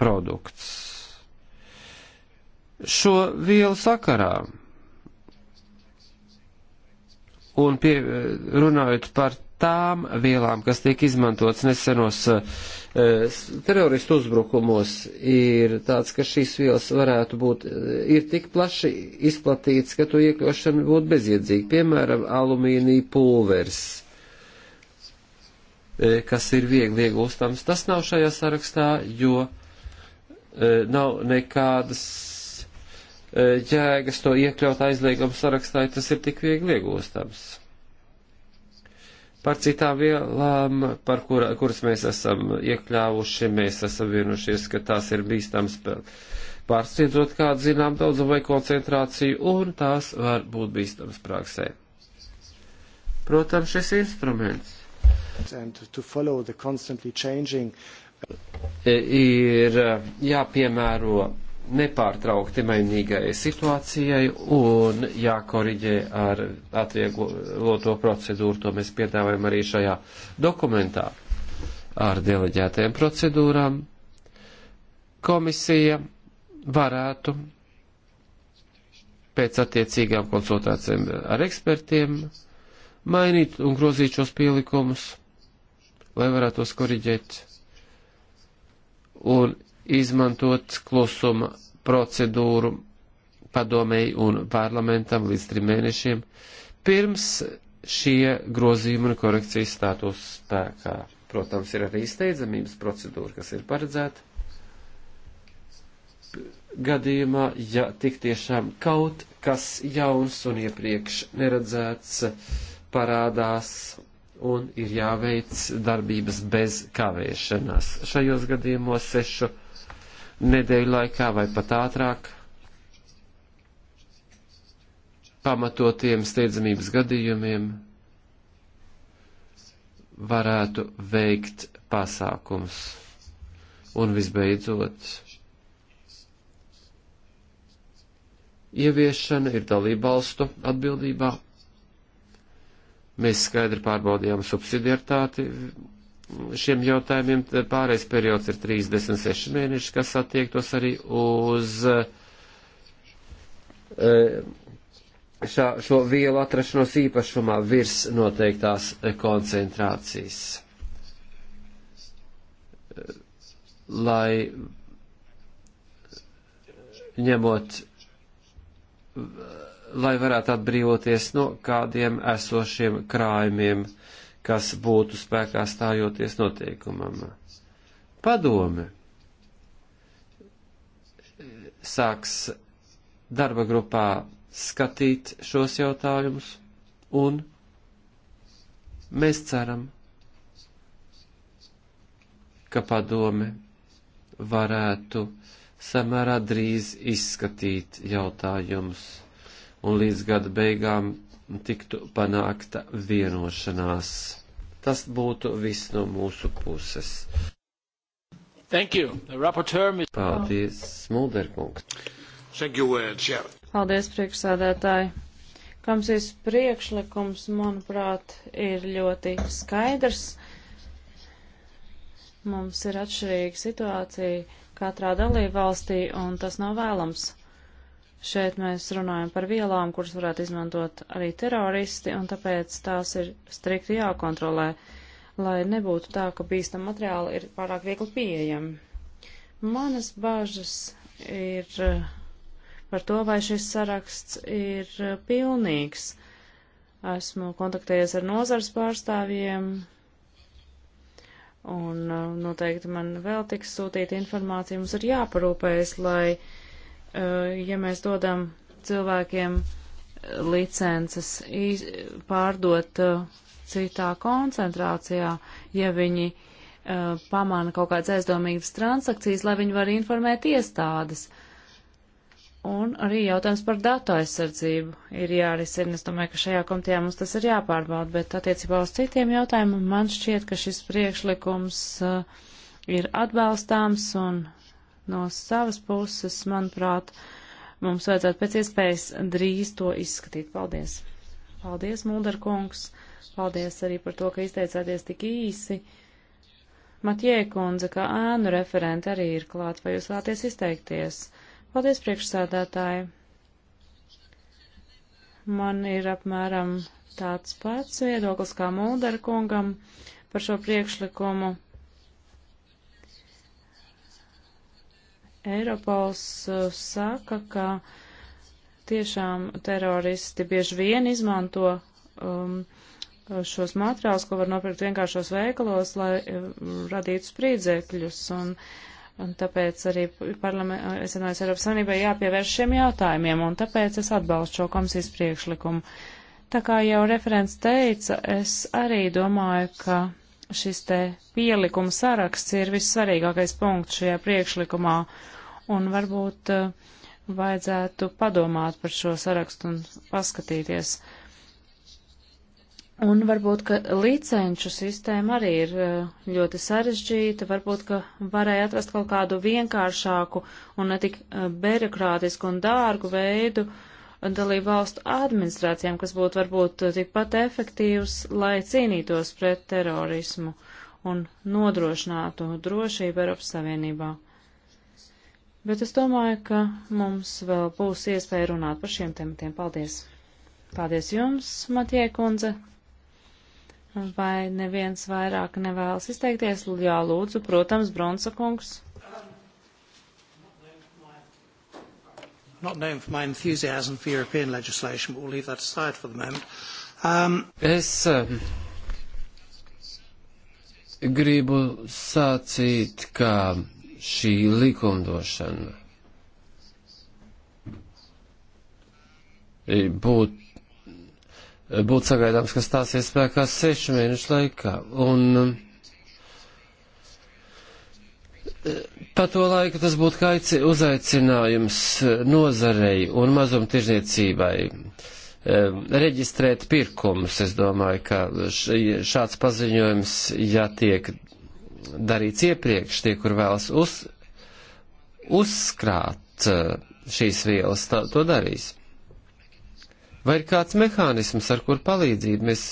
produkts šo vielu sakarā. Un pie, runājot par tām vielām, kas tiek izmantotas nesenos uh, teroristu uzbrukumos, ir tāds, ka šīs vielas varētu būt, eh, ir tik plaši izplatīts, ka to iekļaušana būtu bezjēdzīga. Piemēram, alumīnija pulvers, eh, kas ir viegli iegūstams. Tas nav šajā sarakstā, jo uh, nav nekādas jēgas e, to iekļaut aizliegumu sarakstā, ja tas ir tik viegli iegūstams. Par citām vielām, par kura, kuras mēs esam iekļāvuši, mēs esam vienušies, ka tās ir bīstams pārsniedzot kādu zinām daudzumu vai koncentrāciju, un tās var būt bīstams praksē. Protams, šis instruments ir jāpiemēro nepārtraukti mainīgai situācijai un jākoriģē ar atviegloto procedūru. To mēs piedāvājam arī šajā dokumentā ar deleģētajām procedūrām. Komisija varētu pēc attiecīgām konsultācijām ar ekspertiem mainīt un grozīt šos pielikumus, lai varētu tos koriģēt. Un izmantot klusuma procedūru padomēji un parlamentam līdz trim mēnešiem, pirms šie grozījumi un korekcijas status spēkā. Protams, ir arī steidzamības procedūra, kas ir paredzēta gadījumā, ja tik tiešām kaut kas jauns un iepriekš neredzēts parādās un ir jāveic darbības bez kavēšanās. Šajos gadījumos sešu nedēļu laikā vai pat ātrāk, pamatotiem steidzamības gadījumiem varētu veikt pasākums. Un visbeidzot, ieviešana ir dalībvalstu atbildībā. Mēs skaidri pārbaudījām subsidiartāti šiem jautājumiem pārējais periods ir 36 mēneši, kas attiektos arī uz eh, šā, šo vielu atrašanos īpašumā virs noteiktās koncentrācijas. Lai ņemot, lai varētu atbrīvoties no kādiem esošiem krājumiem kas būtu spēkā stājoties noteikumam. Padome sāks darba grupā skatīt šos jautājumus, un mēs ceram, ka padome varētu samērā drīz izskatīt jautājumus, un līdz gada beigām tiktu panākta vienošanās. Tas būtu viss no mūsu puses. Thank you. The rapporteur... Paldies, Mulderkungs. Thank you, uh, Chair. Paldies, priekšsādētāji. Komisijas priekšlikums, manuprāt, ir ļoti skaidrs. Mums ir atšķirīga situācija katrā dalībvalstī, un tas nav vēlams. Šeit mēs runājam par vielām, kuras varētu izmantot arī teroristi, un tāpēc tās ir strikti jākontrolē, lai nebūtu tā, ka bīstam materiāli ir pārāk viegli pieejami. Manas bažas ir eh, par to, vai šis saraksts ir eh, pilnīgs. Esmu kontaktējies ar nozars pārstāvjiem, un eh, noteikti man vēl tiks sūtīta informācija. Mums ir jāparūpējas, lai Eh, ja mēs dodam cilvēkiem licences pārdot eh, citā koncentrācijā, ja viņi eh, pamana kaut kādas aizdomīgas transakcijas, lai viņi var informēt iestādes. Un arī jautājums par datu aizsardzību ir jārisina. Es domāju, ka šajā komitejā mums tas ir jāpārbauda, bet attiecībā uz citiem jautājumiem man šķiet, ka šis priekšlikums uh, ir atbalstāms un No savas puses, manuprāt, mums vajadzētu pēc iespējas drīz to izskatīt. Paldies! Paldies, Mūdar kungs! Paldies arī par to, ka izteicāties tik īsi. Matjē kundze, kā ēnu referente arī ir klāt, vai jūs vēlaties izteikties? Paldies, priekšsādātāji! Man ir apmēram tāds pats viedoklis kā Mūdar kungam par šo priekšlikumu. Eiropols uh, saka, ka tiešām teroristi bieži vien izmanto um, šos materiālus, ko var nopirkt vienkāršos veikalos, lai uh, radītu sprīdzekļus. Un, un tāpēc arī es atnāju Eiropas Savienībai jāpievērš šiem jautājumiem, un tāpēc es atbalstu šo komisijas priekšlikumu. Tā kā jau referents teica, es arī domāju, ka šis te pielikuma saraksts ir vissvarīgākais punkts šajā priekšlikumā, un varbūt uh, vajadzētu padomāt par šo sarakstu un paskatīties. Un varbūt, ka licenču sistēma arī ir uh, ļoti sarežģīta, varbūt, ka varēja atrast kaut kādu vienkāršāku un netik uh, eh, birokrātisku un dārgu veidu uh, dalību valstu administrācijām, kas būtu varbūt tikpat efektīvs, lai cīnītos pret terorismu un nodrošinātu drošību Eiropas Savienībā. Bet es domāju, ka mums vēl būs iespēja runāt par šiem tematiem. Paldies! Paldies jums, Matie kundze! Vai neviens vairāk nevēlas izteikties? Jā, lūdzu, protams, Bronsa kungs. not known for my enthusiasm for European legislation, but we'll leave that aside for the moment. Um, es um, gribu sācīt, ka šī likumdošana būt, būt sagaidāms, ka stāsies spēkā sešu mēnešu laikā. Un, um, Pa to laiku tas būtu kaici uzaicinājums e, nozarei un mazumtirdzniecībai e, reģistrēt pirkumus. Es domāju, ka šāds paziņojums, ja tiek darīts iepriekš, tie, kur vēlas uz, uzkrāt e, šīs vielas, tā, to darīs. Vai ir kāds mehānisms, ar kur palīdzību mēs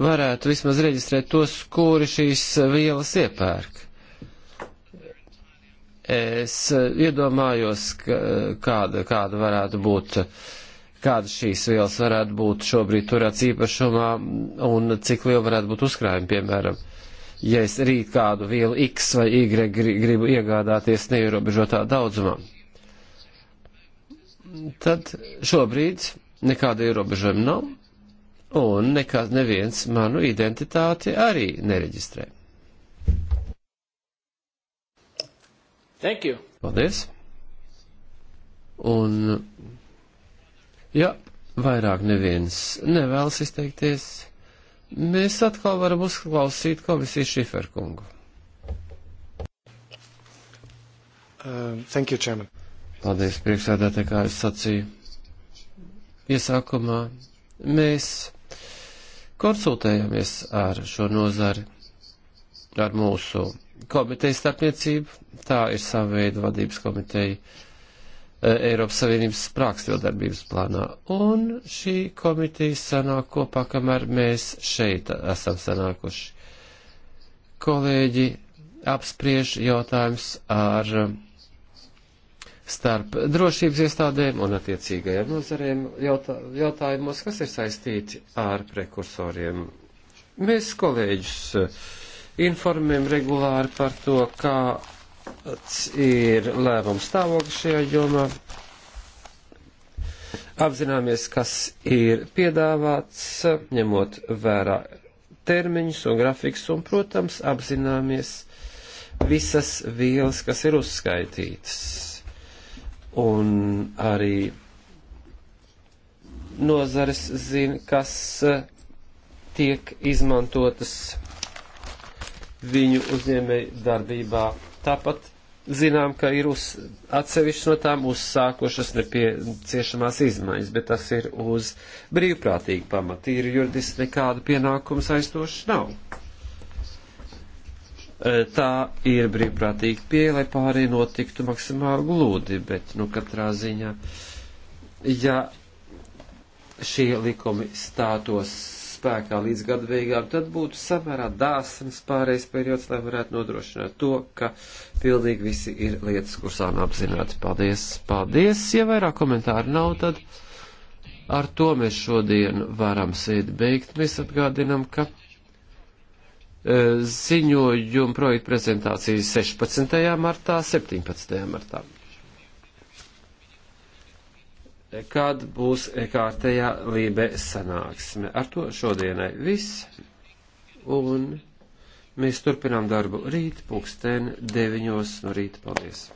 varētu vismaz reģistrēt tos, kuri šīs vielas iepērk? Es iedomājos, kāda, kāda varētu būt, kāda šīs vielas varētu būt šobrīd turēts īpašumā un cik liela varētu būt uzkrājuma, piemēram. Ja es rīt kādu vielu X vai Y gribu iegādāties neierobežotā daudzumā, tad šobrīd nekāda ierobežojuma nav un nekā neviens manu identitāti arī nereģistrē. Thank you. Paldies. Un, ja vairāk neviens nevēlas izteikties, mēs atkal varam uzklausīt komisiju Šiferkungu. Uh, thank you, Chairman. Paldies, priekšsēdētāji, kā es sacīju. Iesākumā mēs konsultējamies ar šo nozari, ar mūsu komiteja starpniecība, tā ir sava veida vadības komiteja eh, Eiropas Savienības sprākstvildarbības plānā. Un šī komiteja sanāk kopā, kamēr mēs šeit esam sanākuši. Kolēģi apspriež jautājums ar eh, starp drošības iestādēm un attiecīgajām nozarēm jautā, jautājumos, kas ir saistīti ar prekursoriem. Mēs kolēģus eh, informējam regulāri par to, kāds ir lēmums stāvoklis šajā jomā. Apzināmies, kas ir piedāvāts, ņemot vērā termiņus un grafikus, un, protams, apzināmies visas vielas, kas ir uzskaitītas. Un arī nozares zina, kas eh, tiek izmantotas viņu uzņēmēju darbībā. Tāpat zinām, ka ir uz atsevišķi no tām uzsākošas nepieciešamās izmaiņas, bet tas ir uz brīvprātīgu pamatu. Ir juridiski nekāda pienākuma saistoša nav. E, tā ir brīvprātīga pieeja, lai pārējie notiktu maksimāli glūdi, bet, nu, katrā ziņā, ja šie likumi stātos spēkā līdz gada beigām, tad būtu samērā dāsns pārējais periods, lai varētu nodrošināt to, ka pilnīgi visi ir lietas kursām apzināti. Paldies, paldies! Ja vairāk komentāru nav, tad ar to mēs šodien varam sēdi beigt. Mēs atgādinam, ka e, ziņojumu projektu prezentācijas 16. martā, 17. martā kad būs kārtējā lībe sanāksme. Ar to šodienai viss, un mēs turpinām darbu rīt, pulksten deviņos no rīta. Paldies!